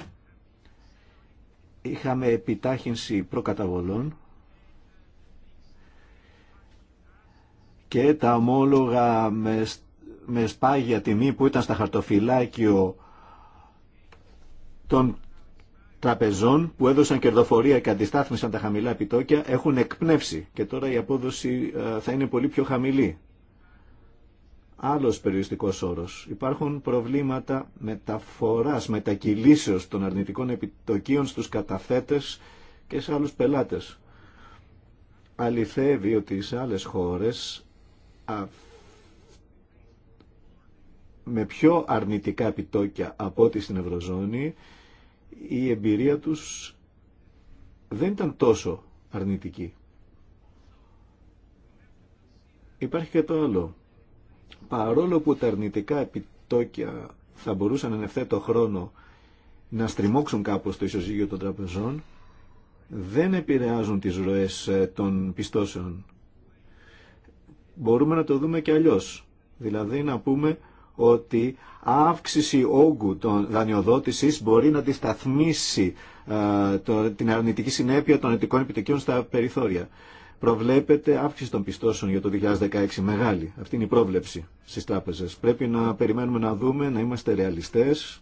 Είχαμε επιτάχυνση προκαταβολών και τα ομόλογα με, με σπάγια τιμή που ήταν στα χαρτοφυλάκιο των τραπεζών που έδωσαν κερδοφορία και αντιστάθμισαν τα χαμηλά επιτόκια έχουν εκπνεύσει και τώρα η απόδοση ε, θα είναι πολύ πιο χαμηλή. Άλλος περιοριστικός όρος. Υπάρχουν προβλήματα μεταφοράς, μετακυλήσεως των αρνητικών επιτοκίων στους καταθέτες και σε άλλους πελάτες. Αληθεύει ότι σε άλλες χώρες με πιο αρνητικά επιτόκια από ό,τι στην Ευρωζώνη, η εμπειρία τους δεν ήταν τόσο αρνητική. Υπάρχει και το άλλο. Παρόλο που τα αρνητικά επιτόκια θα μπορούσαν εν ευθέτω χρόνο να στριμώξουν κάπως το ισοζύγιο των τραπεζών, δεν επηρεάζουν τις ροές ε, των πιστώσεων. Μπορούμε να το δούμε και αλλιώς. Δηλαδή να πούμε ότι αύξηση όγκου των δανειοδότησης μπορεί να αντισταθμίσει ε, την αρνητική συνέπεια των ετικών επιτοκίων στα περιθώρια. Προβλέπεται αύξηση των πιστώσεων για το 2016 μεγάλη. Αυτή είναι η πρόβλεψη στις τράπεζες. Πρέπει να περιμένουμε να δούμε, να είμαστε ρεαλιστές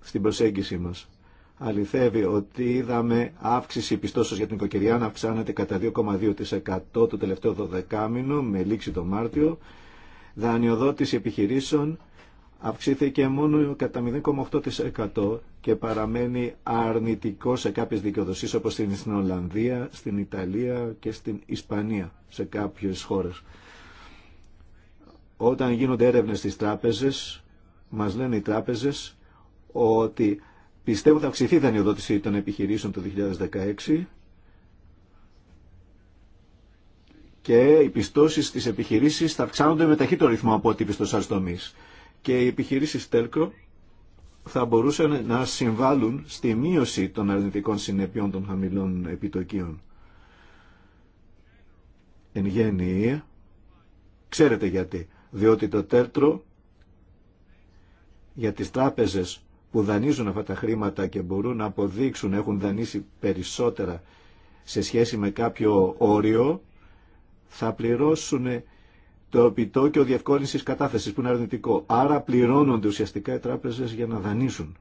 στην προσέγγιση μας. Αληθεύει ότι είδαμε αύξηση πιστώσεως για την οικοκυριά να αυξάνεται κατά 2,2% το τελευταίο 12 μήνο με λήξη το Μάρτιο δανειοδότηση επιχειρήσεων αυξήθηκε μόνο κατά 0,8% και παραμένει αρνητικό σε κάποιες δικαιοδοσίες όπως στην Ολλανδία, στην Ιταλία και στην Ισπανία, σε κάποιες χώρες. Όταν γίνονται έρευνες στις τράπεζες, μας λένε οι τράπεζες ότι πιστεύουν θα αυξηθεί η δανειοδότηση των επιχειρήσεων το 2016 και οι πιστώσει στι επιχειρήσει θα αυξάνονται με ταχύτερο ρυθμό από ό,τι οι πιστώσει Και οι επιχειρήσει τέλκρο θα μπορούσαν να συμβάλλουν στη μείωση των αρνητικών συνεπειών των χαμηλών επιτοκίων. Εν γέννη, ξέρετε γιατί. Διότι το τέρτρο για τις τράπεζες που δανείζουν αυτά τα χρήματα και μπορούν να αποδείξουν έχουν δανείσει περισσότερα σε σχέση με κάποιο όριο θα πληρώσουν το επιτόκιο διευκόλυνση κατάθεσης που είναι αρνητικό. Άρα πληρώνονται ουσιαστικά οι τράπεζες για να δανείσουν.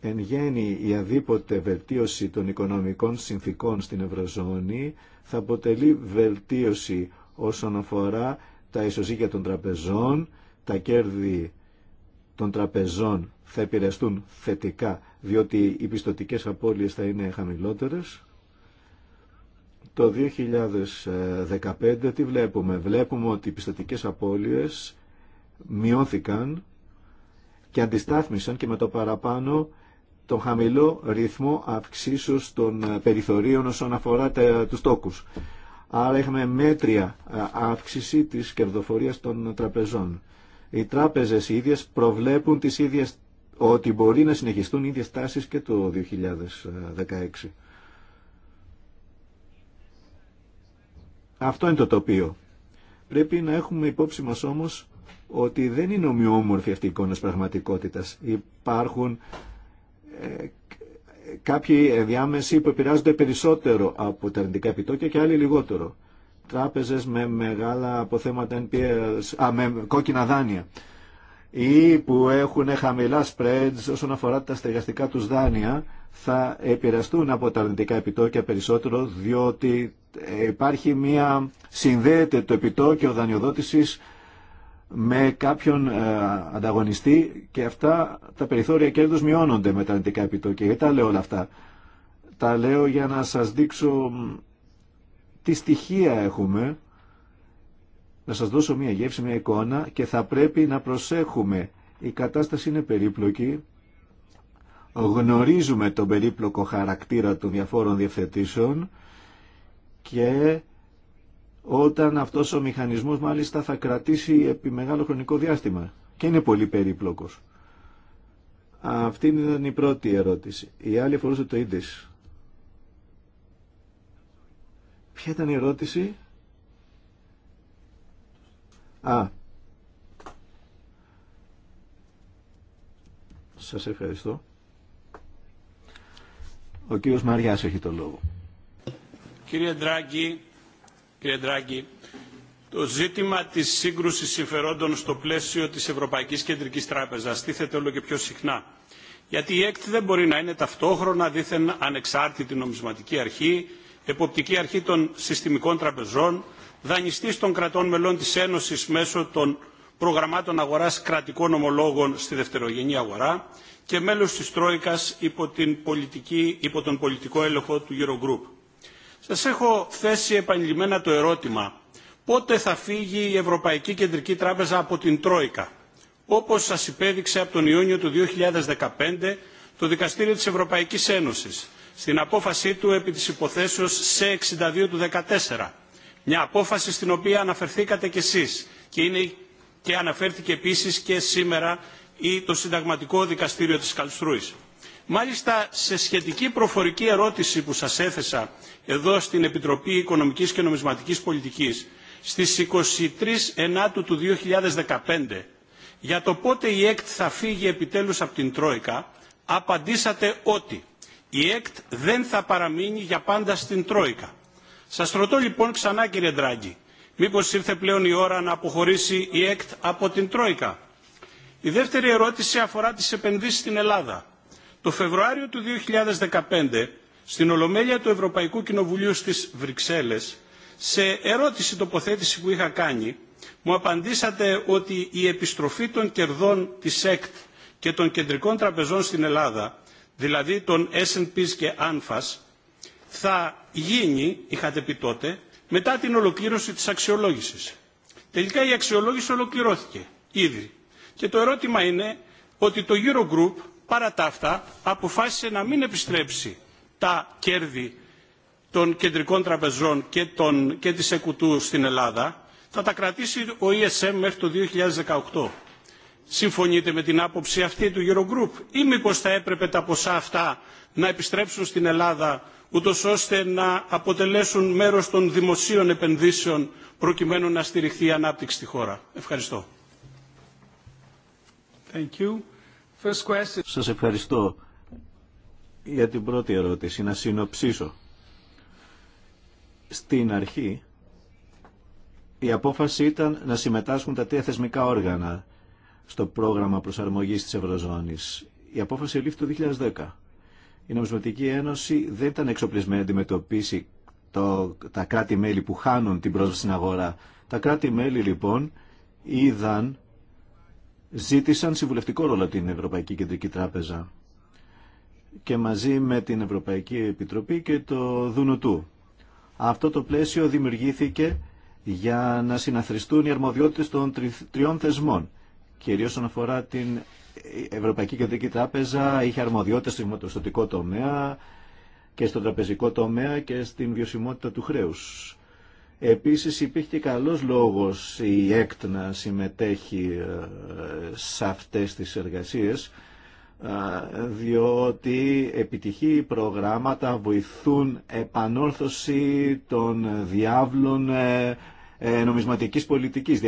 Εν γέννη η αδίποτε βελτίωση των οικονομικών συνθήκων στην Ευρωζώνη θα αποτελεί βελτίωση όσον αφορά τα ισοζύγια των τραπεζών, τα κέρδη των τραπεζών θα επηρεαστούν θετικά διότι οι πιστοτικές απώλειες θα είναι χαμηλότερες το 2015 τι βλέπουμε. Βλέπουμε ότι οι πιστοτικές απώλειες μειώθηκαν και αντιστάθμισαν και με το παραπάνω τον χαμηλό ρυθμό αυξήσεως των περιθωρίων όσον αφορά τους τόκους. Άρα είχαμε μέτρια ε, αύξηση της κερδοφορίας των τραπεζών. Οι τράπεζες οι ίδιες προβλέπουν τις ίδιες ότι μπορεί να συνεχιστούν οι ίδιες τάσεις και το 2016. Αυτό είναι το τοπίο. Πρέπει να έχουμε υπόψη μας όμως ότι δεν είναι ομοιόμορφη αυτή η εικόνα της πραγματικότητας. Υπάρχουν ε, κάποιοι διάμεσοι που επηρεάζονται περισσότερο από τα αρνητικά επιτόκια και άλλοι λιγότερο. Τράπεζες με μεγάλα αποθέματα α, με κόκκινα δάνεια ή που έχουν χαμηλά spreads όσον αφορά τα στεγαστικά τους δάνεια θα επηρεαστούν από τα αρνητικά επιτόκια περισσότερο διότι ε, υπάρχει μία συνδέεται το επιτόκιο δανειοδότησης με κάποιον ε, ανταγωνιστή και αυτά τα περιθώρια κέρδους μειώνονται με τα αρνητικά επιτόκια. Γιατί τα λέω όλα αυτά. Τα λέω για να σας δείξω τι στοιχεία έχουμε, να σας δώσω μία γεύση, μία εικόνα και θα πρέπει να προσέχουμε. Η κατάσταση είναι περίπλοκη γνωρίζουμε τον περίπλοκο χαρακτήρα των διαφόρων διευθετήσεων και όταν αυτός ο μηχανισμός μάλιστα θα κρατήσει επί μεγάλο χρονικό διάστημα και είναι πολύ περίπλοκος. Αυτή ήταν η πρώτη ερώτηση. Η άλλη αφορούσε το ίδις. Ποια ήταν η ερώτηση? Α. Σας ευχαριστώ. Ο κύριος Μαριάς έχει το λόγο. Κύριε Ντράγκη, κύριε Ντράγκη, το ζήτημα της σύγκρουσης συμφερόντων στο πλαίσιο της Ευρωπαϊκής Κεντρικής Τράπεζας τίθεται όλο και πιο συχνά. Γιατί η ΕΚΤ δεν μπορεί να είναι ταυτόχρονα δήθεν ανεξάρτητη νομισματική αρχή, εποπτική αρχή των συστημικών τραπεζών, δανειστής των κρατών μελών της Ένωσης μέσω των προγραμμάτων αγοράς κρατικών ομολόγων στη δευτερογενή αγορά και μέλος της Τρόικας υπό, την πολιτική, υπό τον πολιτικό έλεγχο του Eurogroup. Σας έχω θέσει επανειλημμένα το ερώτημα πότε θα φύγει η Ευρωπαϊκή Κεντρική Τράπεζα από την Τρόικα. Όπως σας υπέδειξε από τον Ιούνιο του 2015 το Δικαστήριο της Ευρωπαϊκής Ένωσης στην απόφασή του επί της υποθέσεως σε 62 του 2014. Μια απόφαση στην οποία αναφερθήκατε κι εσείς και, είναι, και αναφέρθηκε επίσης και σήμερα ή το Συνταγματικό Δικαστήριο της Καλστρούης. Μάλιστα, σε σχετική προφορική ερώτηση που σας έθεσα εδώ στην Επιτροπή Οικονομικής και Νομισματικής Πολιτικής στις 23 Ενάτου του 2015 για το πότε η ΕΚΤ θα φύγει επιτέλους από την Τρόικα απαντήσατε ότι η ΕΚΤ δεν θα παραμείνει για πάντα στην Τρόικα. Σας ρωτώ λοιπόν ξανά κύριε Ντράγκη, μήπως ήρθε πλέον η ώρα να αποχωρήσει η ΕΚΤ από την Τρόικα. Η δεύτερη ερώτηση αφορά τις επενδύσεις στην Ελλάδα. Το Φεβρουάριο του 2015, στην Ολομέλεια του Ευρωπαϊκού Κοινοβουλίου στις Βρυξέλλες, σε ερώτηση τοποθέτηση που είχα κάνει, μου απαντήσατε ότι η επιστροφή των κερδών της ΕΚΤ και των κεντρικών τραπεζών στην Ελλάδα, δηλαδή των S&P και ANFAS, θα γίνει, είχατε πει τότε, μετά την ολοκλήρωση της αξιολόγησης. Τελικά η αξιολόγηση ολοκληρώθηκε ήδη και το ερώτημα είναι ότι το Eurogroup παρά τα αυτά αποφάσισε να μην επιστρέψει τα κέρδη των κεντρικών τραπεζών και, και της ΕΚΟΥΤΟΥ στην Ελλάδα θα τα κρατήσει ο ESM μέχρι το 2018. Συμφωνείτε με την άποψη αυτή του Eurogroup ή μήπως θα έπρεπε τα ποσά αυτά να επιστρέψουν στην Ελλάδα ούτω ώστε να αποτελέσουν μέρος των δημοσίων επενδύσεων προκειμένου να στηριχθεί η ανάπτυξη στη χώρα. Ευχαριστώ. Thank you. Σας ευχαριστώ για την πρώτη ερώτηση. Να συνοψίσω. Στην αρχή η απόφαση ήταν να συμμετάσχουν τα τρία θεσμικά όργανα στο πρόγραμμα προσαρμογής της Ευρωζώνης. Η απόφαση λήφθη το 2010. Η Νομισματική Ένωση δεν ήταν εξοπλισμένη να αντιμετωπίσει τα κράτη-μέλη που χάνουν την πρόσβαση στην αγορά. Τα κράτη-μέλη λοιπόν είδαν ζήτησαν συμβουλευτικό ρόλο την Ευρωπαϊκή Κεντρική Τράπεζα και μαζί με την Ευρωπαϊκή Επιτροπή και το ΔΟΥΝΟΤΟΥ. Αυτό το πλαίσιο δημιουργήθηκε για να συναθριστούν οι αρμοδιότητες των τριών θεσμών. Κυρίως όσον αφορά την Ευρωπαϊκή Κεντρική Τράπεζα, είχε αρμοδιότητες στο τομέα και στο τραπεζικό τομέα και στην βιωσιμότητα του χρέους. Επίσης υπήρχε και καλός λόγος η ΕΚΤ να συμμετέχει ε, σε αυτές τις εργασίες ε, διότι επιτυχή προγράμματα βοηθούν επανόρθωση των διάβλων ε, νομισματικής πολιτικής,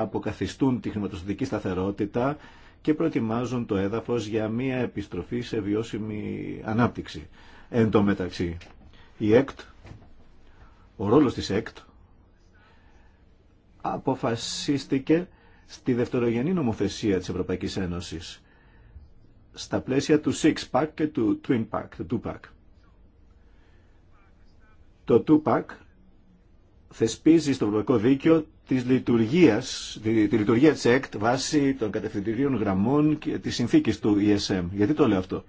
αποκαθιστούν τη χρηματοστατική σταθερότητα και προετοιμάζουν το έδαφος για μια επιστροφή σε βιώσιμη ανάπτυξη. Εν τω μεταξύ, η ΕΚΤ ο ρόλος της ΕΚΤ αποφασίστηκε στη δευτερογενή νομοθεσία της Ευρωπαϊκής Ένωσης στα πλαίσια του Six Pack και του Twin Pack, του Two Pack. Το Two Pack θεσπίζει στο Ευρωπαϊκό Δίκαιο της λειτουργίας, τη, τη λειτουργία της ΕΚΤ βάσει των κατευθυντηρίων γραμμών και της συνθήκης του ESM. Γιατί το λέω αυτό.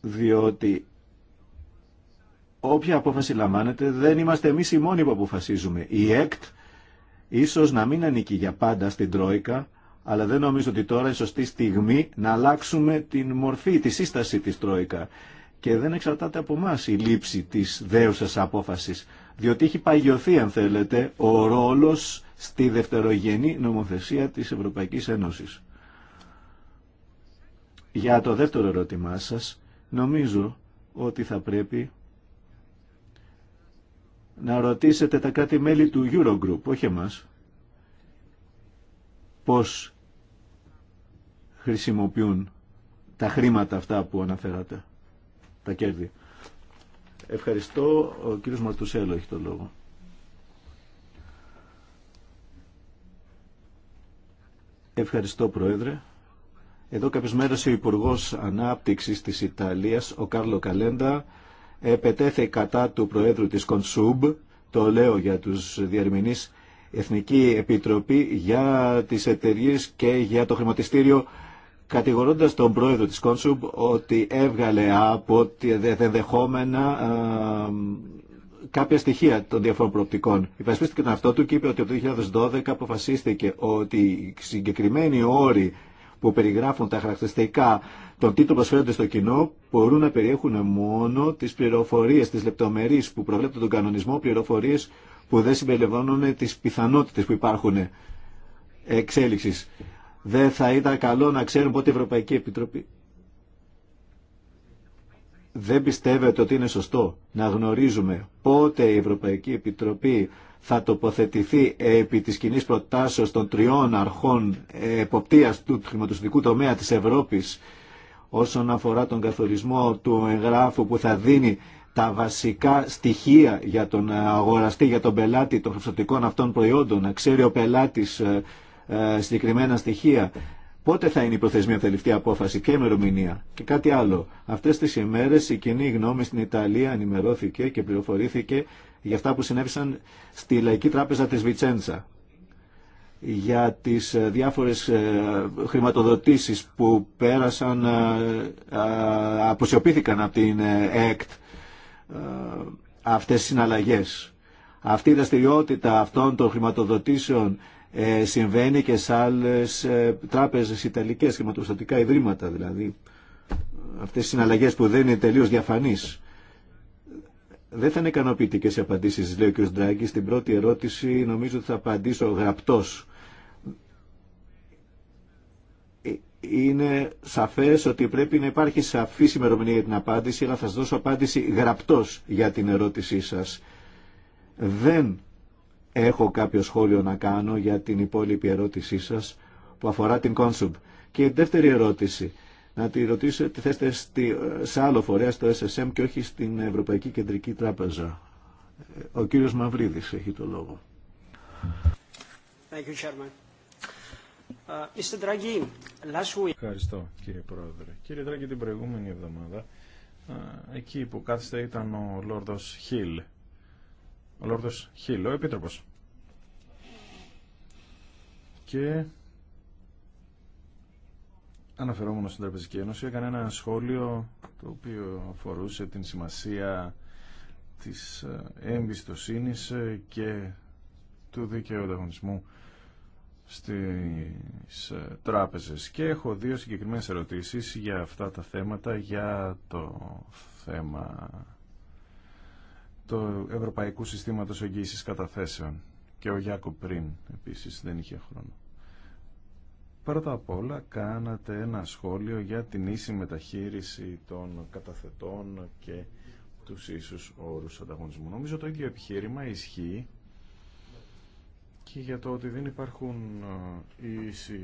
Διότι όποια απόφαση λαμβάνεται δεν είμαστε εμείς οι μόνοι που αποφασίζουμε. Η ΕΚΤ ίσως να μην ανήκει για πάντα στην Τρόικα, αλλά δεν νομίζω ότι τώρα η σωστή στιγμή να αλλάξουμε την μορφή, τη σύσταση της Τρόικα. Και δεν εξαρτάται από εμά η λήψη της δέουσας απόφασης, διότι έχει παγιωθεί, αν θέλετε, ο ρόλος στη δευτερογενή νομοθεσία της Ευρωπαϊκής Ένωσης. Για το δεύτερο ερώτημά σας, νομίζω ότι θα πρέπει να ρωτήσετε τα κάτι μελη του Eurogroup, όχι εμάς, πώς χρησιμοποιούν τα χρήματα αυτά που αναφέρατε, τα κέρδη. Ευχαριστώ. Ο κύριος Μαρτουσέλο έχει το λόγο. Ευχαριστώ, Πρόεδρε. Εδώ κάποιες μέρες ο Υπουργός Ανάπτυξης της Ιταλίας, ο Κάρλο Καλέντα, επετέθη κατά του Προέδρου της Κονσούμπ, το λέω για τους διερμηνείς, Εθνική Επιτροπή για τις εταιρείε και για το χρηματιστήριο κατηγορώντας τον πρόεδρο της Κόνσουμπ ότι έβγαλε από δεδεχόμενα ε, κάποια στοιχεία των διαφόρων προοπτικών. Υπασπίστηκε τον αυτό του και είπε ότι το 2012 αποφασίστηκε ότι συγκεκριμένοι όροι που περιγράφουν τα χαρακτηριστικά των τίτλων προσφέρονται στο κοινό μπορούν να περιέχουν μόνο τις πληροφορίες, τις λεπτομερεί που προβλέπουν τον κανονισμό, πληροφορίες που δεν συμπεριλαμβάνουν τις πιθανότητες που υπάρχουν εξέλιξης. Δεν θα ήταν καλό να ξέρουν πότε η Ευρωπαϊκή Επιτροπή... Δεν πιστεύετε ότι είναι σωστό να γνωρίζουμε πότε η Ευρωπαϊκή Επιτροπή θα τοποθετηθεί επί της κοινή προτάσεως των τριών αρχών εποπτείας του χρηματοστικού τομέα της Ευρώπης όσον αφορά τον καθορισμό του εγγράφου που θα δίνει τα βασικά στοιχεία για τον αγοραστή, για τον πελάτη των χρηματοδοτικών αυτών προϊόντων, να ξέρει ο πελάτης ε, ε, συγκεκριμένα στοιχεία. Πότε θα είναι η προθεσμία τελευταία απόφαση και ημερομηνία. Και κάτι άλλο. Αυτέ τις ημέρες η κοινή γνώμη στην Ιταλία ενημερώθηκε και πληροφορήθηκε για αυτά που συνέβησαν στη Λαϊκή Τράπεζα της Βιτσέντσα για τις ε, διάφορες ε, χρηματοδοτήσεις που πέρασαν, ε, αποσιωπήθηκαν από την ΕΚΤ αυτές οι συναλλαγές. Αυτή η δραστηριότητα αυτών των χρηματοδοτήσεων συμβαίνει και σε άλλες τράπεζες ιταλικές, χρηματοδοτικά ιδρύματα δηλαδή. Αυτές οι συναλλαγές που δεν είναι τελείως διαφανείς. Δεν θα είναι ικανοποιητικέ οι απαντήσει, λέει ο κ. Ντράγκη. Στην πρώτη ερώτηση νομίζω ότι θα απαντήσω γραπτό. Ε, είναι σαφέ ότι πρέπει να υπάρχει σαφή ημερομηνία για την απάντηση, αλλά θα σα δώσω απάντηση γραπτό για την ερώτησή σα. Δεν έχω κάποιο σχόλιο να κάνω για την υπόλοιπη ερώτησή σα που αφορά την Κόνσουμπ. Και η δεύτερη ερώτηση να τη ρωτήσετε θέστε στη, σε άλλο φορέα στο SSM και όχι στην Ευρωπαϊκή Κεντρική Τράπεζα. Ο κύριος Μαυρίδης έχει το λόγο. Uh, Ευχαριστώ κύριε Πρόεδρε. Κύριε Τράγκη την προηγούμενη εβδομάδα uh, εκεί που κάθεστε ήταν ο Λόρδος Χίλ. Ο Λόρδος Χίλ, ο Επίτροπος. Και Αναφερόμενο στην Τραπεζική Ένωση, έκανε ένα σχόλιο το οποίο αφορούσε την σημασία της ε, εμπιστοσύνη ε, και του δίκαιου ανταγωνισμού στις ε, τράπεζες και έχω δύο συγκεκριμένες ερωτήσεις για αυτά τα θέματα για το θέμα του Ευρωπαϊκού Συστήματος Εγγύησης Καταθέσεων και ο Γιάκο πριν επίσης δεν είχε χρόνο Πρώτα απ' όλα κάνατε ένα σχόλιο για την ίση μεταχείριση των καταθετών και τους ίσους όρους ανταγωνισμού. Νομίζω το ίδιο επιχείρημα ισχύει και για το ότι δεν υπάρχουν ίσοι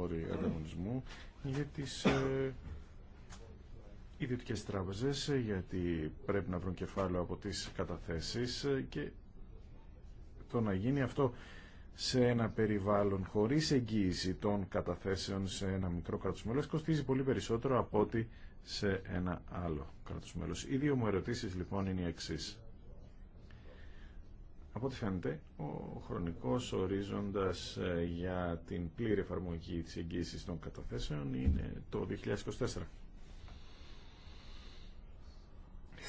όροι ανταγωνισμού για τις ε, ιδιωτικές τράπεζες γιατί πρέπει να βρουν κεφάλαιο από τις καταθέσεις και το να γίνει αυτό σε ένα περιβάλλον χωρίς εγγύηση των καταθέσεων σε ένα μικρό κράτος μέλος κοστίζει πολύ περισσότερο από ότι σε ένα άλλο κράτος μέλος. Οι δύο μου ερωτήσεις λοιπόν είναι οι εξής. Από ό,τι φαίνεται, ο χρονικός ορίζοντας ε, για την πλήρη εφαρμογή της εγγύησης των καταθέσεων είναι το 2024.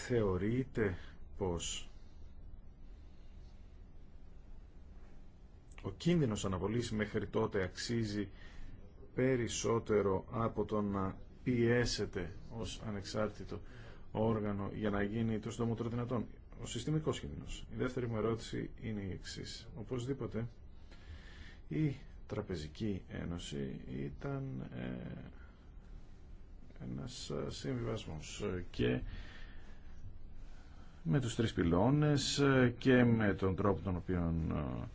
Θεωρείτε πως ο κίνδυνος αναβολής μέχρι τότε αξίζει περισσότερο από το να πιέσετε ως ανεξάρτητο όργανο για να γίνει το συντομότερο δυνατόν. Ο συστημικός κίνδυνος. Η δεύτερη μου ερώτηση είναι η εξής. Οπωσδήποτε η Τραπεζική Ένωση ήταν ε, ένας συμβιβασμός και με τους τρεις πυλώνες και με τον τρόπο τον οποίο ε,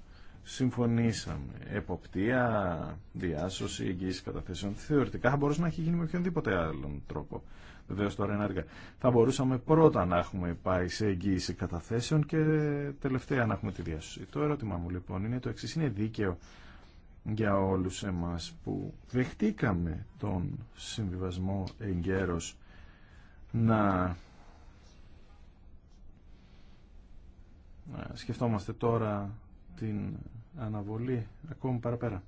συμφωνήσαμε. Εποπτεία, διάσωση, εγγύηση καταθέσεων. Θεωρητικά θα μπορούσε να έχει γίνει με οποιονδήποτε άλλον τρόπο. Βεβαίω τώρα είναι αργά. Θα μπορούσαμε πρώτα να έχουμε πάει σε εγγύηση καταθέσεων και τελευταία να έχουμε τη διάσωση. Το ερώτημά μου λοιπόν είναι το εξή. Είναι δίκαιο για όλους εμάς που δεχτήκαμε τον συμβιβασμό εγκαίρω να σκεφτόμαστε τώρα την αναβολή ακόμη παραπέρα.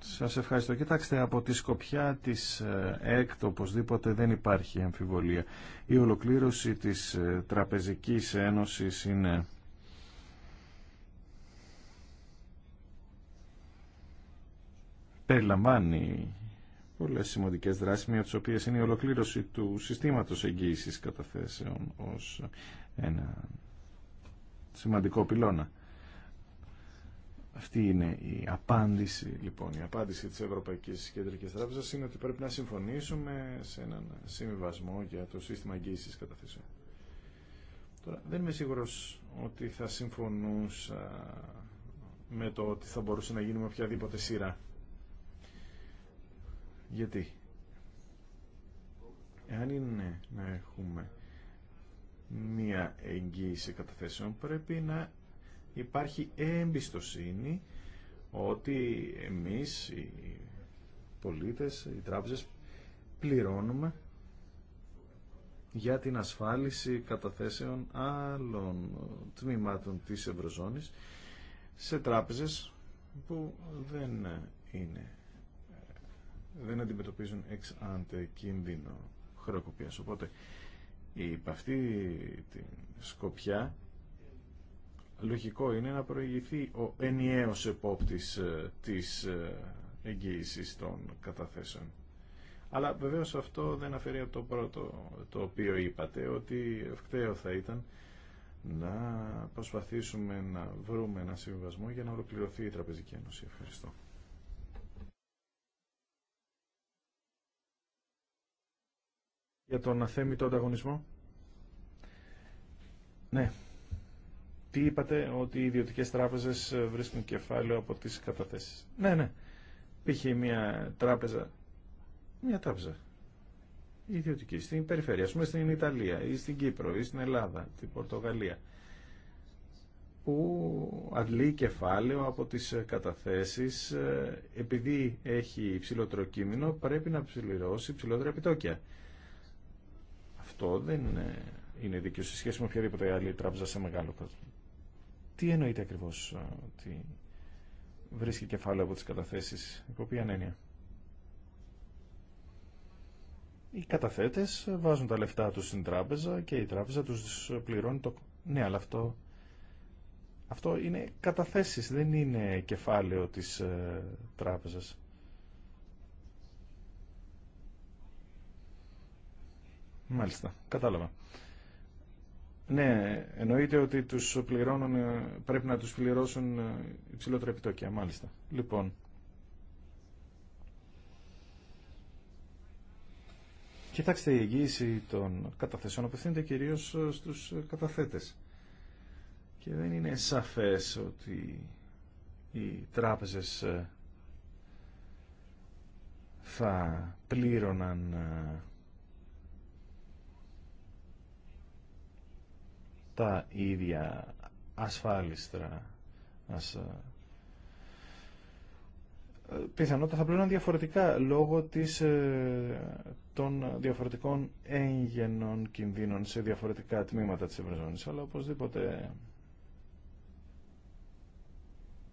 Σας ευχαριστώ. Κοιτάξτε, από τη σκοπιά της ε, ΕΚΤ οπωσδήποτε δεν υπάρχει αμφιβολία. Η ολοκλήρωση της ε, Τραπεζικής Ένωσης είναι... Περιλαμβάνει πολλές σημαντικές δράσεις, μία από είναι η ολοκλήρωση του συστήματος εγγύησης καταθέσεων ως ένα σημαντικό πυλώνα. Αυτή είναι η απάντηση, λοιπόν, η απάντηση της Ευρωπαϊκής Κεντρικής Τράπεζας είναι ότι πρέπει να συμφωνήσουμε σε έναν συμβιβασμό για το σύστημα εγγύησης καταθέσεων. Τώρα, δεν είμαι σίγουρος ότι θα συμφωνούσα με το ότι θα μπορούσε να γίνει με οποιαδήποτε σειρά. Γιατί, εάν είναι να έχουμε μία εγγύηση καταθέσεων, πρέπει να υπάρχει εμπιστοσύνη ότι εμείς οι πολίτες, οι τράπεζες πληρώνουμε για την ασφάλιση καταθέσεων άλλων τμήματων της Ευρωζώνης σε τράπεζες που δεν είναι δεν αντιμετωπίζουν εξ άντε κίνδυνο χρεοκοπίας. Οπότε υπ' αυτή τη σκοπιά λογικό είναι να προηγηθεί ο ενιαίος επόπτης ε, της ε, εγγύησης των καταθέσεων. Αλλά βεβαίως αυτό δεν αφαιρεί από το πρώτο το οποίο είπατε, ότι ευκταίο θα ήταν να προσπαθήσουμε να βρούμε ένα συμβασμό για να ολοκληρωθεί η Τραπεζική Ένωση. Ευχαριστώ. Για τον αθέμητο ανταγωνισμό. Ναι, τι είπατε ότι οι ιδιωτικέ τράπεζε ε, βρίσκουν κεφάλαιο από τι καταθέσει. Ναι, ναι. Υπήρχε μια τράπεζα, μια τράπεζα ιδιωτική στην περιφέρεια, α πούμε στην Ιταλία ή στην Κύπρο ή στην Ελλάδα, την Πορτογαλία που αντλεί κεφάλαιο από τι ε, καταθέσει, ε, επειδή έχει υψηλότερο κείμενο πρέπει να ψηλυρώσει υψηλότερα επιτόκια. Αυτό δεν είναι δίκαιο σε σχέση με οποιαδήποτε άλλη τράπεζα σε μεγάλο κόσμο. Τι εννοείται ακριβώς ε, ότι βρίσκει κεφάλαιο από τι καταθέσεις, υπό ποια έννοια. Οι καταθέτες βάζουν τα λεφτά τους στην τράπεζα και η τράπεζα του πληρώνει το... Ναι, αλλά αυτό, αυτό είναι καταθέσεις, δεν είναι κεφάλαιο της ε, τράπεζας. Μάλιστα, κατάλαβα. Ναι, εννοείται ότι τους πληρώνουν, ε, πρέπει να τους πληρώσουν ε, υψηλότερα επιτόκια, μάλιστα. Λοιπόν, Κοιτάξτε, η εγγύηση των καταθεσεών απευθύνεται κυρίως ε, στους καταθέτες. Και δεν είναι σαφές ότι οι τράπεζες θα πλήρωναν τα ίδια ασφάλιστρα ας, ε, πιθανότατα θα πλέον διαφορετικά λόγω της, ε, των διαφορετικών έγγενων κινδύνων σε διαφορετικά τμήματα της Ευρωζώνης αλλά οπωσδήποτε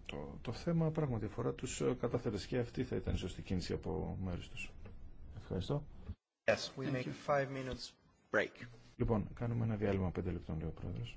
το, το θέμα πράγματι αφορά τους ε, καταθέτες και αυτή θα ήταν η σωστή κίνηση από μέρους τους. Ευχαριστώ. Yes, we make five minutes break. Λοιπόν, κάνουμε ένα διάλειμμα 5 λεπτών, λέει ο Πρόεδρος.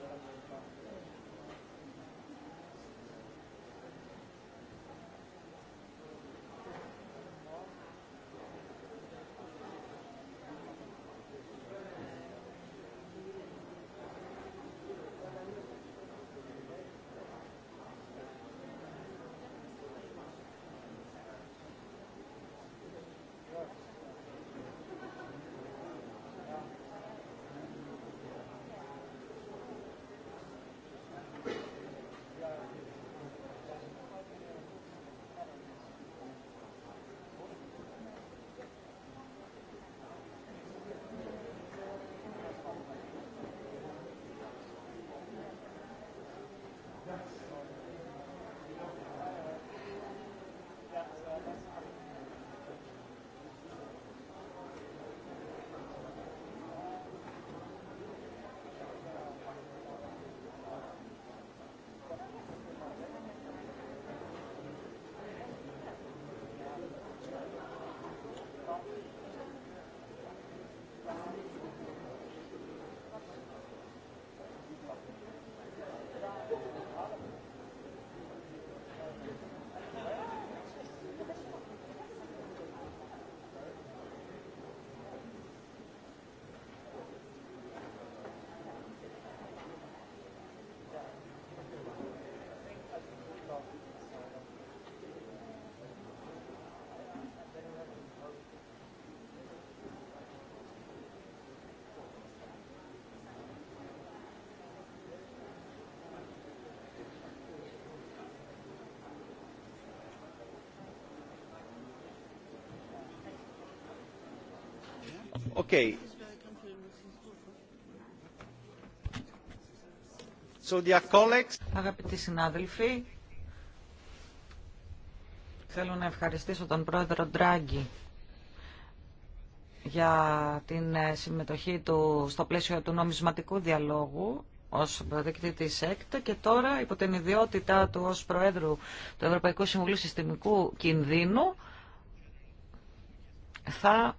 Gracias. Okay. So, dear colleagues... Αγαπητοί συνάδελφοι, θέλω να ευχαριστήσω τον πρόεδρο Ντράγκη για την ε, συμμετοχή του στο πλαίσιο του νομισματικού διαλόγου ως προδεκτή της ΕΚΤ και τώρα υπό την ιδιότητά του ως Προέδρου του Ευρωπαϊκού Συμβουλίου Συστημικού Κινδύνου θα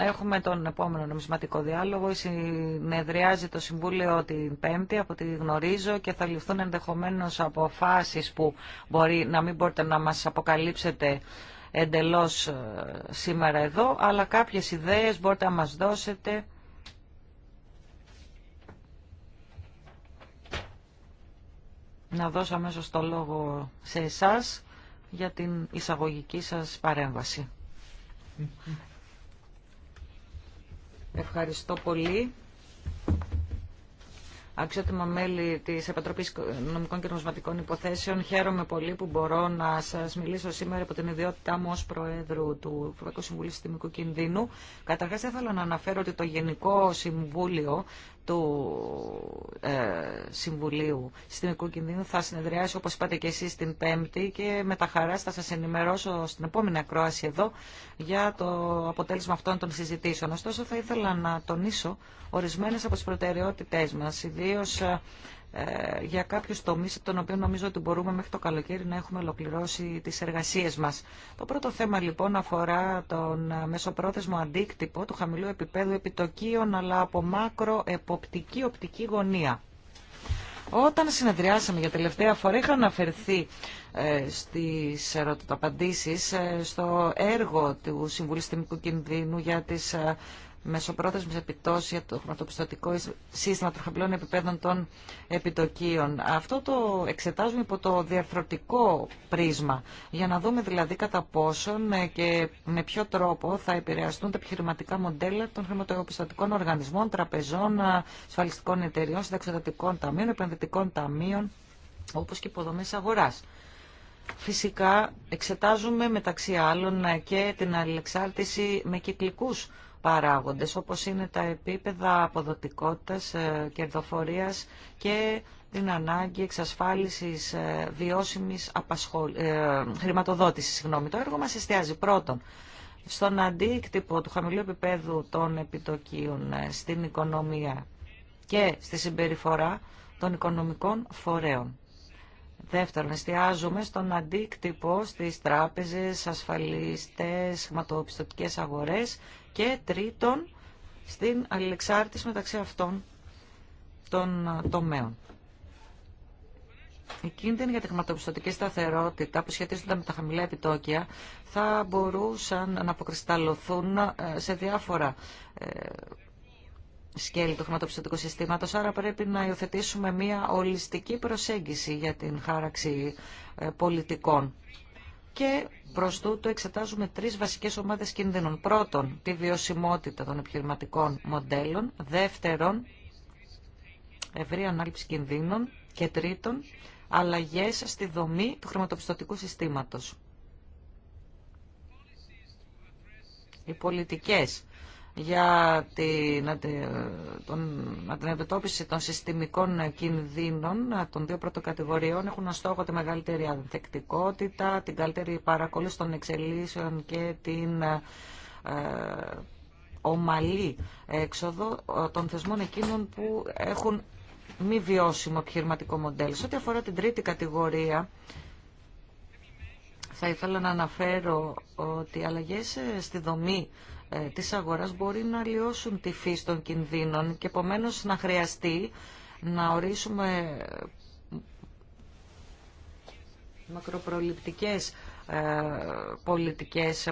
Έχουμε τον επόμενο νομισματικό διάλογο. Συνεδριάζει το Συμβούλιο την Πέμπτη, από ό,τι γνωρίζω, και θα ληφθούν ενδεχομένω αποφάσει που μπορεί να μην μπορείτε να μα αποκαλύψετε εντελώ ε, σήμερα εδώ, αλλά κάποιε ιδέε μπορείτε να μα δώσετε. Να δώσω αμέσω το λόγο σε εσά για την εισαγωγική σας παρέμβαση. Ευχαριστώ πολύ. Αξιότιμα μέλη τη Επιτροπή Νομικών και Νομισματικών Υποθέσεων, χαίρομαι πολύ που μπορώ να σα μιλήσω σήμερα από την ιδιότητά μου ω Προέδρου του Ευρωπαϊκού Συμβουλίου Συστημικού Κινδύνου. Καταρχά, θα ήθελα να αναφέρω ότι το Γενικό Συμβούλιο του ε, Συμβουλίου Συστημικού Κινδύνου θα συνεδριάσει όπως είπατε και εσείς την Πέμπτη και με τα χαρά θα σας ενημερώσω στην επόμενη ακρόαση εδώ για το αποτέλεσμα αυτών των συζητήσεων. Ωστόσο θα ήθελα να τονίσω ορισμένες από τις προτεραιότητές μας, ιδίως ε, ε, για κάποιους τομείς τον οποίο νομίζω ότι μπορούμε μέχρι το καλοκαίρι να έχουμε ολοκληρώσει τις εργασίες μας. Το πρώτο θέμα λοιπόν αφορά τον ε, μεσοπρόθεσμο αντίκτυπο του χαμηλού επίπεδου επιτοκίων αλλά από μάκρο εποπτική οπτική γωνία. Όταν συνεδριάσαμε για τελευταία φορά είχα αναφερθεί ε, στις ε, στο έργο του Συμβουλίου Συστημικού Κινδύνου για τις μεσοπρόθεσμης επιπτώσεις για το χρηματοπιστωτικό σύστημα των χαμηλών επιπέδων των επιτοκίων. Αυτό το εξετάζουμε υπό το διαρθρωτικό πρίσμα, για να δούμε δηλαδή κατά πόσον ε, και με ποιο τρόπο θα επηρεαστούν τα επιχειρηματικά μοντέλα των χρηματοπιστωτικών οργανισμών, τραπεζών, ε, ασφαλιστικών εταιριών, συνταξιδοτικών ταμείων, επενδυτικών ταμείων, όπω και υποδομέ αγορά. Φυσικά εξετάζουμε μεταξύ άλλων ε, και την αλληλεξάρτηση με κυκλικούς παράγοντες όπως είναι τα επίπεδα αποδοτικότητας, ε, κερδοφορίας και την ανάγκη εξασφάλισης ε, βιώσιμης απασχολ... Ε, χρηματοδότησης. Συγγνώμη. Το έργο μας εστιάζει πρώτον στον αντίκτυπο του χαμηλού επίπεδου των επιτοκίων στην οικονομία και στη συμπεριφορά των οικονομικών φορέων. Δεύτερον, εστιάζουμε στον αντίκτυπο στις τράπεζες, ασφαλιστές, χρηματοπιστωτικές αγορές και τρίτον στην αλληλεξάρτηση μεταξύ αυτών των ε, τομέων. Οι κίνδυνοι για τη χρηματοπιστωτική σταθερότητα που σχετίζονται με τα χαμηλά επιτόκια θα μπορούσαν να αποκρισταλωθούν ε, σε διάφορα ε, σκέλη του χρηματοπιστωτικού συστήματος, άρα πρέπει να υιοθετήσουμε μια ολιστική προσέγγιση για την χάραξη πολιτικών και προς τούτο εξετάζουμε τρεις βασικές ομάδες κινδύνων. Πρώτον, τη βιωσιμότητα των επιχειρηματικών μοντέλων. Δεύτερον, ευρύ ανάληψη κινδύνων. Και τρίτον, αλλαγές στη δομή του χρηματοπιστωτικού συστήματος. Οι πολιτικές για την, τον, αντιμετώπιση των συστημικών κινδύνων των δύο κατηγοριών έχουν ως στόχο τη μεγαλύτερη ανθεκτικότητα, την καλύτερη παρακολούθηση των εξελίσεων και την ε, ομαλή έξοδο ε, των θεσμών εκείνων που έχουν μη βιώσιμο επιχειρηματικό μοντέλο. Σε ό,τι αφορά την τρίτη κατηγορία, θα ήθελα να αναφέρω ότι οι αλλαγές ε, στη δομή ε, της αγοράς μπορεί να αλλοιώσουν τη φύση των κινδύνων και επομένως να χρειαστεί να ορίσουμε μακροπροληπτικές ε, πολιτικές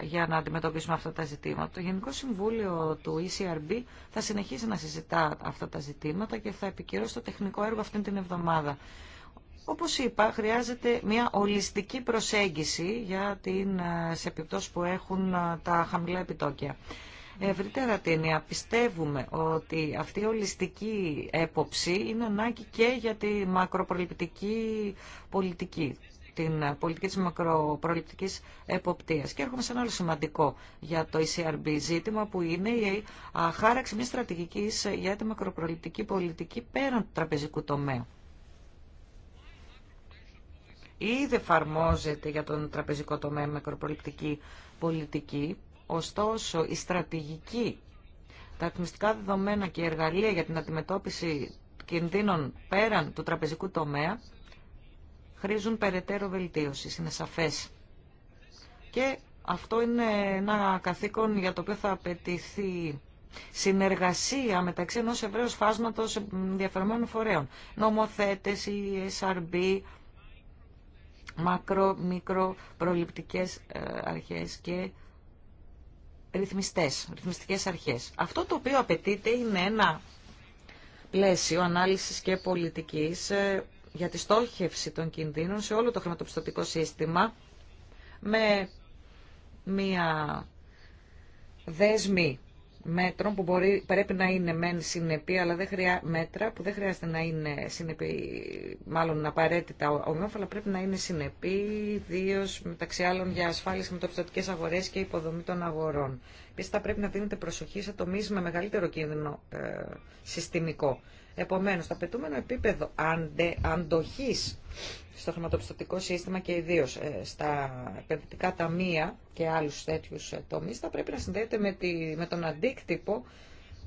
για να αντιμετωπίσουμε αυτά τα ζητήματα. Το Γενικό Συμβούλιο του ECRB θα συνεχίσει να συζητά αυτά τα ζητήματα και θα επικυρώσει το τεχνικό έργο αυτήν την εβδομάδα. Όπως είπα, χρειάζεται μια ολιστική προσέγγιση για την, ε, σε επιπτώσεις που έχουν ε, τα χαμηλά επιτόκια. Ευρύτερα Τίνια, πιστεύουμε ότι αυτή η ολιστική έποψη είναι ανάγκη και για τη μακροπροληπτική πολιτική την πολιτική της μακροπροληπτικής εποπτείας. Και έρχομαι σε ένα άλλο σημαντικό για το ECRB ζήτημα που είναι η ε, χάραξη μιας στρατηγικής για τη μακροπροληπτική πολιτική πέραν του τραπεζικού τομέα ήδη εφαρμόζεται για τον τραπεζικό τομέα με μακροπολιτική πολιτική, ωστόσο η στρατηγική, τα αριθμιστικά δεδομένα και εργαλεία για την αντιμετώπιση κινδύνων πέραν του τραπεζικού τομέα χρήζουν περαιτέρω βελτίωση, είναι σαφές. Και αυτό είναι ένα καθήκον για το οποίο θα απαιτηθεί συνεργασία μεταξύ ενός ευρέως φάσματος διαφερμένων φορέων. Νομοθέτες, η SRB, μακρο-μικρο-προληπτικές ε, αρχές και ρυθμιστές, ρυθμιστικές αρχές. Αυτό το οποίο απαιτείται είναι ένα πλαίσιο ανάλυσης και πολιτικής ε, για τη στόχευση των κινδύνων σε όλο το χρηματοπιστωτικό σύστημα με μία δέσμη μέτρων που μπορεί, πρέπει να είναι μεν συνεπή, αλλά δεν χρειά, μέτρα που δεν χρειάζεται να είναι συνεπή, μάλλον απαραίτητα ομοιόφαλα, αλλά πρέπει να είναι συνεπή, ιδίω μεταξύ άλλων για ασφάλεια με μεταπιστωτικέ αγορές και υποδομή των αγορών. Επίση θα πρέπει να δίνεται προσοχή σε τομεί με μεγαλύτερο κίνδυνο ε, συστημικό. Επομένως, το απαιτούμενο επίπεδο αντε, αντοχής στο χρηματοπιστωτικό σύστημα και ιδίως ε, στα επενδυτικά ταμεία και άλλους τέτοιους ε, τομείς θα πρέπει να συνδέεται με, τη, με τον αντίκτυπο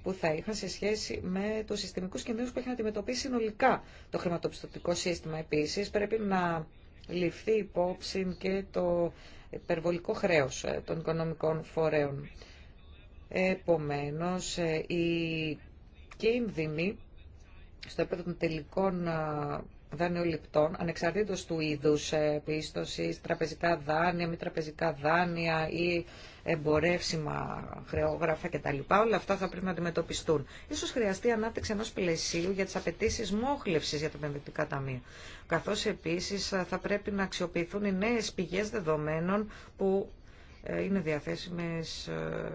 που θα είχαν σε σχέση με τους συστημικούς κινδύνους που έχει να αντιμετωπίσει συνολικά το χρηματοπιστωτικό σύστημα. Επίσης, πρέπει να ληφθεί υπόψη και το υπερβολικό χρέος ε, των οικονομικών φορέων. Επομένως, η κίνδυνοι στο επίπεδο των τελικών δανειοληπτών, ανεξαρτήτως του είδους ε, πίστοσης, τραπεζικά δάνεια, μη τραπεζικά δάνεια ή εμπορεύσιμα χρεόγραφα κτλ. Όλα αυτά θα πρέπει να αντιμετωπιστούν. Ίσως χρειαστεί ανάπτυξη ενός πλαισίου για τις απαιτήσεις μόχλευσης για τα επενδυτικά ταμεία. Καθώς επίσης θα πρέπει να αξιοποιηθούν οι νέες πηγές δεδομένων που ε, είναι διαθέσιμες ε,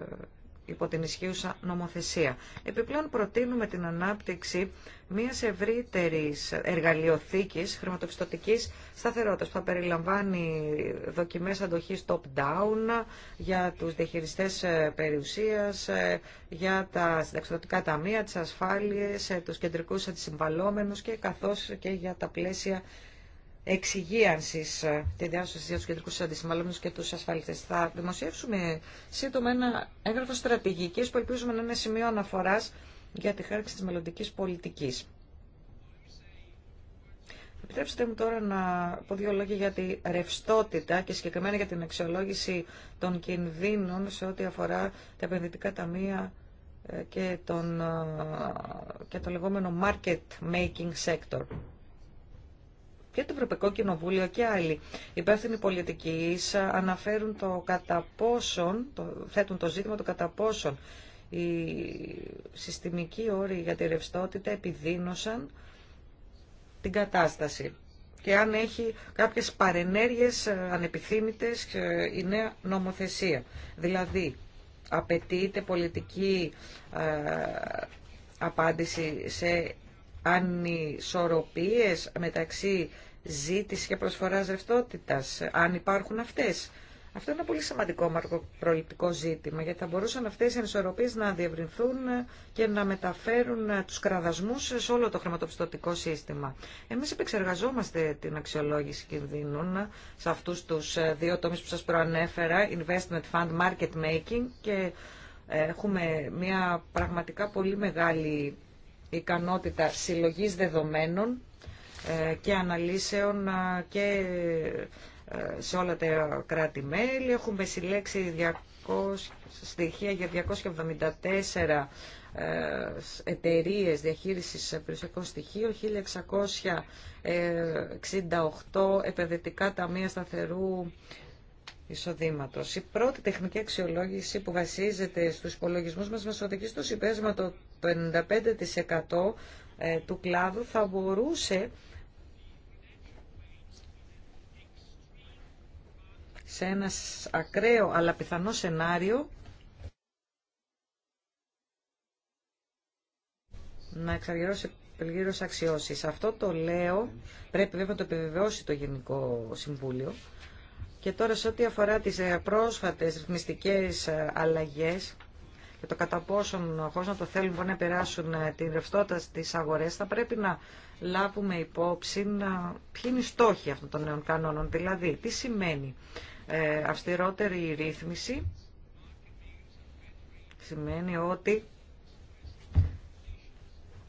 υπό την ισχύουσα νομοθεσία. Επιπλέον προτείνουμε την ανάπτυξη μιας ευρύτερης εργαλειοθήκης χρηματοπιστωτικής σταθερότητας που θα περιλαμβάνει δοκιμές αντοχής top-down για τους διαχειριστές ε, περιουσίας, ε, για τα συνταξιδοτικά ταμεία, τις ασφάλειες, ε, τους κεντρικούς αντισυμβαλόμενους και καθώς και για τα πλαίσια εξυγίανσης ε, τη διάσωση για του κεντρικούς αντισυμβαλλόμενους και του ασφαλιστέ. Θα δημοσιεύσουμε σύντομα ένα έγγραφο στρατηγική που ελπίζουμε να είναι σημείο αναφορά για τη χάραξη τη μελλοντική πολιτική. Επιτρέψτε μου τώρα να πω δύο λόγια για τη ρευστότητα και συγκεκριμένα για την αξιολόγηση των κινδύνων σε ό,τι αφορά τα επενδυτικά ταμεία ε, και, τον, ε, και το λεγόμενο market making sector και το Ευρωπαϊκό Κοινοβούλιο και άλλοι υπεύθυνοι πολιτικοί αναφέρουν το κατά πόσον, το, θέτουν το ζήτημα το κατά πόσον οι συστημικοί όροι για τη ρευστότητα επιδίνωσαν την κατάσταση και αν έχει κάποιες παρενέργειες ε, ανεπιθύμητες ε, η νέα νομοθεσία. Δηλαδή, απαιτείται πολιτική ε, απάντηση σε ανισορροπίες μεταξύ ζήτηση και προσφορά ρευστότητα, αν υπάρχουν αυτέ. Αυτό είναι ένα πολύ σημαντικό προληπτικό ζήτημα, γιατί θα μπορούσαν αυτέ οι ανισορροπίε να διευρυνθούν και να μεταφέρουν του κραδασμού σε όλο το χρηματοπιστωτικό σύστημα. Εμεί επεξεργαζόμαστε την αξιολόγηση κινδύνων σε αυτού του δύο τομείς που σα προανέφερα, investment fund, market making και έχουμε μια πραγματικά πολύ μεγάλη ικανότητα συλλογής δεδομένων ε, και αναλύσεων ε, και ε, σε όλα τα κράτη-μέλη. Έχουμε συλλέξει 200, στοιχεία για 274 εταιρείε διαχείρισης περιουσιακών στοιχείων, 1668 επενδυτικά ταμεία σταθερού εισοδήματος. Η πρώτη τεχνική αξιολόγηση που βασίζεται στους υπολογισμούς μας μας οδηγεί στο συμπέρασμα το 95% του κλάδου θα μπορούσε σε ένα ακραίο αλλά πιθανό σενάριο να εξαργυρώσει πλήρω αξιώσει. Αυτό το λέω, πρέπει βέβαια να το επιβεβαιώσει το Γενικό Συμβούλιο. Και τώρα σε ό,τι αφορά τις ε, πρόσφατες ρυθμιστικές ε, αλλαγές και το κατά πόσον χωρίς να το θέλουν μπορεί να περάσουν ε, την ρευστότητα στις αγορές, θα πρέπει να λάβουμε υπόψη ποιοι είναι οι στόχοι αυτών των νέων κανόνων. Δηλαδή, τι σημαίνει ε, αυστηρότερη ρύθμιση σημαίνει ότι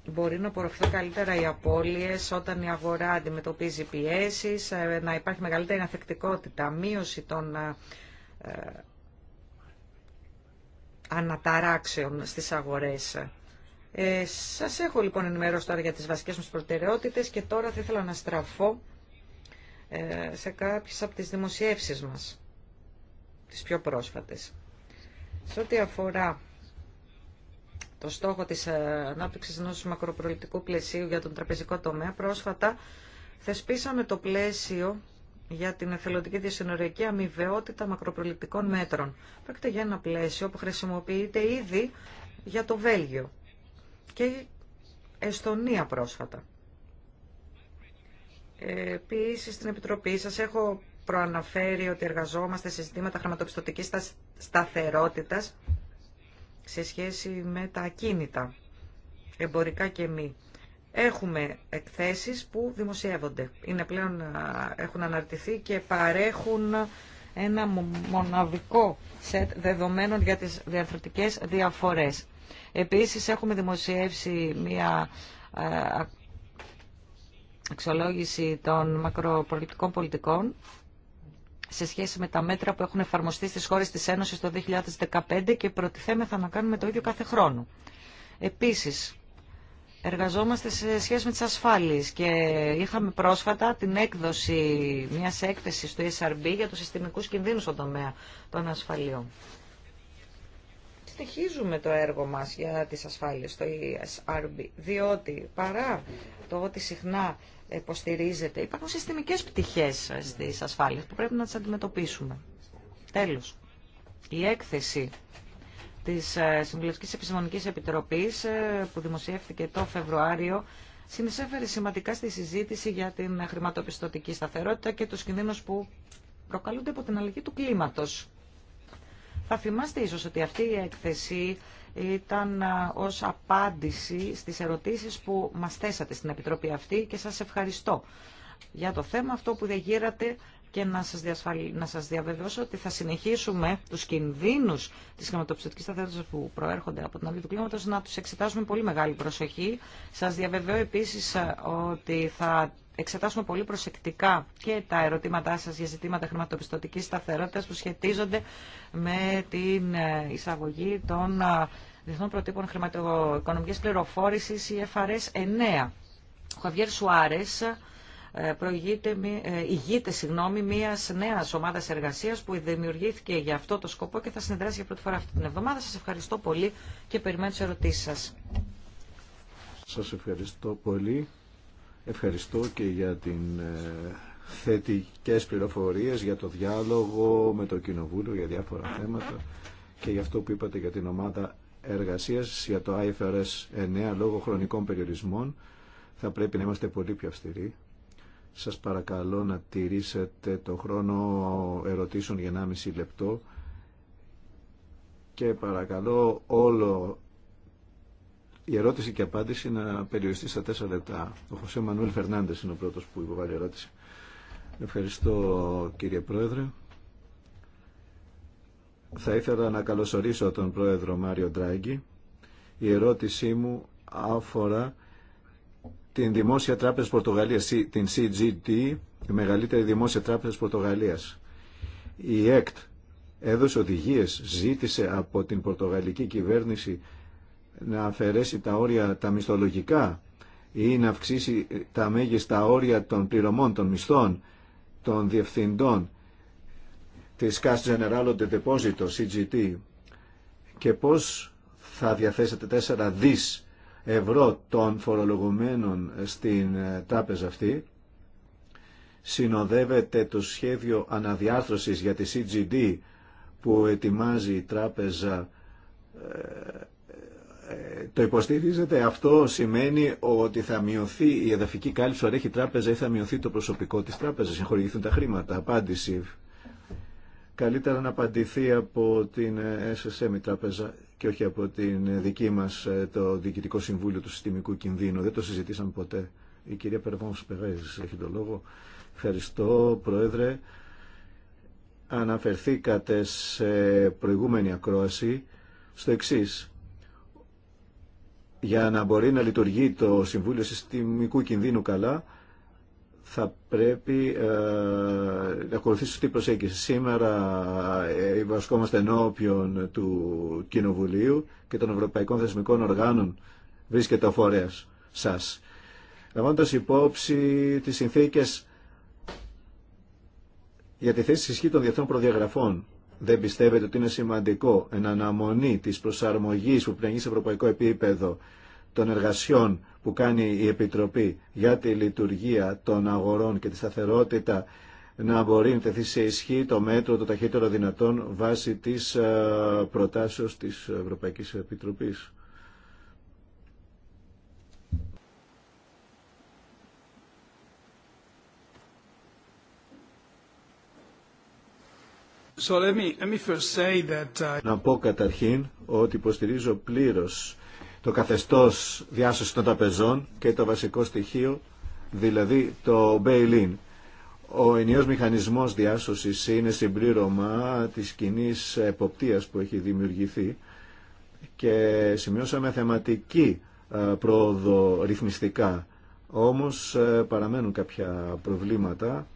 μπορεί να απορροφηθούν καλύτερα οι απώλειες όταν η αγορά αντιμετωπίζει πιέσεις, ε, να υπάρχει μεγαλύτερη αθεκτικότητα, μείωση των ε, αναταράξεων στις αγορές. Ε, σας έχω λοιπόν ενημερώσει τώρα για τις βασικές μας προτεραιότητες και τώρα θα ήθελα να στραφώ ε, σε κάποιες από τις δημοσιεύσεις μας, τις πιο πρόσφατες. Σε ό,τι αφορά το στόχο της ε, ανάπτυξης ενός μακροπροληπτικού πλαισίου για τον τραπεζικό τομέα, πρόσφατα θεσπίσαμε το πλαίσιο για την εθελοντική διασυνοριακή αμοιβαιότητα μακροπροληπτικών μέτρων. Πρόκειται για ένα πλαίσιο που χρησιμοποιείται ήδη για το Βέλγιο και Εστονία πρόσφατα. Επίσης, στην Επιτροπή σας έχω προαναφέρει ότι εργαζόμαστε σε ζητήματα χρηματοπιστωτικής σταθερότητας σε σχέση με τα ακίνητα, εμπορικά και μη. Έχουμε εκθέσεις που δημοσιεύονται. Είναι πλέον, έχουν αναρτηθεί και παρέχουν ένα μοναδικό σετ δεδομένων για τις διαρθρωτικές διαφορές. Επίσης έχουμε δημοσιεύσει μια αξιολόγηση των μακροπροληπτικών πολιτικών σε σχέση με τα μέτρα που έχουν εφαρμοστεί στις χώρες της Ένωσης το 2015 και προτιθέμεθα να κάνουμε το ίδιο κάθε χρόνο. Επίσης, εργαζόμαστε σε σχέση με τις ασφάλειες και είχαμε πρόσφατα την έκδοση μιας έκθεσης του SRB για τους συστημικούς κινδύνους στον τομέα των ασφαλείων στοιχίζουμε το έργο μας για τις ασφάλειες στο ESRB, διότι παρά το ότι συχνά υποστηρίζεται, υπάρχουν συστημικές πτυχές στις ασφάλειες που πρέπει να τις αντιμετωπίσουμε. Τέλος, η έκθεση της ε, Συμβουλευτικής Επιστημονικής Επιτροπής ε, που δημοσιεύτηκε το Φεβρουάριο συνεισέφερε σημαντικά στη συζήτηση για την χρηματοπιστωτική σταθερότητα και τους κινδύνους που προκαλούνται από την αλλαγή του κλίματος. Θα θυμάστε ίσως ότι αυτή η έκθεση ήταν ως απάντηση στις ερωτήσεις που μας θέσατε στην Επιτροπή αυτή και σας ευχαριστώ για το θέμα αυτό που δεν γύρατε και να σας, διασφαλ... να σας διαβεβαιώσω ότι θα συνεχίσουμε τους κινδύνους της χρηματοπιστωτικής σταθερότητας που προέρχονται από την αλληλή του κλίματος να τους εξετάσουμε πολύ μεγάλη προσοχή. Σας διαβεβαιώ επίσης ε, ότι θα εξετάσουμε πολύ προσεκτικά και τα ερωτήματά σας για ζητήματα χρηματοπιστωτικής σταθερότητας που σχετίζονται με την ε, εισαγωγή των ε, Διεθνών Προτύπων Χρηματοοικονομικής Πληροφόρησης, η FRS 9. Ο Χαβιέρ Σουάρες, ε, προηγείται, ε, ηγείται συγγνώμη, μιας νέας ομάδας εργασίας που δημιουργήθηκε για αυτό το σκοπό και θα συνεδράσει για πρώτη φορά αυτή την εβδομάδα. Σας ευχαριστώ πολύ και περιμένω τις ερωτήσεις σας. Σας ευχαριστώ πολύ. Ευχαριστώ και για την ε, θετικές πληροφορίες για το διάλογο με το Κοινοβούλιο για διάφορα θέματα και για αυτό που είπατε για την ομάδα εργασίας για το IFRS 9 λόγω χρονικών περιορισμών θα πρέπει να είμαστε πολύ πιο αυστηροί σας παρακαλώ να τηρήσετε το χρόνο ερωτήσεων για 1,5 λεπτό και παρακαλώ όλο η ερώτηση και απάντηση να περιοριστεί στα 4 λεπτά. Ο Χωσέ Μανουέλ Φερνάντες είναι ο πρώτος που υποβάλλει ερώτηση. Ευχαριστώ κύριε Πρόεδρε. Θα ήθελα να καλωσορίσω τον Πρόεδρο Μάριο Ντράγκη. Η ερώτησή μου αφορά την Δημόσια Τράπεζα Πορτογαλίας, την CGT, τη μεγαλύτερη Δημόσια Τράπεζα Πορτογαλίας. Η ΕΚΤ έδωσε οδηγίες, ζήτησε από την πορτογαλική κυβέρνηση να αφαιρέσει τα όρια τα μισθολογικά ή να αυξήσει τα μέγιστα όρια των πληρωμών, των μισθών, των διευθυντών της Cash General de Deposito, CGT, και πώς θα διαθέσετε τέσσερα δις ευρώ των φορολογουμένων στην ε, τράπεζα αυτή συνοδεύεται το σχέδιο αναδιάρθρωσης για τη CGD που ετοιμάζει η τράπεζα ε, ε, το υποστηρίζεται αυτό σημαίνει ότι θα μειωθεί η εδαφική κάλυψη που έχει η τράπεζα ή θα μειωθεί το προσωπικό της τράπεζας, να τα χρήματα. Απάντηση. Καλύτερα να απαντηθεί από την SSM η τράπεζα και όχι από την δική μας ε, το Διοικητικό Συμβούλιο του Συστημικού Κινδύνου. Δεν το συζητήσαμε ποτέ. Η κυρία Περβόμος Περέζης έχει το λόγο. Ευχαριστώ, Πρόεδρε. Αναφερθήκατε σε προηγούμενη ακρόαση στο εξής. Για να μπορεί να λειτουργεί το Συμβούλιο Συστημικού Κινδύνου καλά, θα πρέπει ε, να ακολουθήσει σωστή προσέγγιση. Σήμερα ε, βασκόμαστε ενώπιον του Κοινοβουλίου και των Ευρωπαϊκών Θεσμικών Οργάνων βρίσκεται ο φορέας σας. Λαμβάνοντα υπόψη τις συνθήκες για τη θέση ισχύ των διεθνών προδιαγραφών, δεν πιστεύετε ότι είναι σημαντικό εν αναμονή της προσαρμογής που γίνει σε ευρωπαϊκό επίπεδο των εργασιών που κάνει η Επιτροπή για τη λειτουργία των αγορών και τη σταθερότητα να μπορεί να τεθεί σε ισχύ το μέτρο το ταχύτερο δυνατόν βάσει της ε, προτάσεως της Ευρωπαϊκής Επιτροπής. Uh, να πω καταρχήν ότι υποστηρίζω πλήρως το καθεστώς διάσωσης των ταπεζών και το βασικό στοιχείο, δηλαδή το bail-in. Ο ενιαίος μηχανισμός διάσωσης είναι συμπλήρωμα της κοινή εποπτείας που έχει δημιουργηθεί και σημειώσαμε θεματική ε, πρόοδο ρυθμιστικά. Όμως ε, παραμένουν κάποια προβλήματα.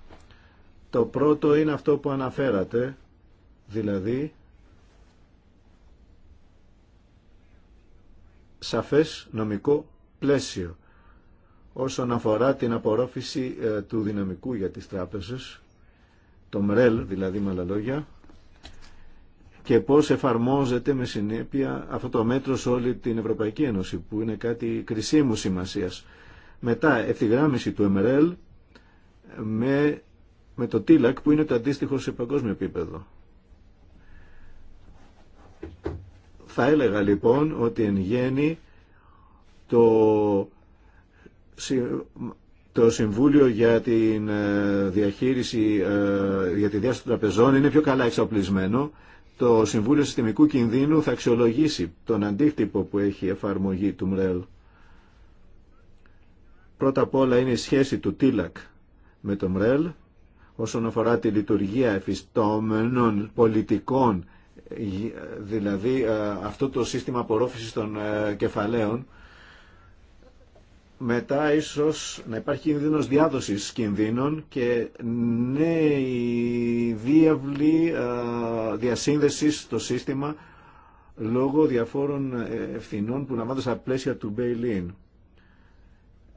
Το πρώτο είναι αυτό που αναφέρατε, δηλαδή σαφές νομικό πλαίσιο όσον αφορά την απορρόφηση ε, του δυναμικού για τις τράπεζες, το ΜΡΕΛ δηλαδή με άλλα λόγια, και πώς εφαρμόζεται με συνέπεια αυτό το μέτρο σε όλη την Ευρωπαϊκή Ένωση, που είναι κάτι κρισίμου σημασίας. Μετά, ευθυγράμμιση του ΜΡΕΛ με, με το ΤΙΛΑΚ, που είναι το αντίστοιχο σε παγκόσμιο επίπεδο. Θα έλεγα λοιπόν ότι εν γέννη το, το Συμβούλιο για τη ε, διαχείριση, ε, για τη διάσταση των τραπεζών είναι πιο καλά εξοπλισμένο. Το Συμβούλιο Συστημικού Κινδύνου θα αξιολογήσει τον αντίκτυπο που έχει εφαρμογή του ΜΡΕΛ. Πρώτα απ' όλα είναι η σχέση του ΤΙΛΑΚ με το ΜΡΕΛ όσον αφορά τη λειτουργία εφιστόμενων πολιτικών δηλαδή ε, αυτό το σύστημα απορρόφησης των ε, κεφαλαίων μετά ίσως να υπάρχει κίνδυνος διάδοσης κινδύνων και νέοι διάβλη ε, διασύνδεσης στο σύστημα λόγω διαφόρων ευθυνών που λαμβάνονται στα πλαίσια του Μπέιλιν.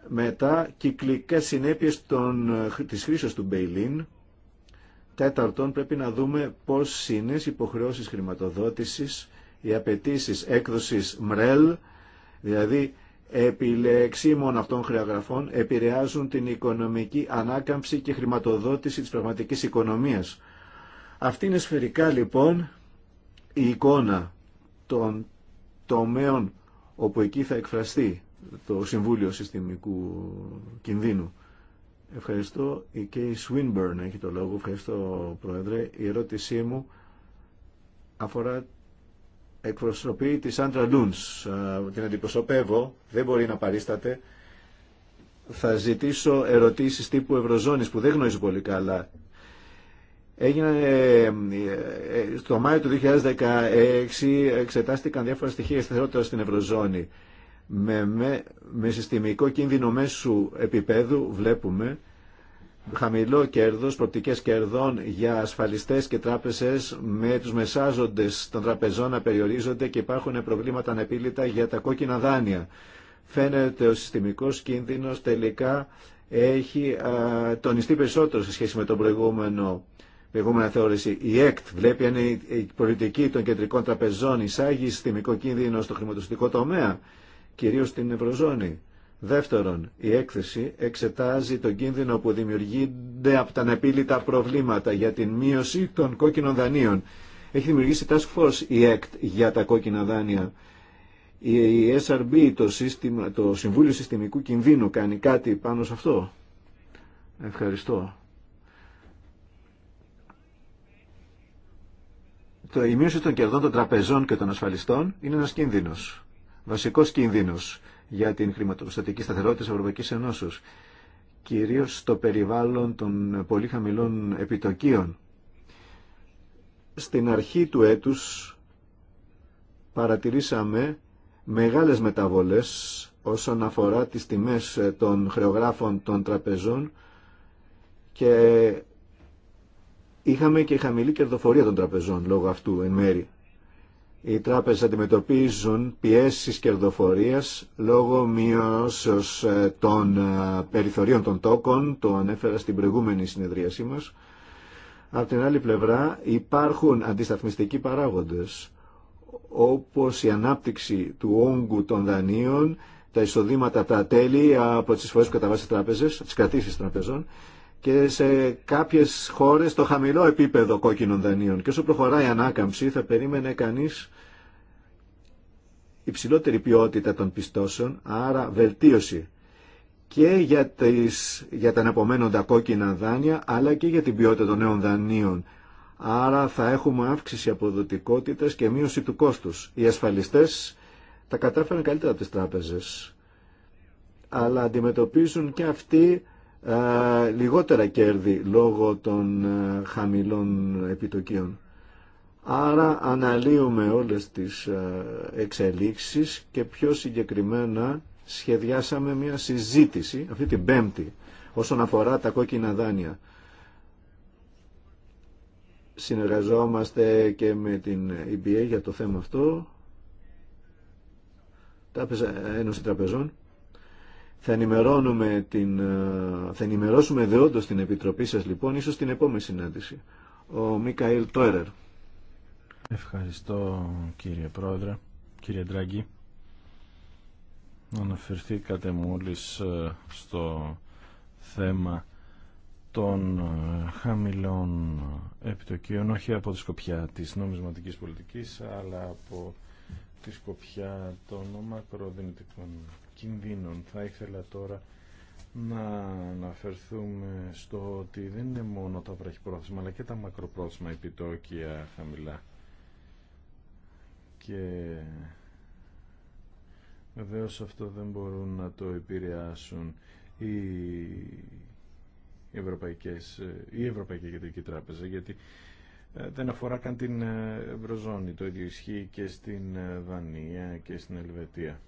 Μετά, κυκλικές συνέπειες των, της χρήσης του Μπέιλιν Τέταρτον, πρέπει να δούμε πώς είναι οι υποχρεώσεις χρηματοδότησης, οι απαιτήσει έκδοσης ΜΡΕΛ, δηλαδή επιλεξίμων αυτών χρεαγραφών, επηρεάζουν την οικονομική ανάκαμψη και χρηματοδότηση της πραγματικής οικονομίας. Αυτή είναι σφαιρικά λοιπόν η εικόνα των τομέων όπου εκεί θα εκφραστεί το Συμβούλιο Συστημικού Κινδύνου. Ευχαριστώ. Η Κέι Σουίνμπερν έχει το λόγο. Ευχαριστώ, Πρόεδρε. Η ερώτησή μου αφορά εκπροσωπή τη Άντρα Λούντς. Την αντιπροσωπεύω, δεν μπορεί να παρίσταται. Θα ζητήσω ερωτήσεις τύπου Ευρωζώνη που δεν γνωρίζω πολύ καλά. Έγινε ε, ε, ε, στο Μάιο του 2016 εξετάστηκαν διάφορα στοιχεία σταθερότητα στην Ευρωζώνη με, με, συστημικό κίνδυνο μέσου επίπεδου βλέπουμε χαμηλό κέρδος, προπτικές κερδών για ασφαλιστές και τράπεζες με τους μεσάζοντες των τραπεζών να περιορίζονται και υπάρχουν προβλήματα ανεπίλητα για τα κόκκινα δάνεια. Φαίνεται ο συστημικός κίνδυνος τελικά έχει τονιστεί περισσότερο σε σχέση με τον προηγούμενο προηγούμενα θεώρηση. Η ΕΚΤ βλέπει αν η πολιτική των κεντρικών τραπεζών εισάγει συστημικό κίνδυνο στο χρηματοστικό τομέα κυρίως στην Ευρωζώνη. Δεύτερον, η έκθεση εξετάζει τον κίνδυνο που δημιουργείται από τα ανεπίλητα προβλήματα για την μείωση των κόκκινων δανείων. Έχει δημιουργήσει task force η ΕΚΤ για τα κόκκινα δάνεια. Η SRB, το, σύστημα, το Συμβούλιο Συστημικού Κινδύνου, κάνει κάτι πάνω σε αυτό. Ευχαριστώ. Το, η μείωση των κερδών των τραπεζών και των ασφαλιστών είναι ένας κίνδυνος βασικός κίνδυνο για την χρηματοπιστωτική σταθερότητα τη Ευρωπαϊκή Ενώσεω. κυρίως στο περιβάλλον των πολύ χαμηλών επιτοκίων. Στην αρχή του έτους παρατηρήσαμε μεγάλες μεταβολές όσον αφορά τις τιμές των χρεογράφων των τραπεζών και είχαμε και χαμηλή κερδοφορία των τραπεζών λόγω αυτού εν μέρη οι τράπεζες αντιμετωπίζουν πιέσεις κερδοφορίας λόγω μειώσεως ε, των ε, περιθωρίων των τόκων, το ανέφερα στην προηγούμενη συνεδρίασή μας. Από την άλλη πλευρά υπάρχουν αντισταθμιστικοί παράγοντες, όπως η ανάπτυξη του όγκου των δανείων, τα εισοδήματα τα τέλη από τις φορές που καταβάσει τράπεζες, τις κρατήσεις τραπεζών και σε κάποιες χώρες το χαμηλό επίπεδο κόκκινων δανείων. Και όσο προχωράει η ανάκαμψη θα περίμενε κανείς υψηλότερη ποιότητα των πιστώσεων, άρα βελτίωση και για, τις, για τα αναπομένοντα κόκκινα δάνεια, αλλά και για την ποιότητα των νέων δανείων. Άρα θα έχουμε αύξηση αποδοτικότητας και μείωση του κόστους. Οι ασφαλιστές τα κατάφεραν καλύτερα από τις τράπεζες, αλλά αντιμετωπίζουν και αυτοί ε, λιγότερα κέρδη λόγω των ε, χαμηλών επιτοκίων. Άρα αναλύουμε όλες τις ε, εξελίξεις και πιο συγκεκριμένα σχεδιάσαμε μια συζήτηση αυτή την πέμπτη όσον αφορά τα κόκκινα δάνεια. Συνεργαζόμαστε και με την EBA για το θέμα αυτό, Τάπεζα Ένωση Τραπεζών. Θα, ενημερώνουμε την, ε, θα ενημερώσουμε δεόντως την Επιτροπή σας λοιπόν, ίσως στην επόμενη συνάντηση. Ο Μικαήλ Τόερερ. Ευχαριστώ κύριε Πρόεδρε, κύριε Ντράγκη. Αναφερθήκατε μόλις ε, στο θέμα των ε, χαμηλών επιτοκίων, όχι από τη σκοπιά της νομισματικής πολιτικής, αλλά από τη σκοπιά των μακροδυνητικών κινδύνων. Θα ήθελα τώρα να αναφερθούμε στο ότι δεν είναι μόνο τα βραχυπρόθεσμα αλλά και τα μακροπρόθεσμα επιτόκια χαμηλά. Και βεβαίω αυτό δεν μπορούν να το επηρεάσουν οι Ευρωπαϊκές, η Ευρωπαϊκή Κεντρική Τράπεζα γιατί ε, δεν αφορά καν την ε, Ευρωζώνη. Το ίδιο ισχύει και στην ε, Δανία και στην Ελβετία.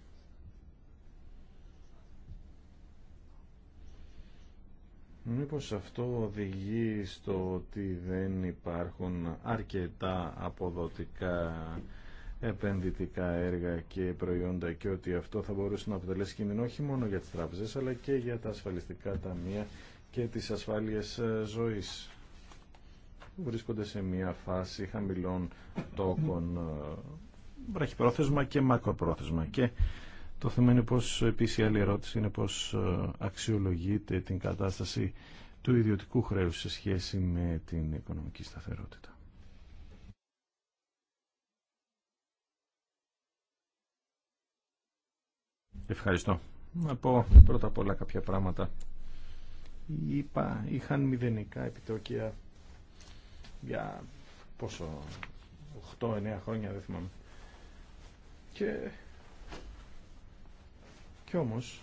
Μήπως αυτό οδηγεί στο ότι δεν υπάρχουν αρκετά αποδοτικά επενδυτικά έργα και προϊόντα και ότι αυτό θα μπορούσε να αποτελέσει κίνδυνο όχι μόνο για τις τράπεζες αλλά και για τα ασφαλιστικά ταμεία και τις ασφάλειες ε, ζωής βρίσκονται σε μια φάση χαμηλών τόκων ε, βραχυπρόθεσμα και μακροπρόθεσμα και το θέμα είναι πως, επίσης η άλλη ερώτηση είναι πως ε, αξιολογείται την κατάσταση του ιδιωτικού χρέους σε σχέση με την οικονομική σταθερότητα. Ευχαριστώ. Να πω πρώτα απ' όλα κάποια πράγματα. Είπα, είχαν μηδενικά επιτόκια για πόσο, 8-9 χρόνια δεν θυμάμαι. Και κι όμως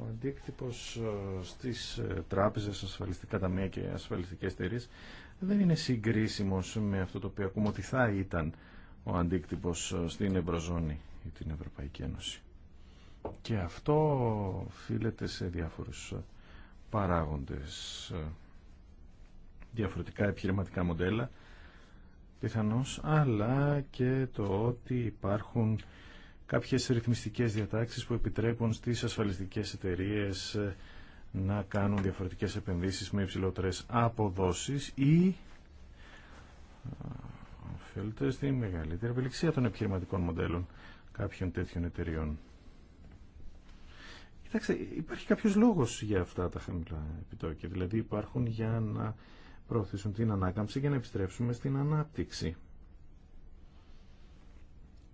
ο αντίκτυπος ε, στις ε, τράπεζες, ασφαλιστικά ταμεία και ασφαλιστικές εταιρείε δεν είναι συγκρίσιμος με αυτό το οποίο ακούμε ότι θα ήταν ο αντίκτυπος ε, στην Ευρωζώνη ή την Ευρωπαϊκή Ένωση. Και αυτό οφείλεται σε διάφορους παράγοντες, διαφορετικά επιχειρηματικά μοντέλα, πιθανώς, αλλά και το ότι υπάρχουν κάποιες ρυθμιστικές διατάξεις που επιτρέπουν στις ασφαλιστικές εταιρείες ε, να κάνουν διαφορετικές επενδύσεις με υψηλότερες αποδόσεις ή ε, οφείλεται στη μεγαλύτερη ευελιξία των επιχειρηματικών μοντέλων κάποιων τέτοιων εταιρείων. Κοιτάξτε, υπάρχει κάποιος λόγος για αυτά τα χαμηλά επιτόκια. Δηλαδή υπάρχουν για να προωθήσουν την ανάκαμψη και να επιστρέψουμε στην ανάπτυξη.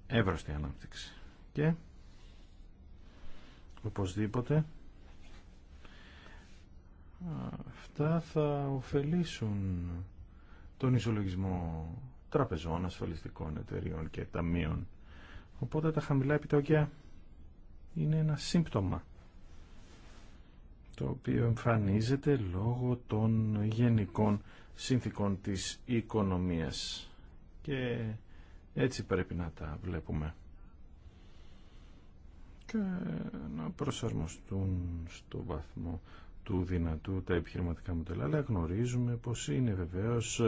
Εύρωστη ανάπτυξη και οπωσδήποτε αυτά θα ωφελήσουν τον ισολογισμό τραπεζών, ασφαλιστικών εταιρείων και ταμείων. Οπότε τα χαμηλά επιτόκια είναι ένα σύμπτωμα το οποίο εμφανίζεται λόγω των γενικών συνθήκων της οικονομίας και έτσι πρέπει να τα βλέπουμε να προσαρμοστούν στο βαθμό του δυνατού τα επιχειρηματικά μοντέλα. Αλλά γνωρίζουμε πως είναι βεβαίως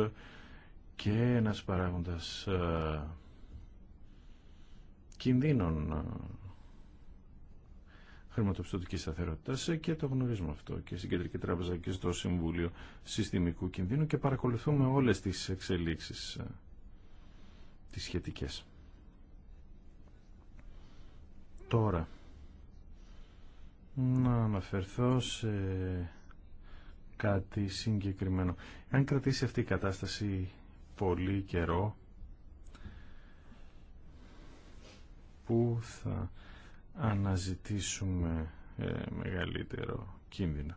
και ένας παράγοντας ε, κινδύνων ε, χρηματοπιστωτικής σταθερότητας και το γνωρίζουμε αυτό και στην Κεντρική Τράπεζα και στο Συμβούλιο Συστημικού Κινδύνου και παρακολουθούμε όλες τις εξελίξεις ε, τις σχετικές. Τώρα, να αναφερθώ σε κάτι συγκεκριμένο. Αν κρατήσει αυτή η κατάσταση πολύ καιρό, που θα αναζητήσουμε ε, μεγαλύτερο κίνδυνο.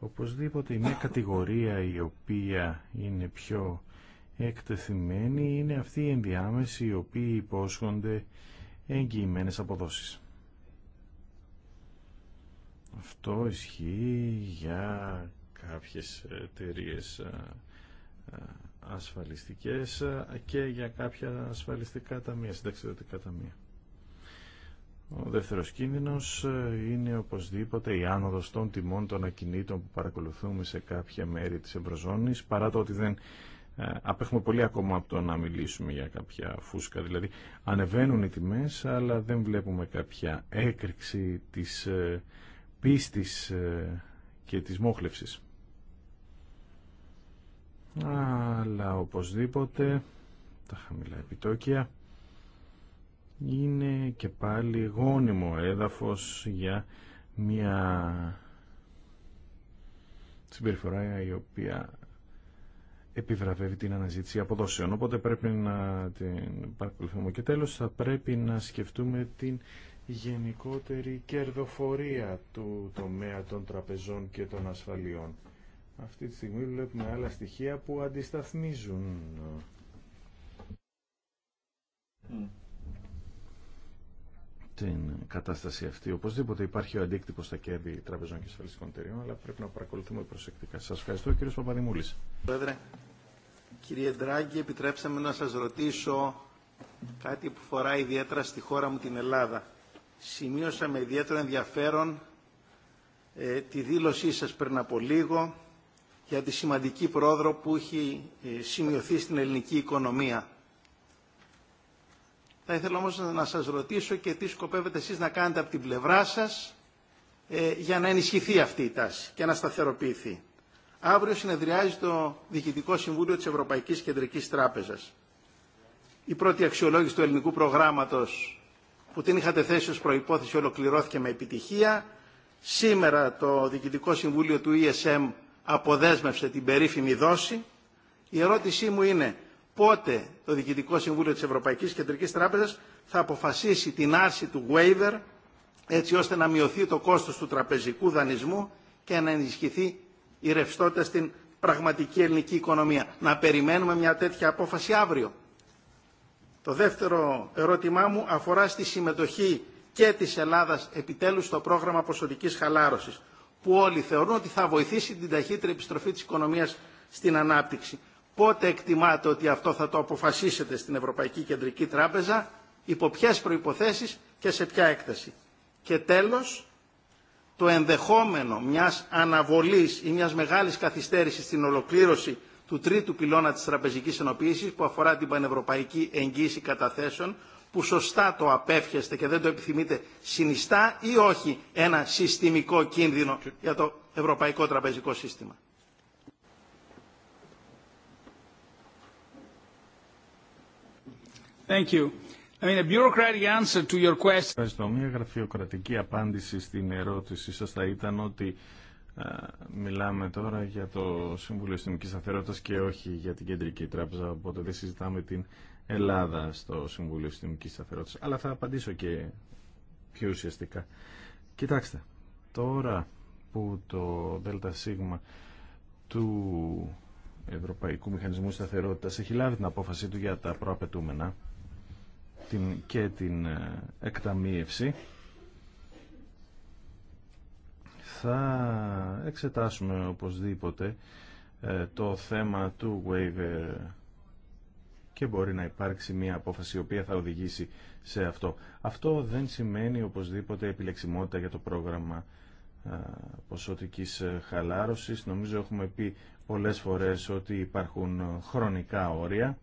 Οπωσδήποτε μια κατηγορία η οποία είναι πιο εκτεθειμένη είναι αυτή η ενδιάμεση οι οποίοι υπόσχονται εγγυημένες αποδόσεις. Αυτό ισχύει για κάποιες εταιρείε ε, ε, ασφαλιστικές ε, και για κάποια ασφαλιστικά ταμεία, συνταξιδοτικά ταμεία. Ο δεύτερος κίνδυνος είναι οπωσδήποτε η άνοδος των τιμών των ακινήτων που παρακολουθούμε σε κάποια μέρη της Ευρωζώνης, παρά το ότι δεν απέχουμε πολύ ακόμα από το να μιλήσουμε για κάποια φούσκα. Δηλαδή ανεβαίνουν οι τιμές, αλλά δεν βλέπουμε κάποια έκρηξη της πίστης ε, και της μόχλευσης. Αλλά οπωσδήποτε τα χαμηλά επιτόκια είναι και πάλι γόνιμο έδαφος για μια συμπεριφορά η οποία επιβραβεύει την αναζήτηση αποδόσεων. Οπότε πρέπει να την παρακολουθούμε. Και τέλος θα πρέπει να σκεφτούμε την γενικότερη κερδοφορία του τομέα των τραπεζών και των ασφαλιών. Αυτή τη στιγμή βλέπουμε άλλα στοιχεία που αντισταθμίζουν. Την κατάσταση αυτή. Οπωσδήποτε υπάρχει ο αντίκτυπο στα κέρδη τραπεζών και ασφαλιστικών εταιριών, αλλά πρέπει να παρακολουθούμε προσεκτικά. Σα ευχαριστώ, κύριο Παπαδημούλη. Πρόεδρε, κύριε Ντράγκη, επιτρέψαμε να σα ρωτήσω κάτι που φορά ιδιαίτερα στη χώρα μου την Ελλάδα σημείωσα με ιδιαίτερο ενδιαφέρον ε, τη δήλωσή σας πριν από λίγο για τη σημαντική πρόδρο που έχει ε, σημειωθεί στην ελληνική οικονομία. Θα ήθελα όμως να σας ρωτήσω και τι σκοπεύετε εσείς να κάνετε από την πλευρά σας ε, για να ενισχυθεί αυτή η τάση και να σταθεροποιηθεί. Αύριο συνεδριάζει το Διοικητικό Συμβούλιο της Ευρωπαϊκής Κεντρικής Τράπεζας. Η πρώτη αξιολόγηση του ελληνικού προγράμματος που την είχατε θέσει ως προϋπόθεση ολοκληρώθηκε με επιτυχία. Σήμερα το Διοικητικό Συμβούλιο του ESM αποδέσμευσε την περίφημη δόση. Η ερώτησή μου είναι πότε το Διοικητικό Συμβούλιο της Ευρωπαϊκής Κεντρικής Τράπεζας θα αποφασίσει την άρση του waiver έτσι ώστε να μειωθεί το κόστος του τραπεζικού δανεισμού και να ενισχυθεί η ρευστότητα στην πραγματική ελληνική οικονομία. Να περιμένουμε μια τέτοια απόφαση αύριο. Το δεύτερο ερώτημά μου αφορά στη συμμετοχή και της Ελλάδας επιτέλους στο πρόγραμμα ποσοτικής χαλάρωσης, που όλοι θεωρούν ότι θα βοηθήσει την ταχύτερη επιστροφή της οικονομίας στην ανάπτυξη. Πότε εκτιμάτε ότι αυτό θα το αποφασίσετε στην Ευρωπαϊκή Κεντρική Τράπεζα, υπό ποιε προϋποθέσεις και σε ποια έκταση. Και τέλος, το ενδεχόμενο μιας αναβολής ή μιας μεγάλης καθυστέρησης στην ολοκλήρωση του τρίτου πυλώνα της τραπεζικής ενοποίησης που αφορά την πανευρωπαϊκή εγγύηση καταθέσεων που σωστά το απέφιαστε και δεν το επιθυμείτε συνιστά ή όχι ένα συστημικό κίνδυνο για το ευρωπαϊκό τραπεζικό σύστημα. Thank you. I mean, a bureaucratic answer to your question. Ευχαριστώ. Μια γραφειοκρατική απάντηση στην ερώτησή σας θα ήταν ότι μιλάμε τώρα για το Συμβουλίο Ιστημικής Σταθερότητας και όχι για την Κεντρική Τράπεζα, οπότε δεν συζητάμε την Ελλάδα στο Συμβούλιο Συστημικής Σταθερότητας. Αλλά θα απαντήσω και πιο ουσιαστικά. Κοιτάξτε, τώρα που το ΔΣ του Ευρωπαϊκού Μηχανισμού Σταθερότητας έχει λάβει την απόφαση του για τα προαπαιτούμενα και την ε, εκταμίευση, θα εξετάσουμε οπωσδήποτε ε, το θέμα του waiver και μπορεί να υπάρξει μια απόφαση η οποία θα οδηγήσει σε αυτό. Αυτό δεν σημαίνει οπωσδήποτε επιλεξιμότητα για το πρόγραμμα ε, ποσοτικής ε, χαλάρωσης. Νομίζω έχουμε πει πολλές φορές ότι υπάρχουν χρονικά όρια.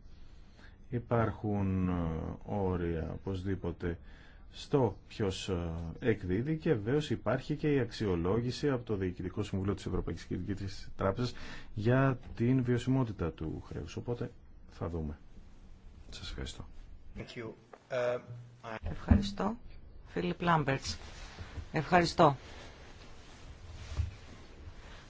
Υπάρχουν όρια οπωσδήποτε στο ποιο ε, εκδίδει και βεβαίω υπάρχει και η αξιολόγηση από το Διοικητικό Συμβούλιο της Ευρωπαϊκής Κεντρική Τράπεζα για την βιωσιμότητα του χρέους. Οπότε θα δούμε. Σας ευχαριστώ. Ε, ευχαριστώ. Φίλιπ Λάμπερτς. Ευχαριστώ.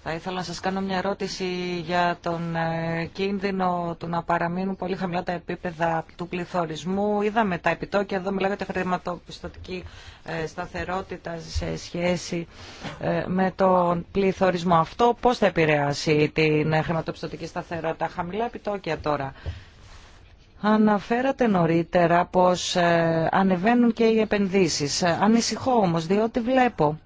Θα ήθελα να σας κάνω μια ερώτηση για τον ε, κίνδυνο του να παραμείνουν πολύ χαμηλά τα επίπεδα του πληθωρισμού. Είδαμε τα επιτόκια, εδώ μιλάμε για χρηματοπιστωτική ε, σταθερότητα σε σχέση ε, με τον πληθωρισμό. Αυτό πώς θα επηρεάσει την χρηματοπιστωτική σταθερότητα. Χαμηλά επιτόκια τώρα. Αναφέρατε νωρίτερα πως ανεβαίνουν και οι επενδύσεις. Ανησυχώ όμως, διότι βλέπω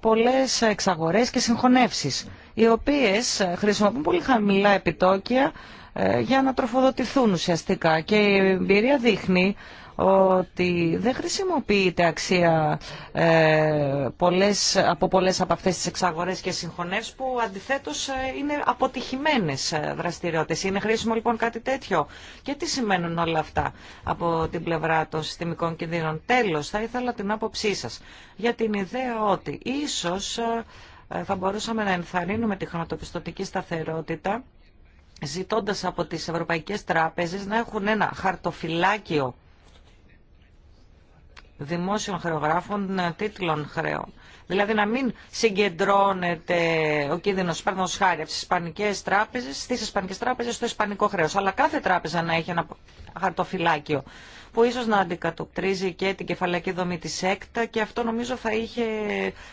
πολλές εξαγορές και συγχωνεύσεις, οι οποίες ε, χρησιμοποιούν πολύ χαμηλά επιτόκια ε, για να τροφοδοτηθούν ουσιαστικά. Και η εμπειρία δείχνει ότι δεν χρησιμοποιείται αξία ε, πολλές, από πολλές από αυτές τις εξαγορές και συγχωνεύσεις που αντιθέτως ε, είναι αποτυχημένες ε, δραστηριότητες. Είναι χρήσιμο λοιπόν κάτι τέτοιο. Και τι σημαίνουν όλα αυτά από την πλευρά των συστημικών κινδύνων. Τέλος, θα ήθελα την άποψή σας για την ιδέα ότι ίσως ε, θα μπορούσαμε να ενθαρρύνουμε τη χρηματοπιστωτική σταθερότητα ζητώντας από τις ευρωπαϊκές τράπεζες να έχουν ένα χαρτοφυλάκιο δημόσιων χρεογράφων ε, τίτλων χρέων. Δηλαδή να μην συγκεντρώνεται ο κίνδυνο, παραδείγματο χάρη, από Ισπανικέ τράπεζε, στι Ισπανικέ τράπεζε, στο Ισπανικό χρέο. Αλλά κάθε τράπεζα να έχει ένα χαρτοφυλάκιο που ίσω να αντικατοπτρίζει και την κεφαλαϊκή δομή τη ΕΚΤΑ και αυτό νομίζω θα είχε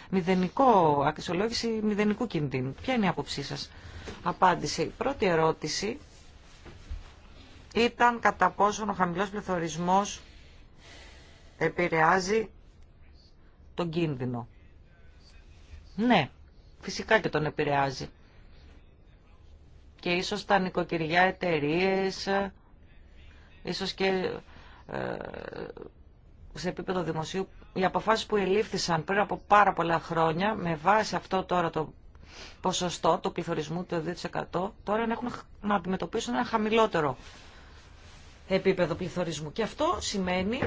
μηδενικό, αξιολόγηση μηδενικού κινδύνου. Ποια είναι η άποψή σα, Απάντηση. πρώτη ερώτηση ήταν κατά πόσον ο χαμηλό πληθωρισμός επηρεάζει τον κίνδυνο. Ναι, φυσικά και τον επηρεάζει. Και ίσως τα νοικοκυριά εταιρείε, ίσως και ε, σε επίπεδο δημοσίου, οι αποφάσεις που ελήφθησαν πριν από πάρα πολλά χρόνια, με βάση αυτό τώρα το ποσοστό του πληθωρισμού του 2%, τώρα έχουν, να αντιμετωπίσουν ένα χαμηλότερο επίπεδο πληθωρισμού. Και αυτό σημαίνει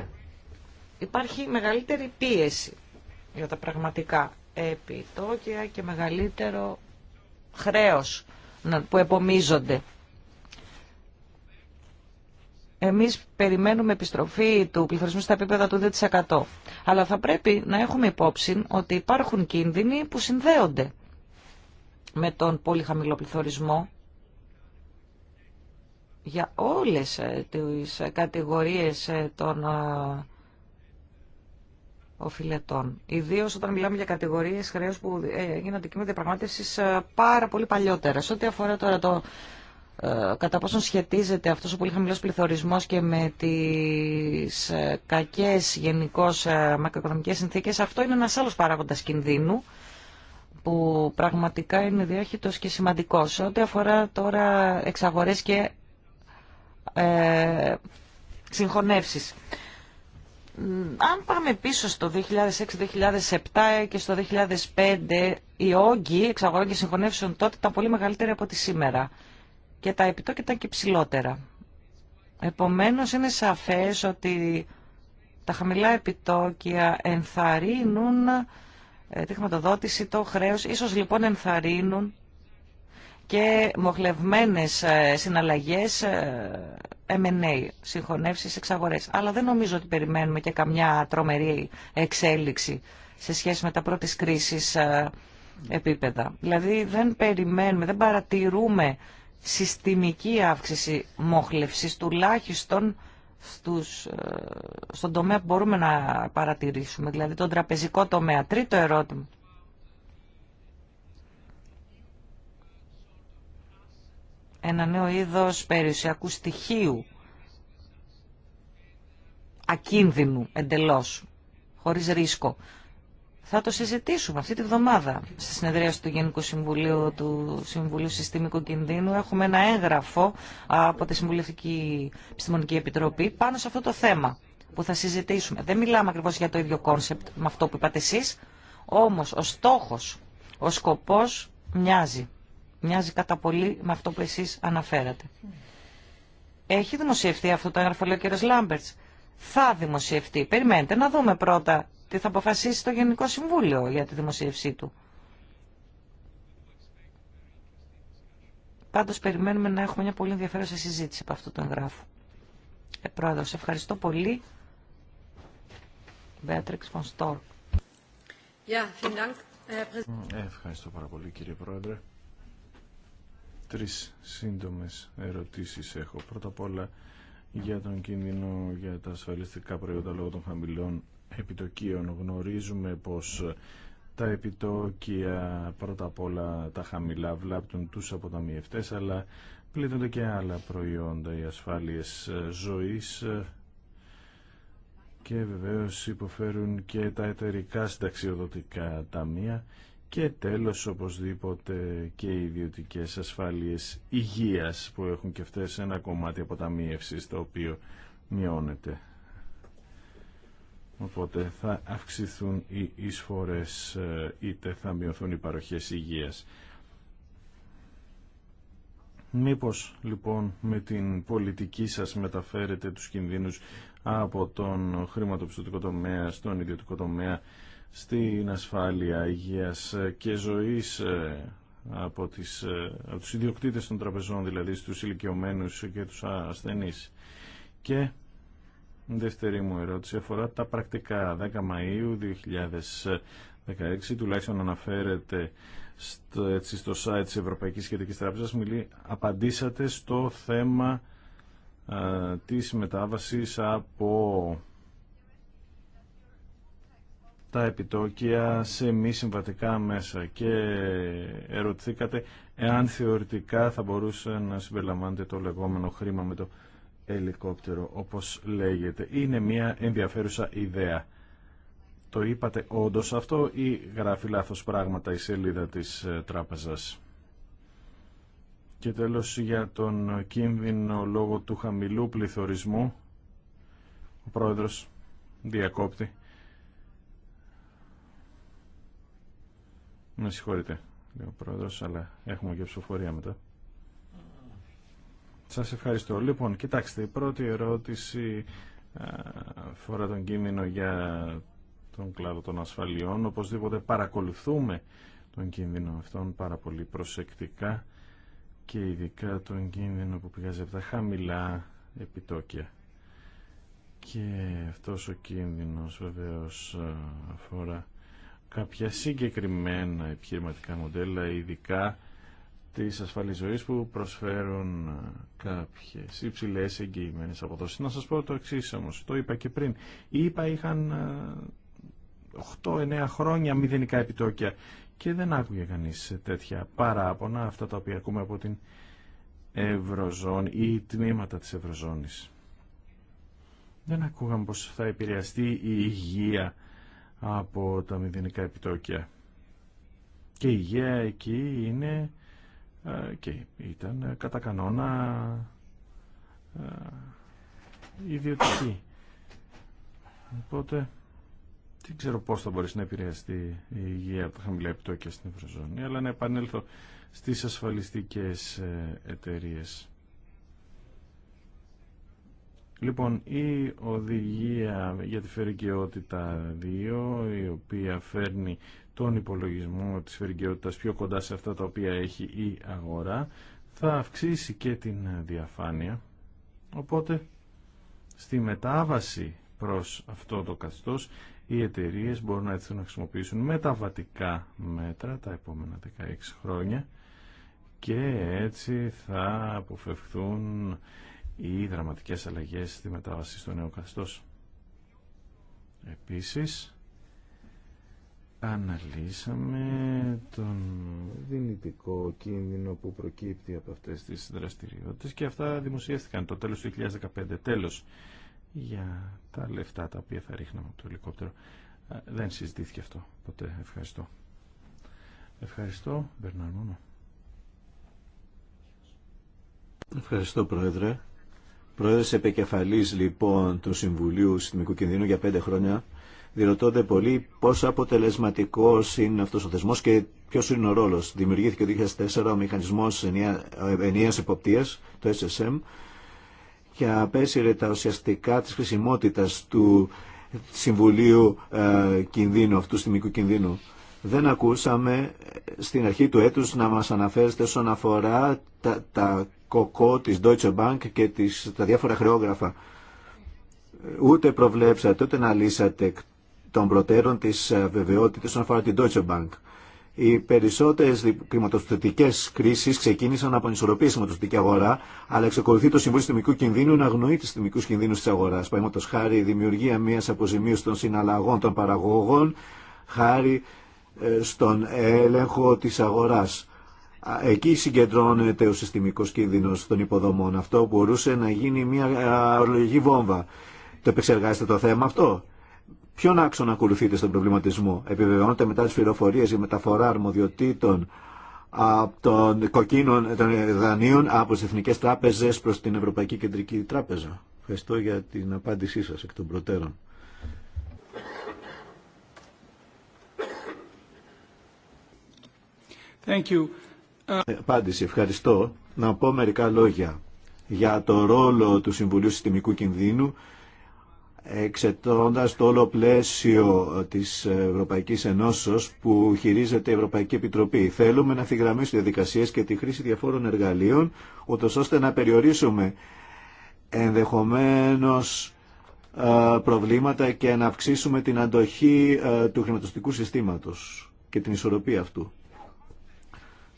υπάρχει μεγαλύτερη πίεση για τα πραγματικά επιτόκια και μεγαλύτερο χρέος που επομίζονται. Εμείς περιμένουμε επιστροφή του πληθωρισμού στα επίπεδα του 2%. Αλλά θα πρέπει να έχουμε υπόψη ότι υπάρχουν κίνδυνοι που συνδέονται με τον πολύ χαμηλό πληθωρισμό για όλες ε, τις κατηγορίες ε, των ε, οφειλετών. Ιδίω όταν μιλάμε για κατηγορίε χρέου που ε, έγιναν αντικείμενο διαπραγμάτευση ε, πάρα πολύ παλιότερα. Σε ό,τι αφορά τώρα το ε, κατά πόσον σχετίζεται αυτό ο πολύ χαμηλό πληθωρισμός και με τις κακέ κακές γενικώ μακροοικονομικέ μακροοικονομικές συνθήκες, αυτό είναι ένα άλλο παράγοντα κινδύνου που πραγματικά είναι διάχυτος και σημαντικός. Σε ό,τι αφορά τώρα εξαγορές και ε, συγχωνεύσεις αν πάμε πίσω στο 2006-2007 και στο 2005, οι όγκοι εξαγωγών και συγχωνεύσεων τότε ήταν πολύ μεγαλύτεροι από τη σήμερα. Και τα επιτόκια ήταν και ψηλότερα. Επομένως είναι σαφές ότι τα χαμηλά επιτόκια ενθαρρύνουν ε, τη χρηματοδότηση, το χρέος, ίσως λοιπόν ενθαρρύνουν και μοχλευμένες ε, συναλλαγές ε, M&A, συγχωνεύσεις, εξαγορές. Αλλά δεν νομίζω ότι περιμένουμε και καμιά τρομερή εξέλιξη σε σχέση με τα πρώτης κρίσης ε, επίπεδα. Δηλαδή δεν περιμένουμε, δεν παρατηρούμε συστημική αύξηση μόχλευσης τουλάχιστον στους, στον τομέα που μπορούμε να παρατηρήσουμε, δηλαδή τον τραπεζικό τομέα. Τρίτο ερώτημα. ένα νέο είδος περιουσιακού στοιχείου, ακίνδυνου εντελώς, χωρίς ρίσκο. Θα το συζητήσουμε αυτή τη βδομάδα στη συνεδρίαση του Γενικού Συμβουλίου του Συμβουλίου Συστημικού Κινδύνου. Έχουμε ένα έγγραφο από τη Συμβουλευτική Επιστημονική Επιτροπή πάνω σε αυτό το θέμα που θα συζητήσουμε. Δεν μιλάμε ακριβώς για το ίδιο κόνσεπτ με αυτό που είπατε εσείς, όμως ο στόχος, ο σκοπός μοιάζει. Μοιάζει κατά πολύ με αυτό που εσείς αναφέρατε. Έχει δημοσιευτεί αυτό το έγγραφο, λέει ο κ. Λάμπερτς. Θα δημοσιευτεί. Περιμένετε να δούμε πρώτα τι θα αποφασίσει το Γενικό Συμβούλιο για τη δημοσίευσή του. Πάντως περιμένουμε να έχουμε μια πολύ ενδιαφέρουσα συζήτηση από αυτό το εγγράφο. Ε, ευχαριστώ πολύ. Ε, ευχαριστώ πάρα πολύ κύριε Πρόεδρε. Τρεις σύντομες ερωτήσεις έχω. Πρώτα απ' όλα για τον κίνδυνο για τα ασφαλιστικά προϊόντα λόγω των χαμηλών επιτοκίων. Γνωρίζουμε πως τα επιτόκια πρώτα απ' όλα τα χαμηλά βλάπτουν τους αποταμιευτές αλλά πλήττονται και άλλα προϊόντα, οι ασφάλειες ζωής και βεβαίως υποφέρουν και τα εταιρικά συνταξιοδοτικά ταμεία και τέλος οπωσδήποτε και οι ιδιωτικές ασφάλειες υγείας που έχουν και αυτές ένα κομμάτι αποταμίευσης το οποίο μειώνεται. Οπότε θα αυξηθούν οι εισφορές ε, είτε θα μειωθούν οι παροχές υγείας. Μήπως λοιπόν με την πολιτική σας μεταφέρετε τους κινδύνους από τον χρηματοπιστωτικό τομέα στον ιδιωτικό τομέα στην ασφάλεια υγείας και ζωής ε, από, τις, ε, από τους ιδιοκτήτες των τραπεζών, δηλαδή στους ηλικιωμένους και τους ασθενείς. Και δεύτερη μου ερώτηση αφορά τα πρακτικά. 10 Μαΐου 2016 τουλάχιστον αναφέρεται στο, έτσι, στο site της Ευρωπαϊκής Σχετικής Τράπεζας μιλεί, απαντήσατε στο θέμα ε, της μετάβασης από τα επιτόκια σε μη συμβατικά μέσα και ερωτηθήκατε εάν θεωρητικά θα μπορούσε να συμπεριλαμβάνεται το λεγόμενο χρήμα με το ελικόπτερο όπως λέγεται. Είναι μια ενδιαφέρουσα ιδέα. Το είπατε όντως αυτό ή γράφει λάθος πράγματα η σελίδα της ε, τράπεζας. Και τέλος για τον κίνδυνο λόγω του χαμηλού πληθωρισμού ο πρόεδρος διακόπτη. Με συγχωρείτε, λέει ο πρόεδρος, αλλά έχουμε και ψηφοφορία μετά. Σας ευχαριστώ. Λοιπόν, κοιτάξτε, η πρώτη ερώτηση αφορά τον κίνδυνο για τον κλάδο των ασφαλιών. Οπωσδήποτε παρακολουθούμε τον κίνδυνο αυτόν πάρα πολύ προσεκτικά και ειδικά τον κίνδυνο που πηγάζει από τα χαμηλά επιτόκια. Και αυτός ο κίνδυνος βεβαίως αφορά κάποια συγκεκριμένα επιχειρηματικά μοντέλα, ειδικά της ασφαλής ζωής που προσφέρουν ε, κάποιες υψηλές εγγυημένες αποδόσεις. Να σας πω το εξή όμως, το είπα και πριν. Οι είχαν 8-9 ε, χρόνια μηδενικά επιτόκια και δεν άκουγε κανείς τέτοια παράπονα, αυτά τα οποία ακούμε από την Ευρωζώνη ή τμήματα της Ευρωζώνης. Δεν ακούγαμε πως θα επηρεαστεί η υγεία από τα μηδενικά επιτόκια. Και η υγεία εκεί είναι ε, και ήταν ε, κατά κανόνα ε, ιδιωτική. Οπότε δεν ξέρω πώς θα μπορέσει να επηρεαστεί η υγεία από τα χαμηλά επιτόκια στην Ευρωζώνη, αλλά να επανέλθω στις ασφαλιστικές εταιρείες. Λοιπόν, η οδηγία για τη φερικαιότητα 2, η οποία φέρνει τον υπολογισμό της φερικαιότητας πιο κοντά σε αυτά τα οποία έχει η αγορά, θα αυξήσει και την διαφάνεια. Οπότε, στη μετάβαση προς αυτό το καθεστώς, οι εταιρείε μπορούν να έρθουν να χρησιμοποιήσουν μεταβατικά μέτρα τα επόμενα 16 χρόνια και έτσι θα αποφευχθούν η δραματικές αλλαγές στη μετάβαση στο νέο καθεστώς. Επίσης, αναλύσαμε τον δυνητικό κίνδυνο που προκύπτει από αυτές τις δραστηριότητες και αυτά δημοσιεύτηκαν το τέλος του 2015, τέλος για τα λεφτά τα οποία θα ρίχναμε το ελικόπτερο. Δεν συζητήθηκε αυτό ποτέ. Ευχαριστώ. Ευχαριστώ, Μπερναρ Ευχαριστώ, Πρόεδρε. Πρόεδρος επικεφαλής λοιπόν του Συμβουλίου Συντημικού Κινδύνου για πέντε χρόνια διερωτώνται πολύ πόσο αποτελεσματικός είναι αυτός ο θεσμός και ποιος είναι ο ρόλος. Δημιουργήθηκε το 2004 ο μηχανισμός Ενίας εποπτεία, το SSM, και απέσυρε τα ουσιαστικά τη χρησιμότητα του Συμβουλίου ε, Κινδύνου, αυτού του Συντημικού κινδύνου. Δεν ακούσαμε στην αρχή του έτους να μας αναφέρεστε όσον αφορά τα, τα κοκό της Deutsche Bank και τα διάφορα χρεόγραφα. Ούτε προβλέψατε, ούτε αναλύσατε των προτέρων της ε, βεβαιότητας όσον αφορά την Deutsche Bank. Οι περισσότερε χρηματοπιστωτικέ κρίσει ξεκίνησαν από ανισορροπίε στη χρηματοπιστωτική αγορά, αλλά εξακολουθεί το Συμβούλιο Συστημικού Κινδύνου να αγνοεί τι συστημικού κινδύνου τη αγορά. Παραδείγματο χάρη, η δημιουργία μια αποζημίωση των συναλλαγών των παραγωγών χάρη ε, στον έλεγχο τη αγορά Εκεί συγκεντρώνεται ο συστημικός κίνδυνος των υποδομών. Αυτό μπορούσε να γίνει μια ορολογική βόμβα. Το επεξεργάζεται το θέμα αυτό. Ποιον άξονα ακολουθείτε στον προβληματισμό. Επιβεβαιώνεται μετά τις πληροφορίες η μεταφορά αρμοδιοτήτων από των κοκκίνων των δανείων από τι εθνικέ Τράπεζες προς την Ευρωπαϊκή Κεντρική Τράπεζα. Ευχαριστώ για την απάντησή σα εκ των προτέρων. Thank you. Απάντηση, ευχαριστώ. Να πω μερικά λόγια για το ρόλο του Συμβουλίου Συστημικού Κινδύνου εξετώντας το όλο πλαίσιο της Ευρωπαϊκής Ενώσεως που χειρίζεται η Ευρωπαϊκή Επιτροπή. Θέλουμε να θυγραμμίσουμε διαδικασίες και τη χρήση διαφόρων εργαλείων, ούτως ώστε να περιορίσουμε ενδεχομένως ε, προβλήματα και να αυξήσουμε την αντοχή ε, του χρηματοστικού συστήματος και την ισορροπία αυτού.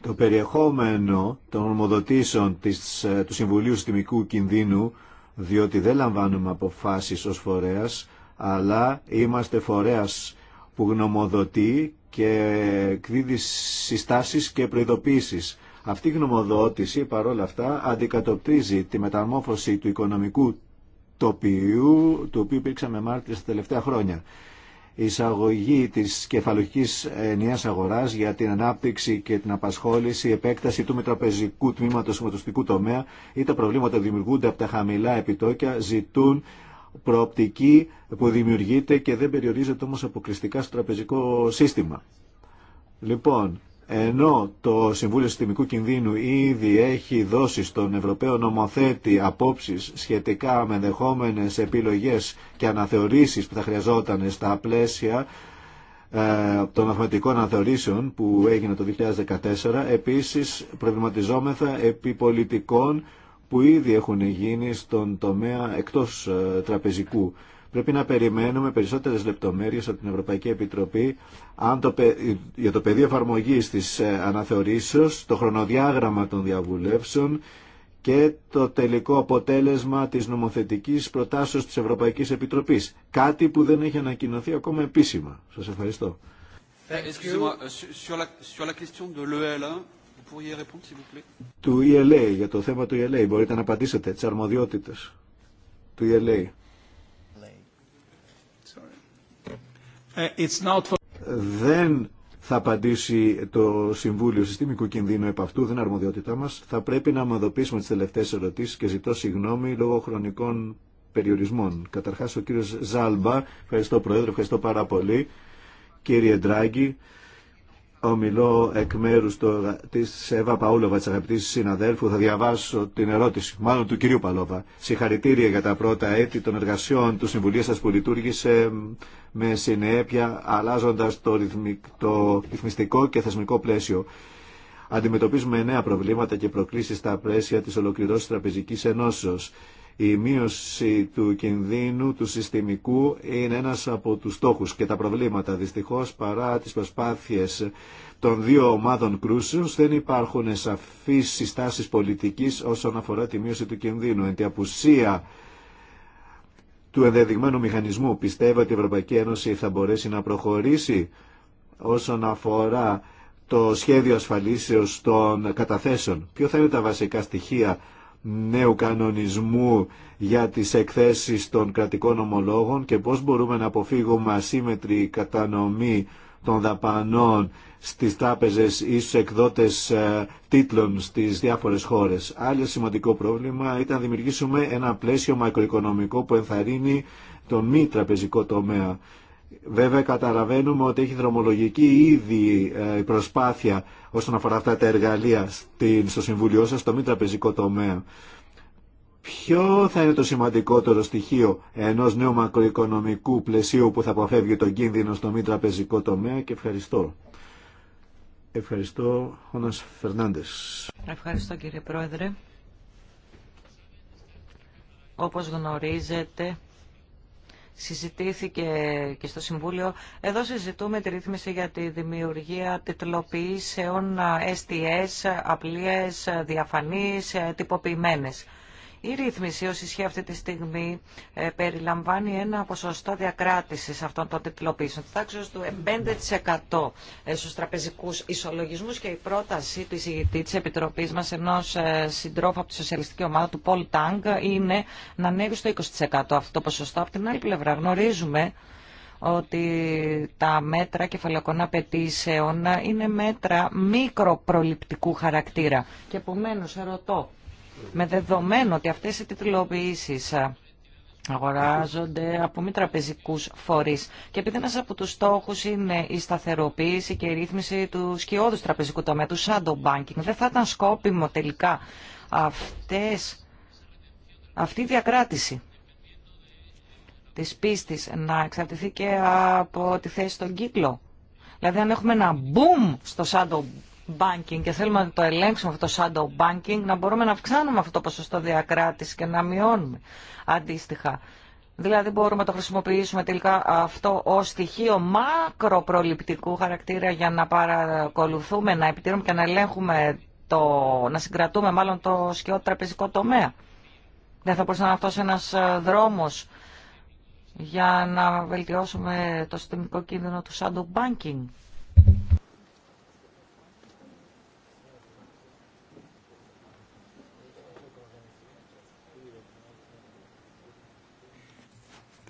Το περιεχόμενο των νομοδοτήσεων ε, του Συμβουλίου Συστημικού Κινδύνου, διότι δεν λαμβάνουμε αποφάσεις ως φορέας, αλλά είμαστε φορέας που γνωμοδοτεί και εκδίδει συστάσεις και προειδοποίησεις. Αυτή η γνωμοδότηση παρόλα αυτά αντικατοπτρίζει τη μεταμόρφωση του οικονομικού τοπίου, του οποίου υπήρξαμε μάρτυρες τα τελευταία χρόνια η εισαγωγή της κεφαλογικής ενιαίας αγοράς για την ανάπτυξη και την απασχόληση, η επέκταση του μετραπεζικού τμήματος του τομέα ή τα προβλήματα δημιουργούνται από τα χαμηλά επιτόκια ζητούν προοπτική που δημιουργείται και δεν περιορίζεται όμως αποκλειστικά στο τραπεζικό σύστημα. Λοιπόν, ενώ το Συμβούλιο Συστημικού Κινδύνου ήδη έχει δώσει στον Ευρωπαίο Νομοθέτη απόψεις σχετικά με δεχόμενες επιλογές και αναθεωρήσεις που θα χρειαζόταν στα πλαίσια ε, των αυματικών αναθεωρήσεων που έγινε το 2014, επίσης προβληματιζόμεθα επί πολιτικών που ήδη έχουν γίνει στον τομέα εκτός ε, τραπεζικού. Πρέπει να περιμένουμε περισσότερες λεπτομέρειες από την Ευρωπαϊκή Επιτροπή αν το, για το πεδίο εφαρμογή της ε, αναθεωρήσεως, το χρονοδιάγραμμα των διαβουλεύσεων και το τελικό αποτέλεσμα της νομοθετικής προτάσεως της Ευρωπαϊκής Επιτροπής. Κάτι που δεν έχει ανακοινωθεί ακόμα επίσημα. Σας ευχαριστώ. Του ELA, για το θέμα του ELA, μπορείτε να απαντήσετε, τις αρμοδιότητες του ELA. Ε, δεν θα απαντήσει το Συμβούλιο Συστημικού Κινδύνου επ' αυτού, δεν αρμοδιότητά μας. Θα πρέπει να ομοδοποιήσουμε τις τελευταίες ερωτήσεις και ζητώ συγγνώμη λόγω χρονικών περιορισμών. Καταρχάς ο κύριος Ζάλμπα, ευχαριστώ Πρόεδρε, ευχαριστώ πάρα πολύ. Κύριε Ντράγκη, Ομιλώ εκ μέρους της Εύα Παούλοβα, της αγαπητής συναδέλφου. Θα διαβάσω την ερώτηση, μάλλον του κυρίου Παλόβα. Συγχαρητήρια για τα πρώτα έτη των εργασιών του Συμβουλίου σας που λειτουργήσε με συνέπεια, αλλάζοντας το, το ρυθμιστικό και θεσμικό πλαίσιο. Αντιμετωπίζουμε νέα προβλήματα και προκλήσεις στα πλαίσια της ολοκληρώσης τραπεζικής ενώσεως. Η μείωση του κινδύνου, του συστημικού, είναι ένας από τους στόχους και τα προβλήματα. Δυστυχώς, παρά τις προσπάθειες των δύο ομάδων κρούσεων. δεν υπάρχουν σαφείς συστάσεις πολιτικής όσον αφορά τη μείωση του κινδύνου. Εν τη απουσία του ενδεδειγμένου μηχανισμού, πιστεύω ότι η Ευρωπαϊκή Ένωση θα μπορέσει να προχωρήσει όσον αφορά το σχέδιο ασφαλίσεως των καταθέσεων. Ποιο θα είναι τα βασικά στοιχεία νέου κανονισμού για τις εκθέσεις των κρατικών ομολόγων και πώς μπορούμε να αποφύγουμε ασύμετρη κατανομή των δαπανών στις τράπεζες ή στους εκδότες ε, τίτλων στις διάφορες χώρες. Άλλο σημαντικό πρόβλημα ήταν να δημιουργήσουμε ένα πλαίσιο μακροοικονομικό που ενθαρρύνει το μη τραπεζικό τομέα Βέβαια καταλαβαίνουμε ότι έχει δρομολογική ήδη ε, η προσπάθεια όσον αφορά αυτά τα εργαλεία στο Συμβούλιο σας, στο μη τραπεζικό τομέα. Ποιο θα είναι το σημαντικότερο στοιχείο ενός νέου μακροοικονομικού πλαισίου που θα αποφεύγει τον κίνδυνο στο μη τραπεζικό τομέα και ευχαριστώ. Ευχαριστώ, Χώνας Φερνάντες. Ευχαριστώ κύριε Πρόεδρε. Όπως γνωρίζετε, συζητήθηκε και στο Συμβούλιο. Εδώ συζητούμε τη ρύθμιση για τη δημιουργία τετλοποιήσεων STS, ε, απλίες, ε, διαφανείς, ε, τυποποιημένες. Η ρύθμιση ως ισχύει αυτή τη στιγμή ε, περιλαμβάνει ένα ποσοστό διακράτησης αυτών των τιτλοποίησεων τάξης του 5% ε, στους τραπεζικούς ισολογισμούς και η πρόταση του εισηγητή της Επιτροπής μας ενός ε, συντρόφου από τη Σοσιαλιστική Ομάδα του Πολ Τάγκ είναι να ανέβει στο 20% αυτό το ποσοστό. Από την άλλη πλευρά γνωρίζουμε ότι τα μέτρα κεφαλαικών απαιτήσεων είναι μέτρα μικροπροληπτικού χαρακτήρα. Και επομένω ρωτώ, με δεδομένο ότι αυτές οι τιτλοποιήσεις ε, αγοράζονται από μη τραπεζικούς φορείς. Και επειδή ένας από τους στόχους είναι η σταθεροποίηση και η ρύθμιση του σκιώδους τραπεζικού τομέα, του shadow banking, δεν θα ήταν σκόπιμο τελικά αυτές, αυτή η διακράτηση της πίστης να εξαρτηθεί και από τη θέση στον κύκλο. Δηλαδή αν έχουμε ένα boom στο shadow banking και θέλουμε να το ελέγξουμε αυτό το shadow banking, να μπορούμε να αυξάνουμε αυτό το ποσοστό διακράτηση και να μειώνουμε αντίστοιχα. Δηλαδή μπορούμε να το χρησιμοποιήσουμε τελικά αυτό ως στοιχείο μακροπροληπτικού χαρακτήρα για να παρακολουθούμε, να επιτηρούμε και να ελέγχουμε, το, να συγκρατούμε μάλλον το σκιό τραπεζικό τομέα. Δεν θα μπορούσε να είναι αυτός ένας ε, δρόμος για να βελτιώσουμε το συστημικό κίνδυνο του shadow banking.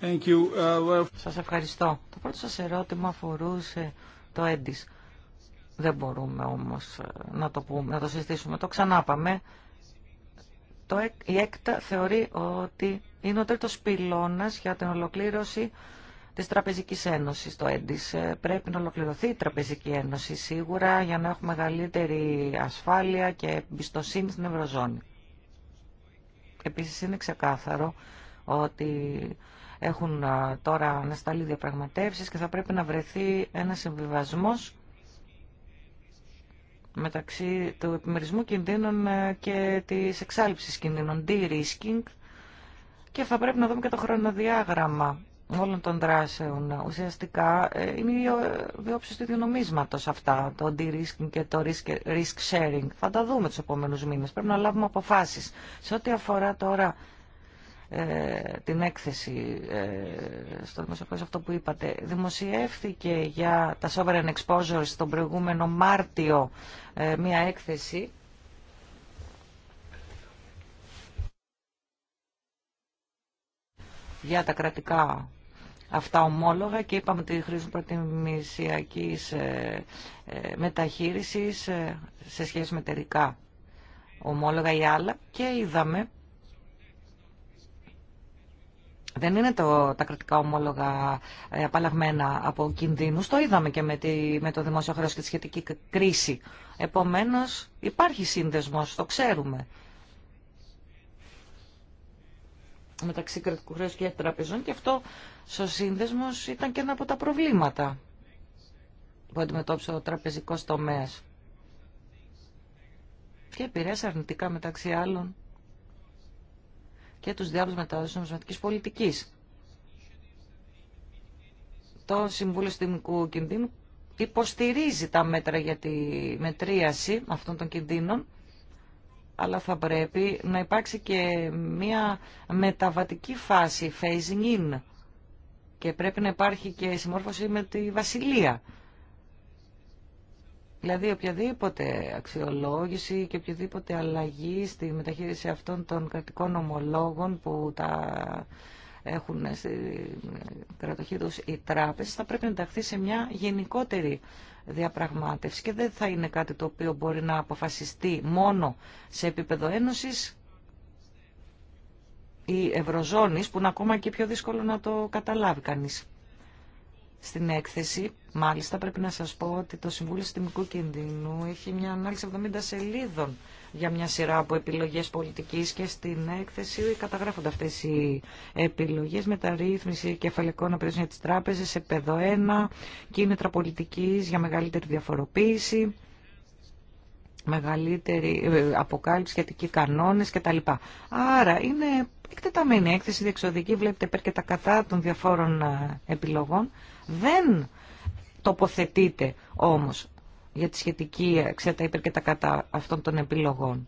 Thank uh, Σας ευχαριστώ. Το πρώτο σας ερώτημα αφορούσε το έντις. Δεν μπορούμε όμως ε, να το, πούμε, να το συζητήσουμε. Το ξανάπαμε. Το, η ΕΚΤΑ θεωρεί ότι είναι ο τρίτος πυλώνας για την ολοκλήρωση της Τραπεζικής Ένωσης, το ΕΝΤΙΣ. Ε, πρέπει να ολοκληρωθεί η Τραπεζική Ένωση σίγουρα για να έχουμε μεγαλύτερη ασφάλεια και εμπιστοσύνη στην Ευρωζώνη. Επίσης είναι ξεκάθαρο ότι έχουν τώρα ανασταλεί διαπραγματεύσεις και θα πρέπει να βρεθεί ένα συμβιβασμός μεταξύ του επιμερισμού κινδύνων ε, και της εξάλληψης κινδύνων, de-risking, και θα πρέπει να δούμε και το χρονοδιάγραμμα όλων των δράσεων. Ουσιαστικά ε, είναι οι διόψεις ε, του νομίσματος αυτά, το de-risking και το risk sharing. Θα τα δούμε τους επόμενους μήνες. Πρέπει να λάβουμε αποφάσεις. Σε ό,τι αφορά τώρα ε, την έκθεση ε, στο δημοσιογράφο αυτό που είπατε. Δημοσιεύθηκε για τα sovereign exposures τον προηγούμενο Μάρτιο ε, μία έκθεση για τα κρατικά αυτά ομόλογα και είπαμε ότι χρήζουν προτιμησιακής μεταχείρισης σε σχέση με τερικά ομόλογα ή άλλα και είδαμε δεν είναι το, τα κρατικά ομόλογα ε, απαλλαγμένα από κινδύνους. Το είδαμε και με, το δημόσιο χρέος και τη σχετική κρίση. Επομένως υπάρχει σύνδεσμος, το ξέρουμε. Μεταξύ κρατικού χρέους και τραπεζών και αυτό στο σύνδεσμος ήταν και ένα από τα προβλήματα που αντιμετώπισε ο τραπεζικός τομέας. Και επηρέασε αρνητικά μεταξύ άλλων και τους διάβλους μεταδόσεις νομισματικής πολιτικής. Το Συμβούλιο Συντημικού Κινδύνου υποστηρίζει τα μέτρα για τη μετρίαση αυτών των κινδύνων, αλλά θα πρέπει να υπάρξει και μια μεταβατική φάση, phasing in, και πρέπει να υπάρχει και συμμόρφωση με τη Βασιλεία Δηλαδή οποιαδήποτε αξιολόγηση και οποιαδήποτε αλλαγή στη μεταχείριση αυτών των κρατικών ομολόγων που τα έχουν στη κρατοχή τους οι τράπεζες θα πρέπει να ενταχθεί σε μια γενικότερη διαπραγμάτευση και δεν θα είναι κάτι το οποίο μπορεί να αποφασιστεί μόνο σε επίπεδο ένωσης ή ευρωζώνης που είναι ακόμα και πιο δύσκολο να το καταλάβει κανείς στην έκθεση. Μάλιστα πρέπει να σας πω ότι το Συμβούλιο Συντημικού Κινδύνου έχει μια ανάλυση 70 σελίδων για μια σειρά από επιλογές πολιτικής και στην έκθεση καταγράφονται αυτές οι επιλογές μεταρρύθμιση κεφαλικών απαιτήσεων για τις τράπεζες σε 1, κίνητρα πολιτικής για μεγαλύτερη διαφοροποίηση, μεγαλύτερη ε, αποκάλυψη, σχετικοί κανόνες κτλ. Άρα είναι εκτεταμένη έκθεση διεξοδική, βλέπετε υπέρ και τα κατά των διαφόρων ε, επιλογών δεν τοποθετείται όμως για τη σχετική τα υπέρ και τα κατά αυτών των επιλογών.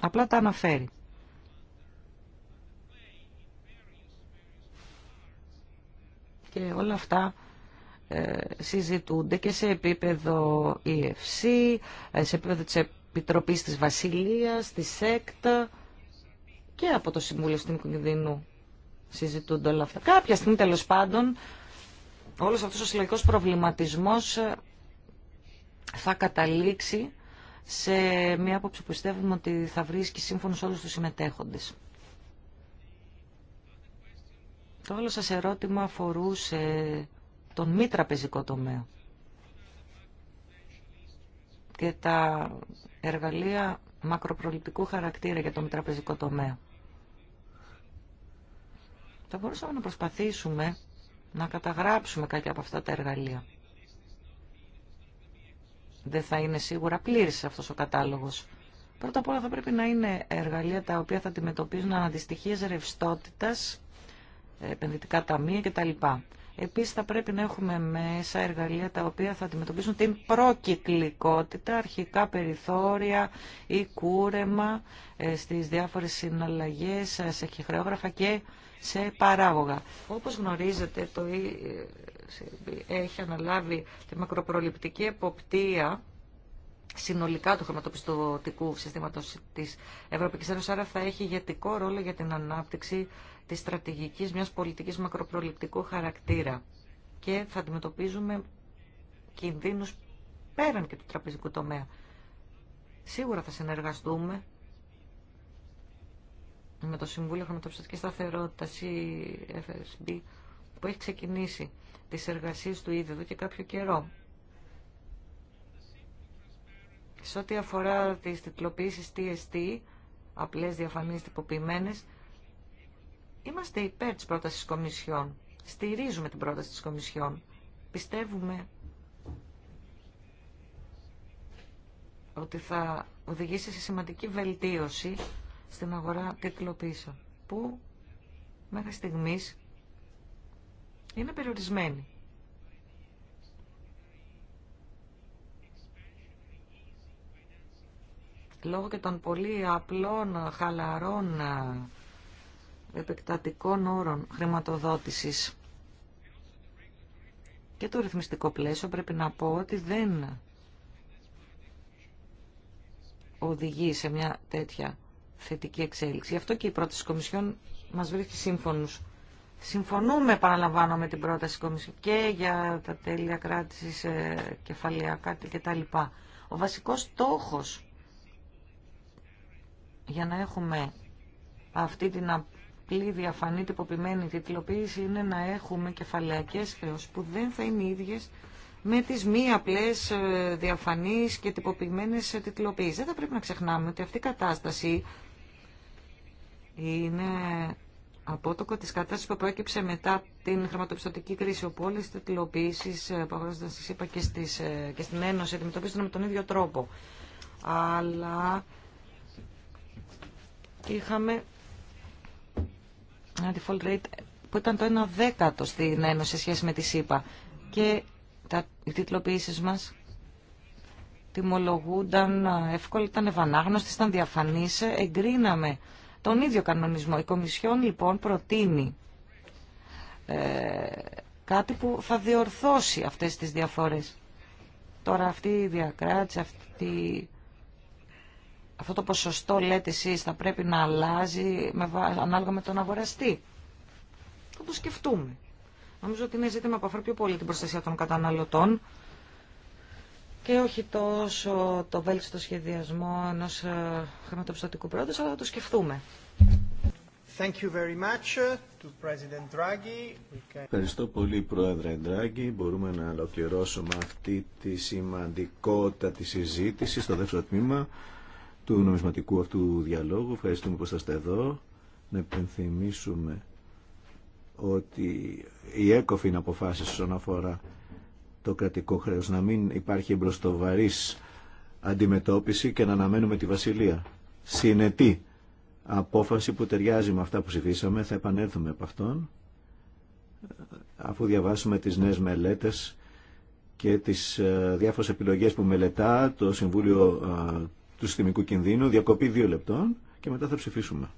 Απλά τα αναφέρει. Και όλα αυτά ε, συζητούνται και σε επίπεδο EFC, ε, σε επίπεδο της Επιτροπής της Βασιλείας, της ΕΚΤΑ και από το Συμβούλιο στην Κινδυνού συζητούνται όλα αυτά. Κάποια στιγμή τέλος πάντων όλος αυτός ο συλλογικός προβληματισμός ε, θα καταλήξει σε μια άποψη που πιστεύουμε ότι θα βρίσκει σύμφωνο σε όλους τους συμμετέχοντες. Το άλλο σας ερώτημα αφορούσε τον μη τραπεζικό τομέα και τα εργαλεία μακροπροληπτικού χαρακτήρα για τον μη τραπεζικό τομέα. Θα μπορούσαμε να προσπαθήσουμε να καταγράψουμε κάποια από αυτά τα εργαλεία. Δεν θα είναι σίγουρα πλήρης αυτός ο κατάλογος. Πρώτα απ' όλα θα πρέπει να είναι εργαλεία τα οποία θα αντιμετωπίζουν αντιστοιχίες ρευστότητα, επενδυτικά ταμεία κτλ. Επίσης θα πρέπει να έχουμε μέσα εργαλεία τα οποία θα αντιμετωπίζουν την προκυκλικότητα, αρχικά περιθώρια ή κούρεμα ε, στις διάφορες συναλλαγές, ε, σε χρεόγραφα και σε παράγωγα. Όπως γνωρίζετε, το έχει αναλάβει τη μακροπροληπτική εποπτεία συνολικά του χρηματοπιστωτικού συστήματος της Ευρωπαϊκής Ένωσης, άρα θα έχει ηγετικό ρόλο για την ανάπτυξη της στρατηγικής μιας πολιτικής μακροπροληπτικού χαρακτήρα και θα αντιμετωπίζουμε κινδύνους πέραν και του τραπεζικού τομέα. Σίγουρα θα συνεργαστούμε με το Συμβούλιο Χρηματοπιστωτική Σταθερότητα ή FSB που έχει ξεκινήσει τις εργασίες του ήδη εδώ και κάποιο καιρό. Σε ό,τι αφορά τις τυπλοποιήσεις TST, απλές διαφανείς τυποποιημένες, είμαστε υπέρ της πρότασης Κομισιόν. Στηρίζουμε την πρόταση της Κομισιόν. Πιστεύουμε ότι θα οδηγήσει σε σημαντική βελτίωση στην αγορά πίσω, που μέχρι στιγμής είναι περιορισμένη. Λόγω και των πολύ απλών, χαλαρών, επεκτατικών όρων χρηματοδότησης και το ρυθμιστικό πλαίσιο πρέπει να πω ότι δεν οδηγεί σε μια τέτοια θετική εξέλιξη. Γι' αυτό και η πρόταση Κομισιόν μας βρίσκει σύμφωνους. Συμφωνούμε, παραλαμβάνω, με την πρόταση Κομισιόν και για τα τέλεια κράτησης κεφαλαιακά κτλ. Ο βασικός στόχος για να έχουμε αυτή την απλή διαφανή τυποποιημένη τιτλοποίηση είναι να έχουμε κεφαλαιακές χρεώσεις που δεν θα είναι ίδιες με τις μη απλές ε, διαφανείς και τυποποιημένες ε, τιτλοποίησεις. Δεν θα πρέπει να ξεχνάμε ότι αυτή η κατάσταση είναι απότοκο της κατάστασης που προέκυψε μετά την χρηματοπιστωτική κρίση, όπου όλες τις τετλοποιήσεις ε, που αγοράζονταν σας ΣΥΠΑ και, στις, ε, και στην Ένωση αντιμετωπίστηκαν με τον ίδιο τρόπο. Αλλά είχαμε ένα default rate που ήταν το 1 δέκατο στην Ένωση σε σχέση με τη ΣΥΠΑ. Και τα, οι τίτλοποιήσεις μας τιμολογούνταν ε, εύκολα, ήταν ευανάγνωστες, ήταν διαφανείς, εγκρίναμε τον ίδιο κανονισμό. Η Κομισιόν λοιπόν προτείνει ε, κάτι που θα διορθώσει αυτές τις διαφορές. Τώρα αυτή η διακράτηση, αυτή, αυτό το ποσοστό λέτε εσείς θα πρέπει να αλλάζει με, ανάλογα με τον αγοραστή. Θα το σκεφτούμε. Νομίζω ότι είναι ζήτημα που αφορά πιο πολύ την προστασία των καταναλωτών και όχι τόσο το βέλτιστο σχεδιασμό ενό ε, χρηματοπιστωτικού πρότυπου, αλλά το σκεφτούμε. Thank you very much uh, to President Draghi. Ευχαριστώ πολύ Πρόεδρε Ντράγκη. Μπορούμε να ολοκληρώσουμε αυτή τη σημαντικότητα τη συζήτηση στο δεύτερο τμήμα του νομισματικού αυτού διαλόγου. Ευχαριστούμε που είστε εδώ. Να υπενθυμίσουμε ότι η είναι αποφάσισε όσον αφορά το κρατικό χρέος, να μην υπάρχει εμπροστοβαρής αντιμετώπιση και να αναμένουμε τη Βασιλεία. Συνετή απόφαση που ταιριάζει με αυτά που ψηφίσαμε, θα επανέλθουμε από αυτόν, αφού διαβάσουμε τις νέες μελέτες και τις ε, διάφορες επιλογές που μελετά το Συμβούλιο ε, του Συστημικού Κινδύνου, διακοπή δύο λεπτών και μετά θα ψηφίσουμε.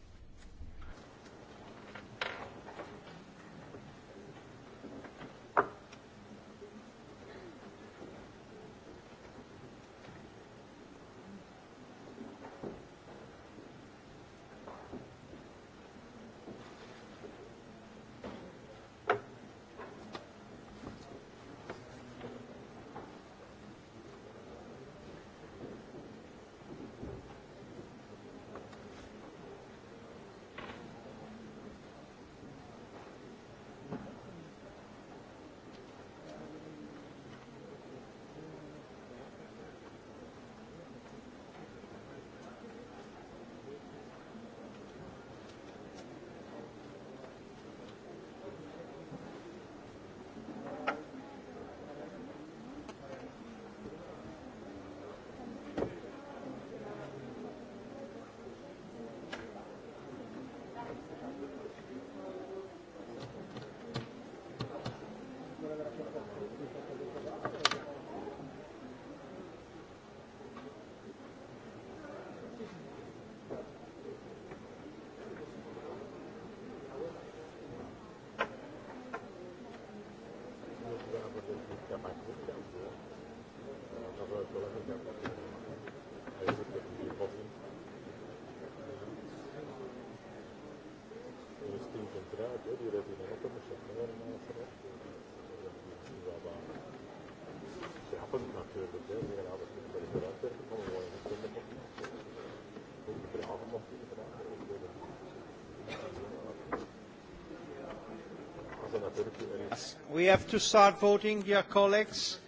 We have to start voting, dear colleagues.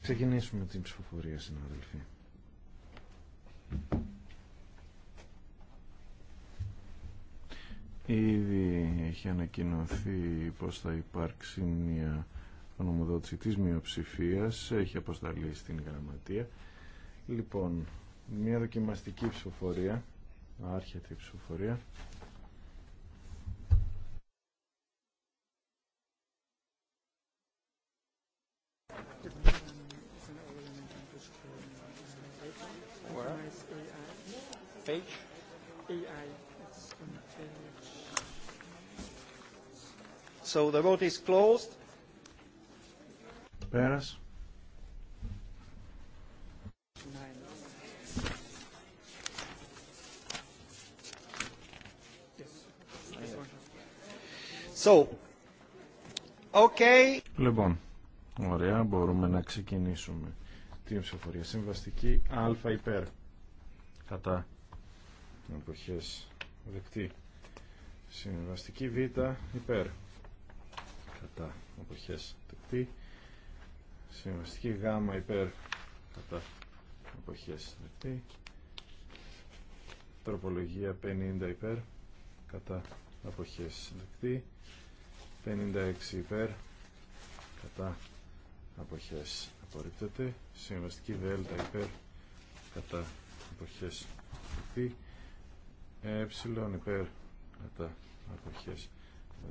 Ξεκινήσουμε την ψηφοφορία, συναδελφοί. Ήδη έχει ανακοινωθεί πως θα υπάρξει μια ονομοδότηση τη μειοψηφία. Έχει αποσταλεί στην γραμματεία. Λοιπόν, μια δοκιμαστική ψηφοφορία. Άρχεται ψηφοφορία. Λοιπόν, ωραία, μπορούμε να ξεκινήσουμε την ψηφοφορία. Συμβαστική α υπέρ. Κατά εποχές δεκτή. Συμβαστική β υπέρ κατά εποχές δεκτή συμβαστική γάμα υπέρ κατά αποχες δεκτή τροπολογία 50 υπέρ κατά αποχές δεκτή 56 υπέρ κατά αποχές απορρίπτεται συμβαστική δέλτα υπέρ κατά αποχές δεκτή ε υπέρ κατά αποχές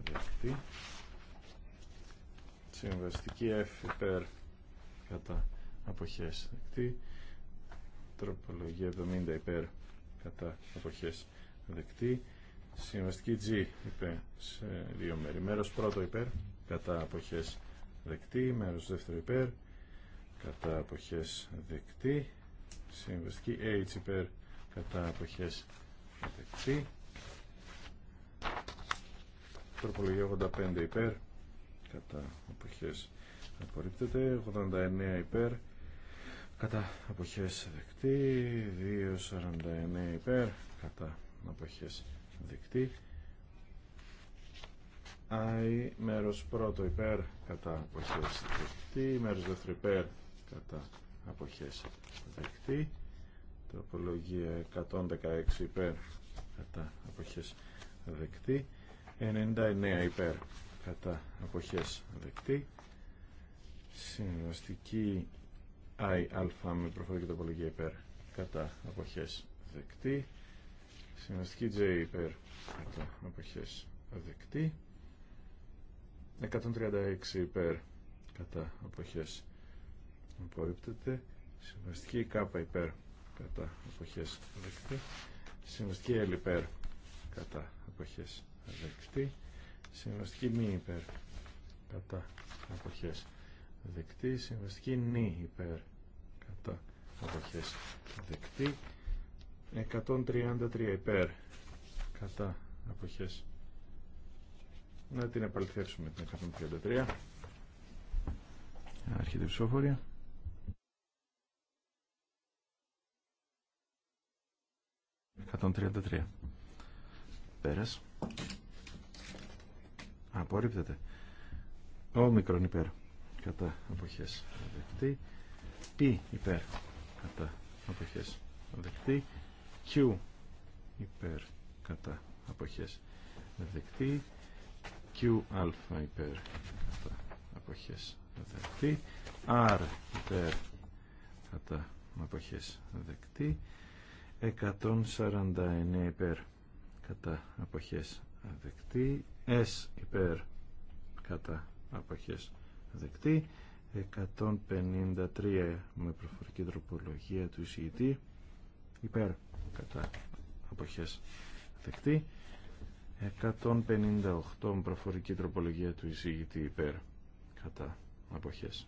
δεκτή Συμβαστική F υπέρ κατά αποχές δεκτή. Τροπολογία 70 υπέρ κατά αποχές δεκτή. Συμβαστική G υπέρ σε δύο μέρη. Μέρος πρώτο υπέρ κατά αποχές δεκτή. Μέρος δεύτερο υπέρ κατά αποχές δεκτή. Συμβαστική H υπέρ κατά αποχές δεκτή. Τροπολογία 85 υπέρ κατά αποχές απορρίπτεται 89 υπέρ κατά αποχές δεκτή 2.49 υπέρ κατά αποχές δεκτή Άι, μέρος πρώτο υπέρ κατά αποχές δεκτή μέρος δεύτερο υπέρ κατά αποχές δεκτή τροπολογία 116 υπέρ κατά αποχές δεκτή 99 υπέρ κατά αποχές δεκτή συμβαστική αι α με προφορική τοπολογία υπέρ κατά αποχές δεκτή συμβαστική J υπέρ κατά αποχές δεκτή 136 υπέρ κατά αποχές απορρίπτεται συμβαστική K υπέρ κατά αποχές δεκτή συμβαστική L υπέρ κατά αποχές δεκτή Συμβαστική μη υπέρ. Κατά αποχές δεκτή. Συμβαστική νη υπέρ. Κατά αποχές δεκτή. 133 υπέρ. Κατά αποχές. Να την επαληθεύσουμε την 133. Άρχεται η 133. Πέρας απορρίπτεται ο μικρόν υπέρ κατά αποχές δεκτή π υπέρ κατά αποχές δεκτή Q υπέρ κατά αποχές δεκτή Q α υπέρ κατά αποχές δεκτή R υπέρ κατά αποχές δεκτή 149 υπέρ κατά αποχές δεκτή S υπέρ κατά αποχές δεκτή 153 με προφορική τροπολογία του εισηγητή υπέρ κατά αποχές δεκτή 158 με προφορική τροπολογία του εισηγητή υπέρ κατά αποχές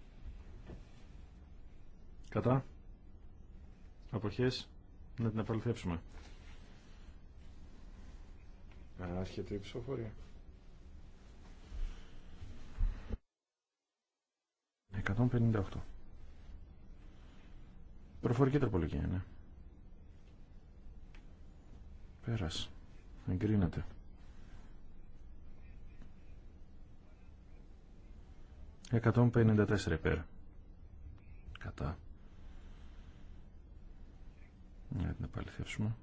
κατά αποχές να την απαλληθεύσουμε. Άρχεται η ψηφοφορία. 158. Προφορική τροπολογία, ναι. Πέρας. Εγκρίνεται. Εκατόν πενήντα Κατά. Να την επαληθεύσουμε.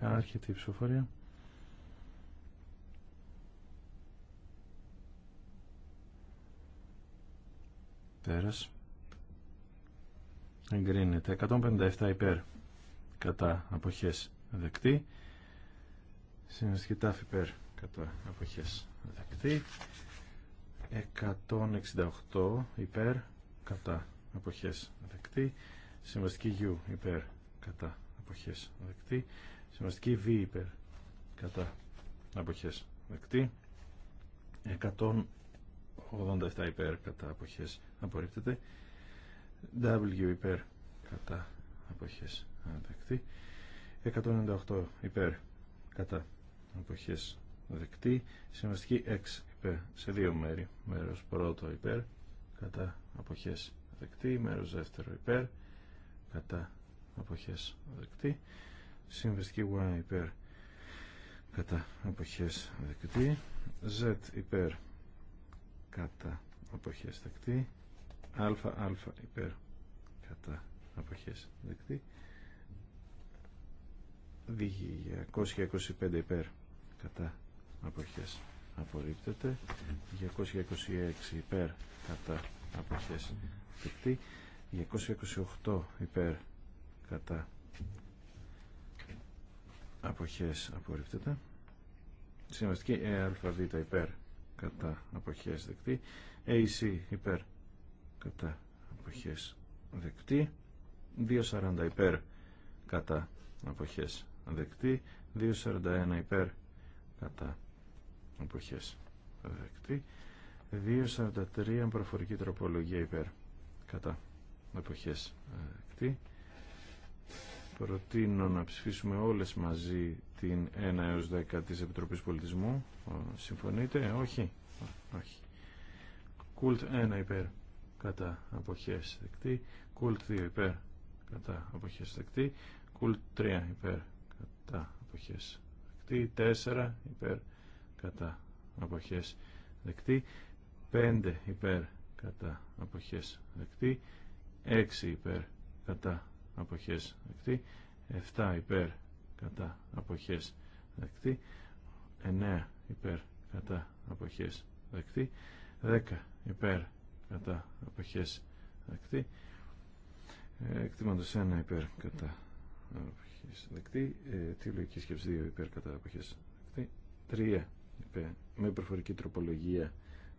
Άρχεται η ψηφοφορία. Πέρας. Εγκρίνεται. 157 υπέρ. Κατά αποχές δεκτή. Συναστική τάφ υπέρ. Κατά αποχές δεκτή. 168 υπέρ. Κατά αποχές δεκτή. Συμβαστική U υπέρ. Κατά αποχές δεκτή. Συμβαστική V υπέρ. Κατά αποχές δεκτή. 187 υπέρ κατά αποχές απορρίπτεται W υπέρ κατά αποχές δεκτή 198 υπέρ κατά αποχές δεκτή συμβαστική X υπέρ σε δύο μέρη μέρος πρώτο υπέρ κατά αποχές δεκτή μέρος δεύτερο υπέρ κατά αποχές δεκτή συμβαστική Y υπέρ κατά αποχές δεκτή Z υπέρ κατά αποχές δεκτή αλφα αλφα υπέρ κατά αποχές δεκτή 225 υπέρ κατά αποχές απορρίπτεται 226 υπέρ κατά αποχές δεκτή 228 υπέρ κατά αποχές απορρίπτεται συμβαστική ΕΑΒ υπέρ κατά αποχές δεκτή AC ε, υπέρ κατά αποχές δεκτή 2.40 υπέρ κατά αποχές δεκτή 2.41 υπέρ κατά αποχές δεκτή 2.43 προφορική τροπολογία υπέρ κατά αποχές δεκτή προτείνω να ψηφίσουμε όλες μαζί την 1 έως 10 της Επιτροπής Πολιτισμού συμφωνείτε όχι όχι κουλτ 1 υπέρ κατά αποχές δεκτή κουλτ 2 υπέρ κατά αποχές δεκτή κουλτ 3 υπέρ κατά αποχές δεκτή 4 υπέρ κατά αποχές δεκτή 5 υπέρ κατά αποχές δεκτή 6 υπέρ κατά αποχές δεκτή 7 υπέρ κατά αποχές δεκτή 9 υπέρ κατά αποχές δεκτή 10 υπέρ κατά αποχές δεκτή 1 ε, υπέρ κατά αποχές δεκτή ε, τη λογική σκέψη 2 υπέρ κατά αποχές δεκτή 3 υπέρ με προφορική τροπολογία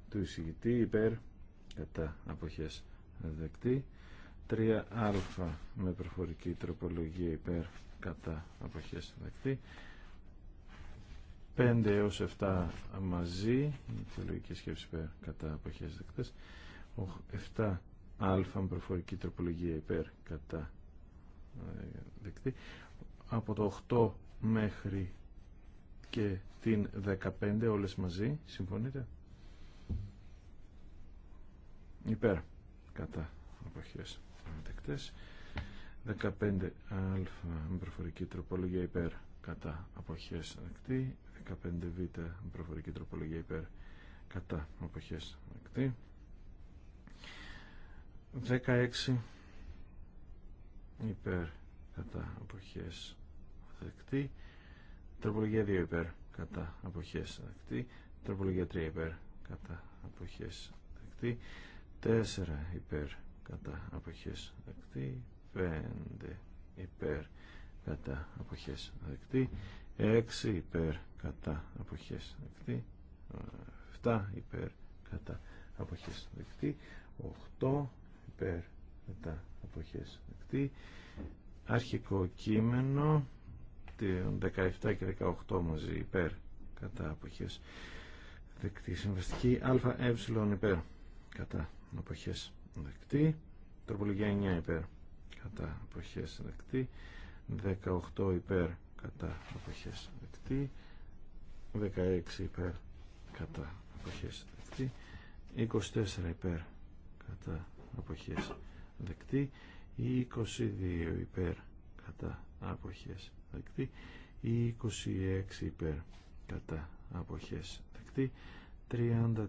του εισηγητή υπέρ κατά αποχές δεκτή 3α με προφορική τροπολογία υπέρ κατά αποχές δεκτή 5 έως 7 μαζί τη λογική σκέψη κατά αποχές δεκτές 7α προφορική τροπολογία υπέρ κατά ε, δεκτή από το 8 μέχρι και την 15 όλες μαζί συμφωνείτε υπέρ κατά αποχές δεκτές 15α με προφορική τροπολογία υπέρ κατά αποχές δεκτή 15β με προφορική τροπολογία υπέρ κατά αποχές δεκτή 16 υπέρ κατά αποχές δεκτή τροπολογία 2 υπέρ κατά αποχές δεκτή τροπολογία 3 υπέρ κατά αποχές δεκτή 4 υπέρ κατά αποχές δεκτή 5 υπέρ κατά αποχές δεκτή 6 υπέρ κατά αποχές δεκτή 7 υπέρ κατά αποχές δεκτή 8 υπέρ κατά αποχές δεκτή αρχικό κείμενο 17 και 18 μαζί υπέρ κατά αποχές δεκτή συμβαστική αε υπέρ κατά αποχές δεκτή τροπολογία 9 υπέρ κατά αποχές δεκτή 18 υπέρ κατά αποχές δεκτή 16 υπέρ κατά αποχές δεκτή 24 υπέρ κατά αποχές δεκτή η 22 υπέρ κατά αποχές δεκτή η 26 υπέρ κατά αποχές δεκτή 34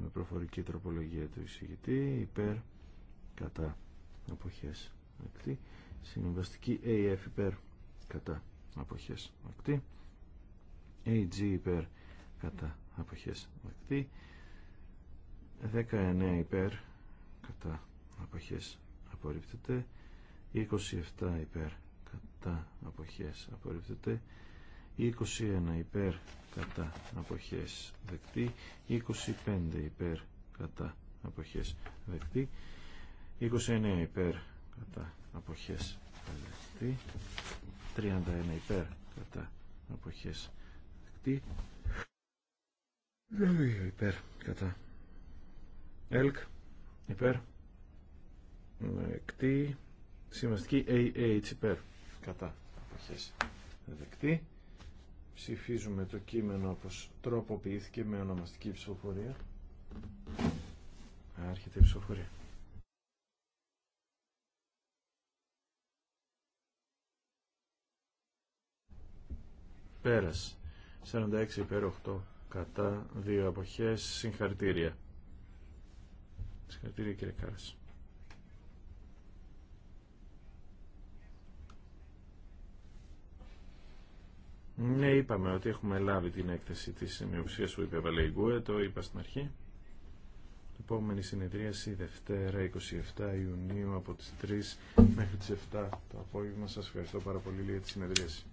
με προφορική τροπολογία του εισηγητή υπέρ κατά αποχές δεκτή συμβαστική AF υπέρ κατά αποχές δεκτή AG υπέρ κατά αποχές δεκτή 19 υπέρ κατά αποχές απορρίπτεται 27 υπέρ κατά αποχές απορρίπτεται 21 υπέρ κατά αποχές δεκτή 25 υπέρ κατά αποχές δεκτή 29 υπέρ κατά αποχές δεκτή 31 υπέρ κατά αποχές δεκτή 2 υπέρ κατά ΕΛΚ υπέρ δεκτή συμβαστική AH υπέρ κατά αποχές δεκτή ψηφίζουμε το κείμενο όπως τροποποιήθηκε με ονομαστική ψηφοφορία άρχεται η ψηφοφορία πέρας 46 υπέρ 8 κατά Δύο αποχές συγχαρητήρια Συγχαρητήρια κύριε Κάρας. Ναι, είπαμε ότι έχουμε λάβει την έκθεση της μειοψίας που είπε Βαλεϊγκούε, το είπα στην αρχή. Επόμενη συνεδρίαση Δευτέρα 27 Ιουνίου από τις 3 μέχρι τις 7 το απόγευμα. Σας ευχαριστώ πάρα πολύ για τη συνεδρίαση.